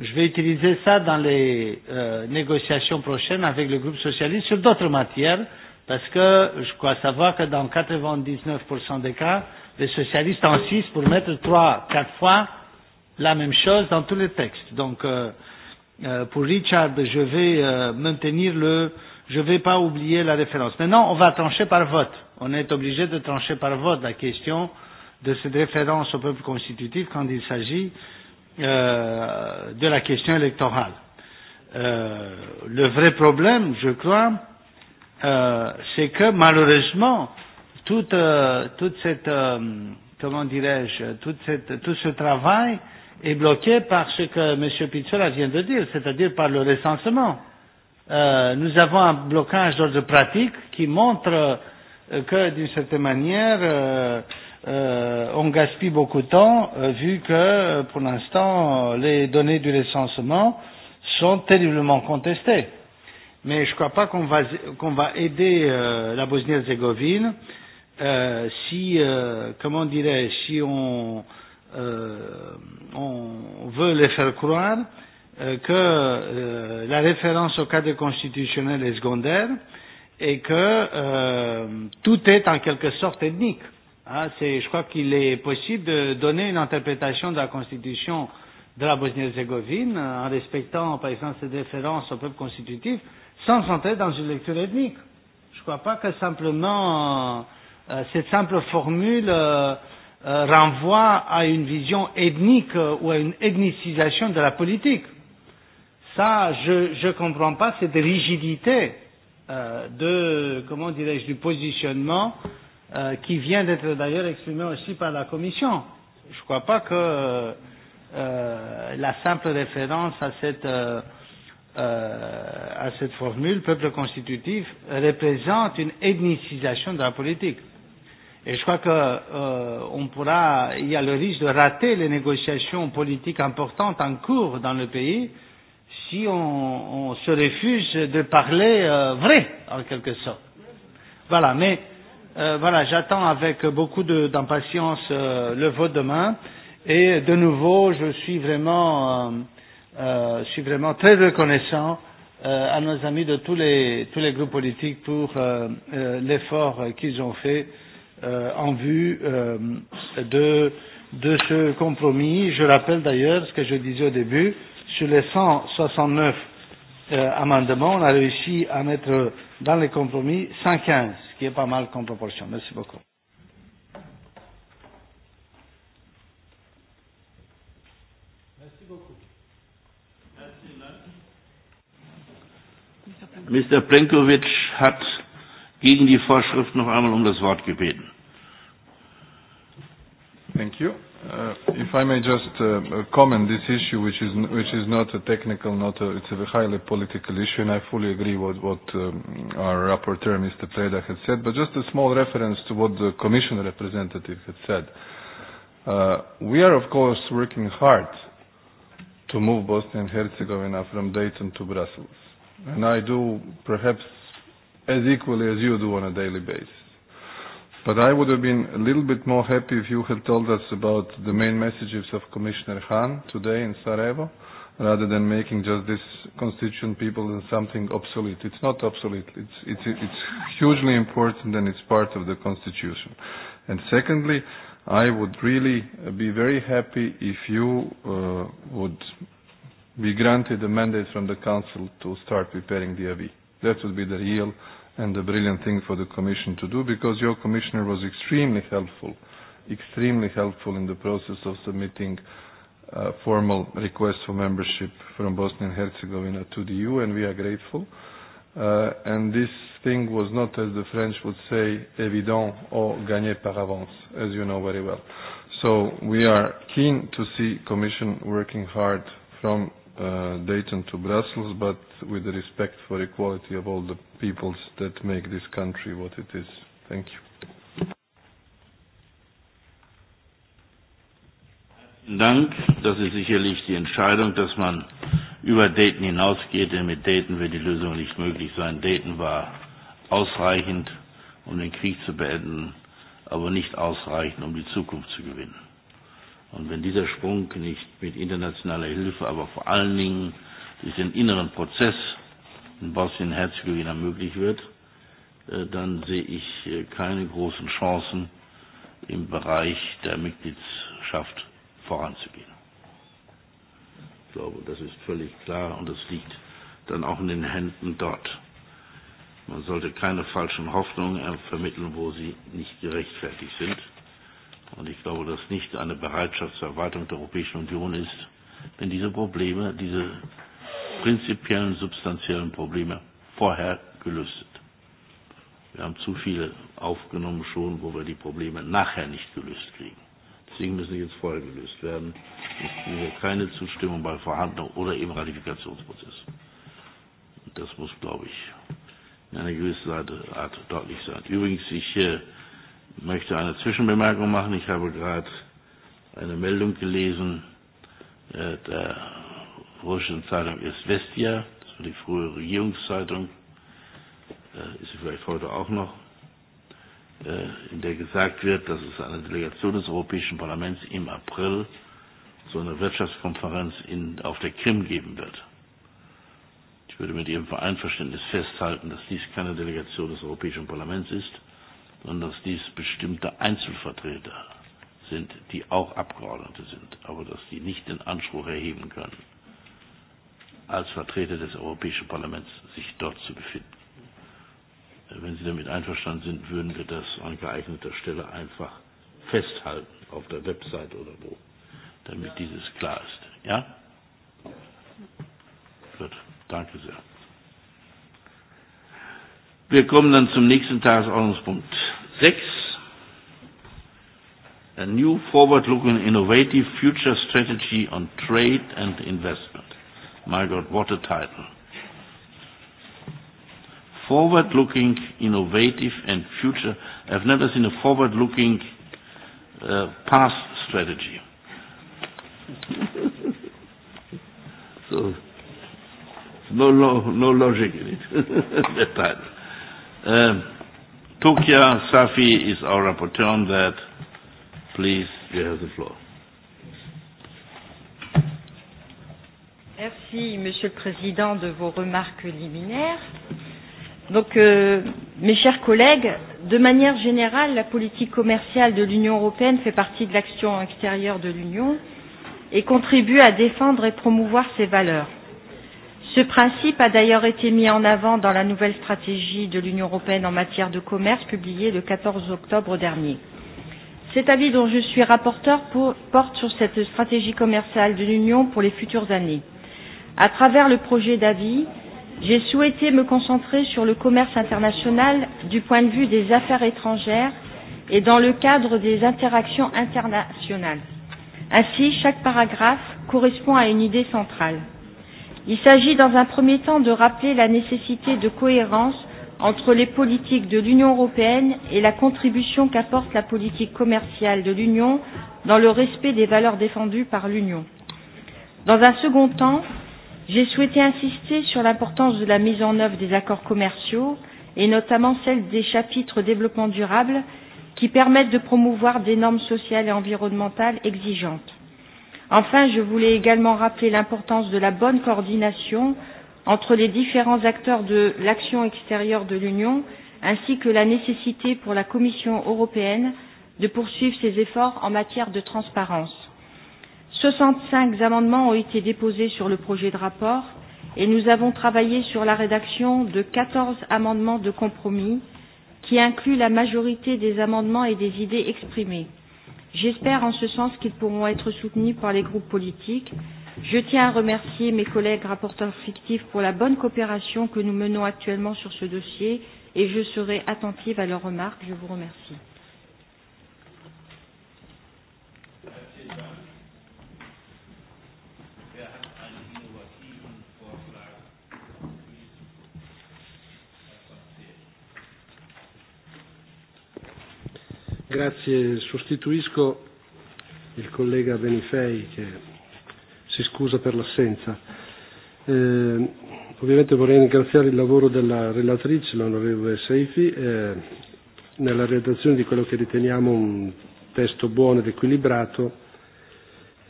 Je vais utiliser ça dans les euh, négociations prochaines avec le groupe socialiste sur d'autres matières, parce que je crois savoir que dans 99% des cas, les socialistes insistent pour mettre trois, quatre fois la même chose dans tous les textes. Donc, euh, euh, pour Richard, je vais euh, maintenir le, je ne vais pas oublier la référence. Maintenant, on va trancher par vote on est obligé de trancher par vote la question de cette référence au peuple constitutif quand il s'agit euh, de la question électorale. Euh, le vrai problème, je crois, euh, c'est que malheureusement, toute, euh, toute cette, euh, comment dirais-je, toute cette, tout ce travail est bloqué par ce que M. Pizzola vient de dire, c'est-à-dire par le recensement. Euh, nous avons un blocage d'ordre pratique qui montre que d'une certaine manière, euh, euh, on gaspille beaucoup de temps euh, vu que euh, pour l'instant euh, les données du recensement sont terriblement contestées. Mais je ne crois pas qu'on va, qu'on va aider euh, la Bosnie-Herzégovine euh, si, euh, comment dirais si on, euh, on veut les faire croire euh, que euh, la référence au cadre constitutionnel est secondaire euh, et que euh, tout est en quelque sorte ethnique. Hein, je crois qu'il est possible de donner une interprétation de la Constitution de la Bosnie-Herzégovine euh, en respectant, par exemple, cette référence au peuple constitutif sans entrer dans une lecture ethnique. Je ne crois pas que simplement euh, cette simple formule euh, euh, renvoie à une vision ethnique euh, ou à une ethnicisation de la politique. Ça, je ne comprends pas cette rigidité euh, de, comment dirais-je, du positionnement euh, qui vient d'être d'ailleurs exprimé aussi par la Commission. Je ne crois pas que euh, euh, la simple référence à cette, euh, euh, à cette formule peuple constitutif représente une ethnicisation de la politique. Et je crois que euh, pourra, il y a le risque de rater les négociations politiques importantes en cours dans le pays euh, si on, on se refuse de parler euh, vrai, en quelque sorte. Voilà, mais euh, voilà, j'attends avec beaucoup d'impatience euh, le vote demain. Et de nouveau, je suis vraiment, euh, euh, suis vraiment très reconnaissant euh, à nos amis de tous les, tous les groupes politiques pour euh, euh, l'effort qu'ils ont fait euh, en vue euh, de, de ce compromis. Je rappelle d'ailleurs ce que je disais au début, sur les 169 euh, amendements, on a réussi à mettre dans les compromis 115, ce qui est pas mal comme proportion. Merci beaucoup. Mr. Plenkovic hat gegen die Vorschrift noch einmal um das Wort gebeten. Thank you. Uh, if I may just uh, comment this issue, which is which is not a technical, not a, it's a highly political issue, and I fully agree with what um, our rapporteur, Mr. Preda, had said. But just a small reference to what the Commission representative had said. Uh, we are, of course, working hard to move Bosnia and Herzegovina from Dayton to Brussels, and I do perhaps as equally as you do on a daily basis. But I would have been a little bit more happy if you had told us about the main messages of Commissioner Hahn today in Sarajevo, rather than making just this constituent people and something obsolete. It's not obsolete. It's, it's, it's hugely important and it's part of the constitution. And secondly, I would really be very happy if you uh, would be granted a mandate from the Council to start preparing the AV. That would be the real and a brilliant thing for the Commission to do because your Commissioner was extremely helpful, extremely helpful in the process of submitting uh, formal request for membership from Bosnia and Herzegovina to the EU and we are grateful. Uh, and this thing was not, as the French would say, évident or gagné par avance, as you know very well. So we are keen to see Commission working hard from uh, Dayton to Brussels, but with the respect for equality of all the peoples that make this country what it is. Thank you. Dank. Das ist sicherlich die Entscheidung, dass man über Dayton hinausgeht, denn mit Dayton wird die Lösung nicht möglich sein. Dayton war ausreichend, um den Krieg zu beenden, aber nicht ausreichend, um die Zukunft zu gewinnen. Und wenn dieser Sprung nicht mit internationaler Hilfe, aber vor allen Dingen durch den inneren Prozess in Bosnien-Herzegowina möglich wird, äh, dann sehe ich äh, keine großen Chancen, im Bereich der Mitgliedschaft voranzugehen. Ich glaube, das ist völlig klar und das liegt dann auch in den Händen dort. Man sollte keine falschen Hoffnungen vermitteln, wo sie nicht gerechtfertigt sind. Und ich glaube, dass nicht eine Bereitschaft zur Erweiterung der Europäischen Union ist, wenn diese Probleme, diese prinzipiellen, substanziellen Probleme vorher gelöst sind. Wir haben zu viele aufgenommen schon, wo wir die Probleme nachher nicht gelöst kriegen. Deswegen müssen sie jetzt vorher gelöst werden. Ich sehe keine Zustimmung bei Verhandlungen oder im Ratifikationsprozess. Das muss, glaube ich, in einer gewissen Art deutlich sein. Übrigens, ich äh, möchte eine Zwischenbemerkung machen. Ich habe gerade eine Meldung gelesen äh, der russischen Zeitung Isvestia, das war die frühe Regierungszeitung, äh, ist sie vielleicht heute auch noch, äh, in der gesagt wird, dass es eine Delegation des Europäischen Parlaments im April zu einer Wirtschaftskonferenz in, auf der Krim geben wird. Ich würde mit Ihrem Vereinverständnis festhalten, dass dies keine Delegation des Europäischen Parlaments ist, sondern dass dies bestimmte Einzelvertreter sind, die auch Abgeordnete sind, aber dass die nicht den Anspruch erheben können, als Vertreter des Europäischen Parlaments sich dort zu befinden. Äh, wenn Sie damit einverstanden sind, würden wir das an geeigneter Stelle einfach festhalten, auf der Website oder wo, damit ja. dieses klar ist. Ja? Gut, danke sehr. Wir kommen dann zum nächsten Tagesordnungspunkt. Six, a new forward-looking innovative future strategy on trade and investment. My God, what a title. Forward-looking, innovative and future. I've never seen a forward-looking uh, past strategy. so, no, no, no logic in it, that title. Um, Tokia Safi is our rapporteur on that. Please, you have the floor. Merci, Monsieur le Président, de vos remarques liminaires. Donc, euh, mes chers collègues, de manière générale, la politique commerciale de l'Union européenne fait partie de l'action extérieure de l'Union et contribue à défendre et promouvoir ses valeurs. Ce principe a d'ailleurs été mis en avant dans la nouvelle stratégie de l'Union européenne en matière de commerce publiée le 14 octobre dernier. Cet avis dont je suis rapporteur pour, porte sur cette stratégie commerciale de l'Union pour les futures années. À travers le projet d'avis, j'ai souhaité me concentrer sur le commerce international du point de vue des affaires étrangères et dans le cadre des interactions internationales. Ainsi, chaque paragraphe correspond à une idée centrale. Il s'agit dans un premier temps de rappeler la nécessité de cohérence entre les politiques de l'Union européenne et la contribution qu'apporte la politique commerciale de l'Union dans le respect des valeurs défendues par l'Union. Dans un second temps, j'ai souhaité insister sur l'importance de la mise en œuvre des accords commerciaux et notamment celle des chapitres développement durable qui permettent de promouvoir des normes sociales et environnementales exigeantes. Enfin, je voulais également rappeler l'importance de la bonne coordination entre les différents acteurs de l'action extérieure de l'Union, ainsi que la nécessité pour la Commission européenne de poursuivre ses efforts en matière de transparence. 65 amendements ont été déposés sur le projet de rapport et nous avons travaillé sur la rédaction de 14 amendements de compromis qui incluent la majorité des amendements et des idées exprimées. J'espère en ce sens qu'ils pourront être soutenus par les groupes politiques. Je tiens à remercier mes collègues rapporteurs fictifs pour la bonne coopération que nous menons actuellement sur ce dossier et je serai attentive à leurs remarques. Je vous remercie. Grazie, sostituisco il collega Benifei che si scusa per l'assenza. Eh, ovviamente vorrei ringraziare il lavoro della relatrice, l'onorevole Seifi, eh, nella redazione di quello che riteniamo un testo buono ed equilibrato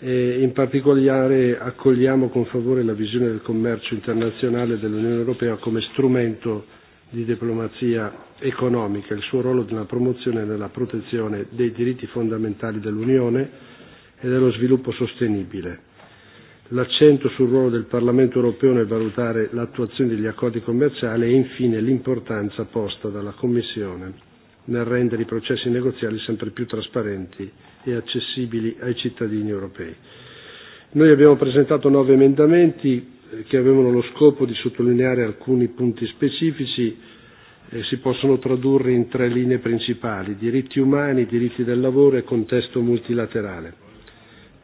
e in particolare accogliamo con favore la visione del commercio internazionale dell'Unione Europea come strumento di diplomazia economica, il suo ruolo nella promozione e nella protezione dei diritti fondamentali dell'Unione e dello sviluppo sostenibile. L'accento sul ruolo del Parlamento europeo nel valutare l'attuazione degli accordi commerciali e infine l'importanza posta dalla Commissione nel rendere i processi negoziali sempre più trasparenti e accessibili ai cittadini europei. Noi abbiamo presentato nove emendamenti, che avevano lo scopo di sottolineare alcuni punti specifici eh, si possono tradurre in tre linee principali, diritti umani, diritti del lavoro e contesto multilaterale.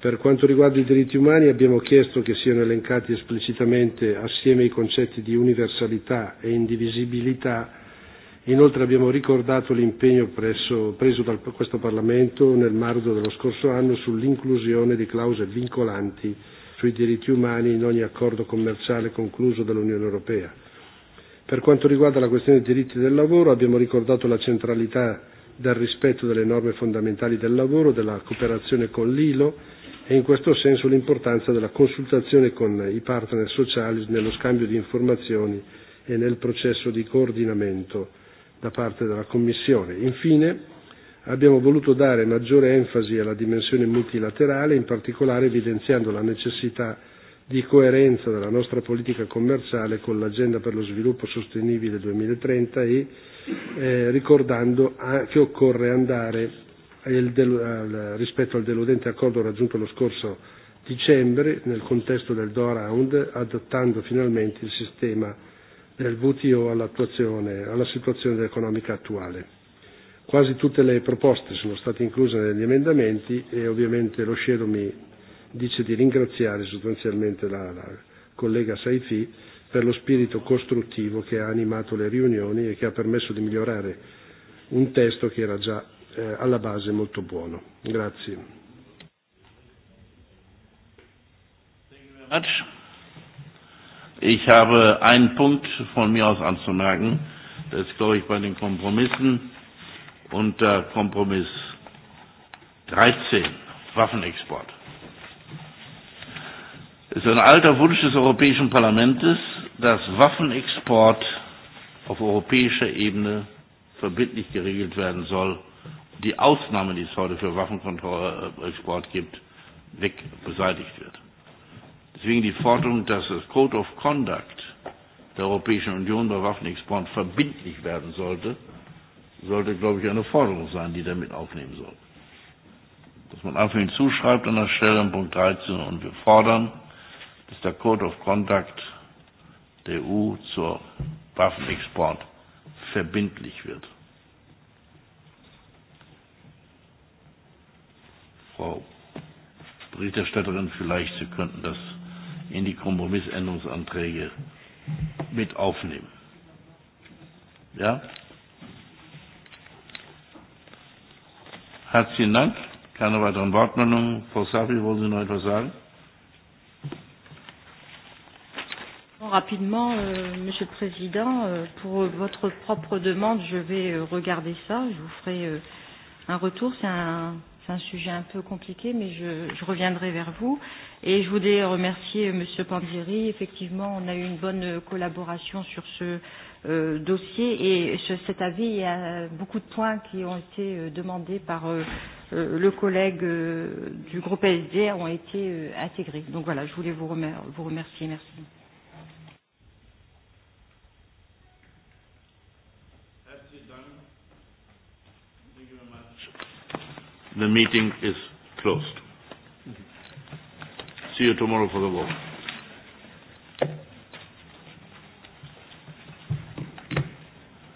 Per quanto riguarda i diritti umani abbiamo chiesto che siano elencati esplicitamente assieme ai concetti di universalità e indivisibilità, inoltre abbiamo ricordato l'impegno presso, preso da questo Parlamento nel marzo dello scorso anno sull'inclusione di clausole vincolanti sui diritti umani in ogni accordo commerciale concluso dall'Unione Europea. Per quanto riguarda la questione dei diritti del lavoro, abbiamo ricordato la centralità del rispetto delle norme fondamentali del lavoro, della cooperazione con l'ILO e in questo senso l'importanza della consultazione con i partner sociali nello scambio di informazioni e nel processo di coordinamento da parte della Commissione. Infine, abbiamo voluto dare maggiore enfasi alla dimensione multilaterale, in particolare evidenziando la necessità di coerenza della nostra politica commerciale con l'agenda per lo sviluppo sostenibile 2030 e eh, ricordando a, che occorre andare il, del, al, rispetto al deludente accordo raggiunto lo scorso dicembre nel contesto del Doha Round, adattando finalmente il sistema del WTO all'attuazione, alla situazione economica attuale. Quasi tutte le proposte sono state incluse negli emendamenti e ovviamente lo scelto mi dice di ringraziare sostanzialmente la, la collega Saifi per lo spirito costruttivo che ha animato le riunioni e che ha permesso di migliorare un testo che era già eh, alla base molto buono. Grazie. Ich habe einen Punkt von mir aus anzumerken. Das ist, glaube ich, bei den Kompromissen unter äh, Kompromiss 13, Waffenexport. Es ist ein alter Wunsch des Europäischen Parlaments, dass Waffenexport auf europäischer Ebene verbindlich geregelt werden soll. Die Ausnahme, die es heute für Waffenexport gibt, weg beseitigt wird. Deswegen die Forderung, dass das Code of Conduct der Europäischen Union bei Waffenexport verbindlich werden sollte, sollte, glaube ich, eine Forderung sein, die damit aufnehmen soll. Dass man einfach hinzuschreibt an der Stelle in Punkt 13 und wir fordern, dass der Code of Conduct der EU zur Waffenexport verbindlich wird. Frau Berichterstatterin, vielleicht Sie könnten das in die Kompromissänderungsanträge mit aufnehmen. Ja? Herzlichen Dank. Keine weiteren Wortmeldungen. Frau Safi, wollen Sie noch etwas sagen? Rapidement, euh, Monsieur le Président, euh, pour votre propre demande, je vais euh, regarder ça. Je vous ferai euh, un retour. C'est un, un sujet un peu compliqué, mais je, je reviendrai vers vous. Et je voudrais remercier euh, Monsieur Pandieri. Effectivement, on a eu une bonne collaboration sur ce euh, euh, dossier et ce, cet avis, il y a beaucoup de points qui ont été euh, demandés par euh, euh le collègue euh, du groupe SD ont été euh, intégrés. Donc voilà, je voulais vous, remer vous remercier. Merci. The meeting is closed. See you tomorrow for the vote.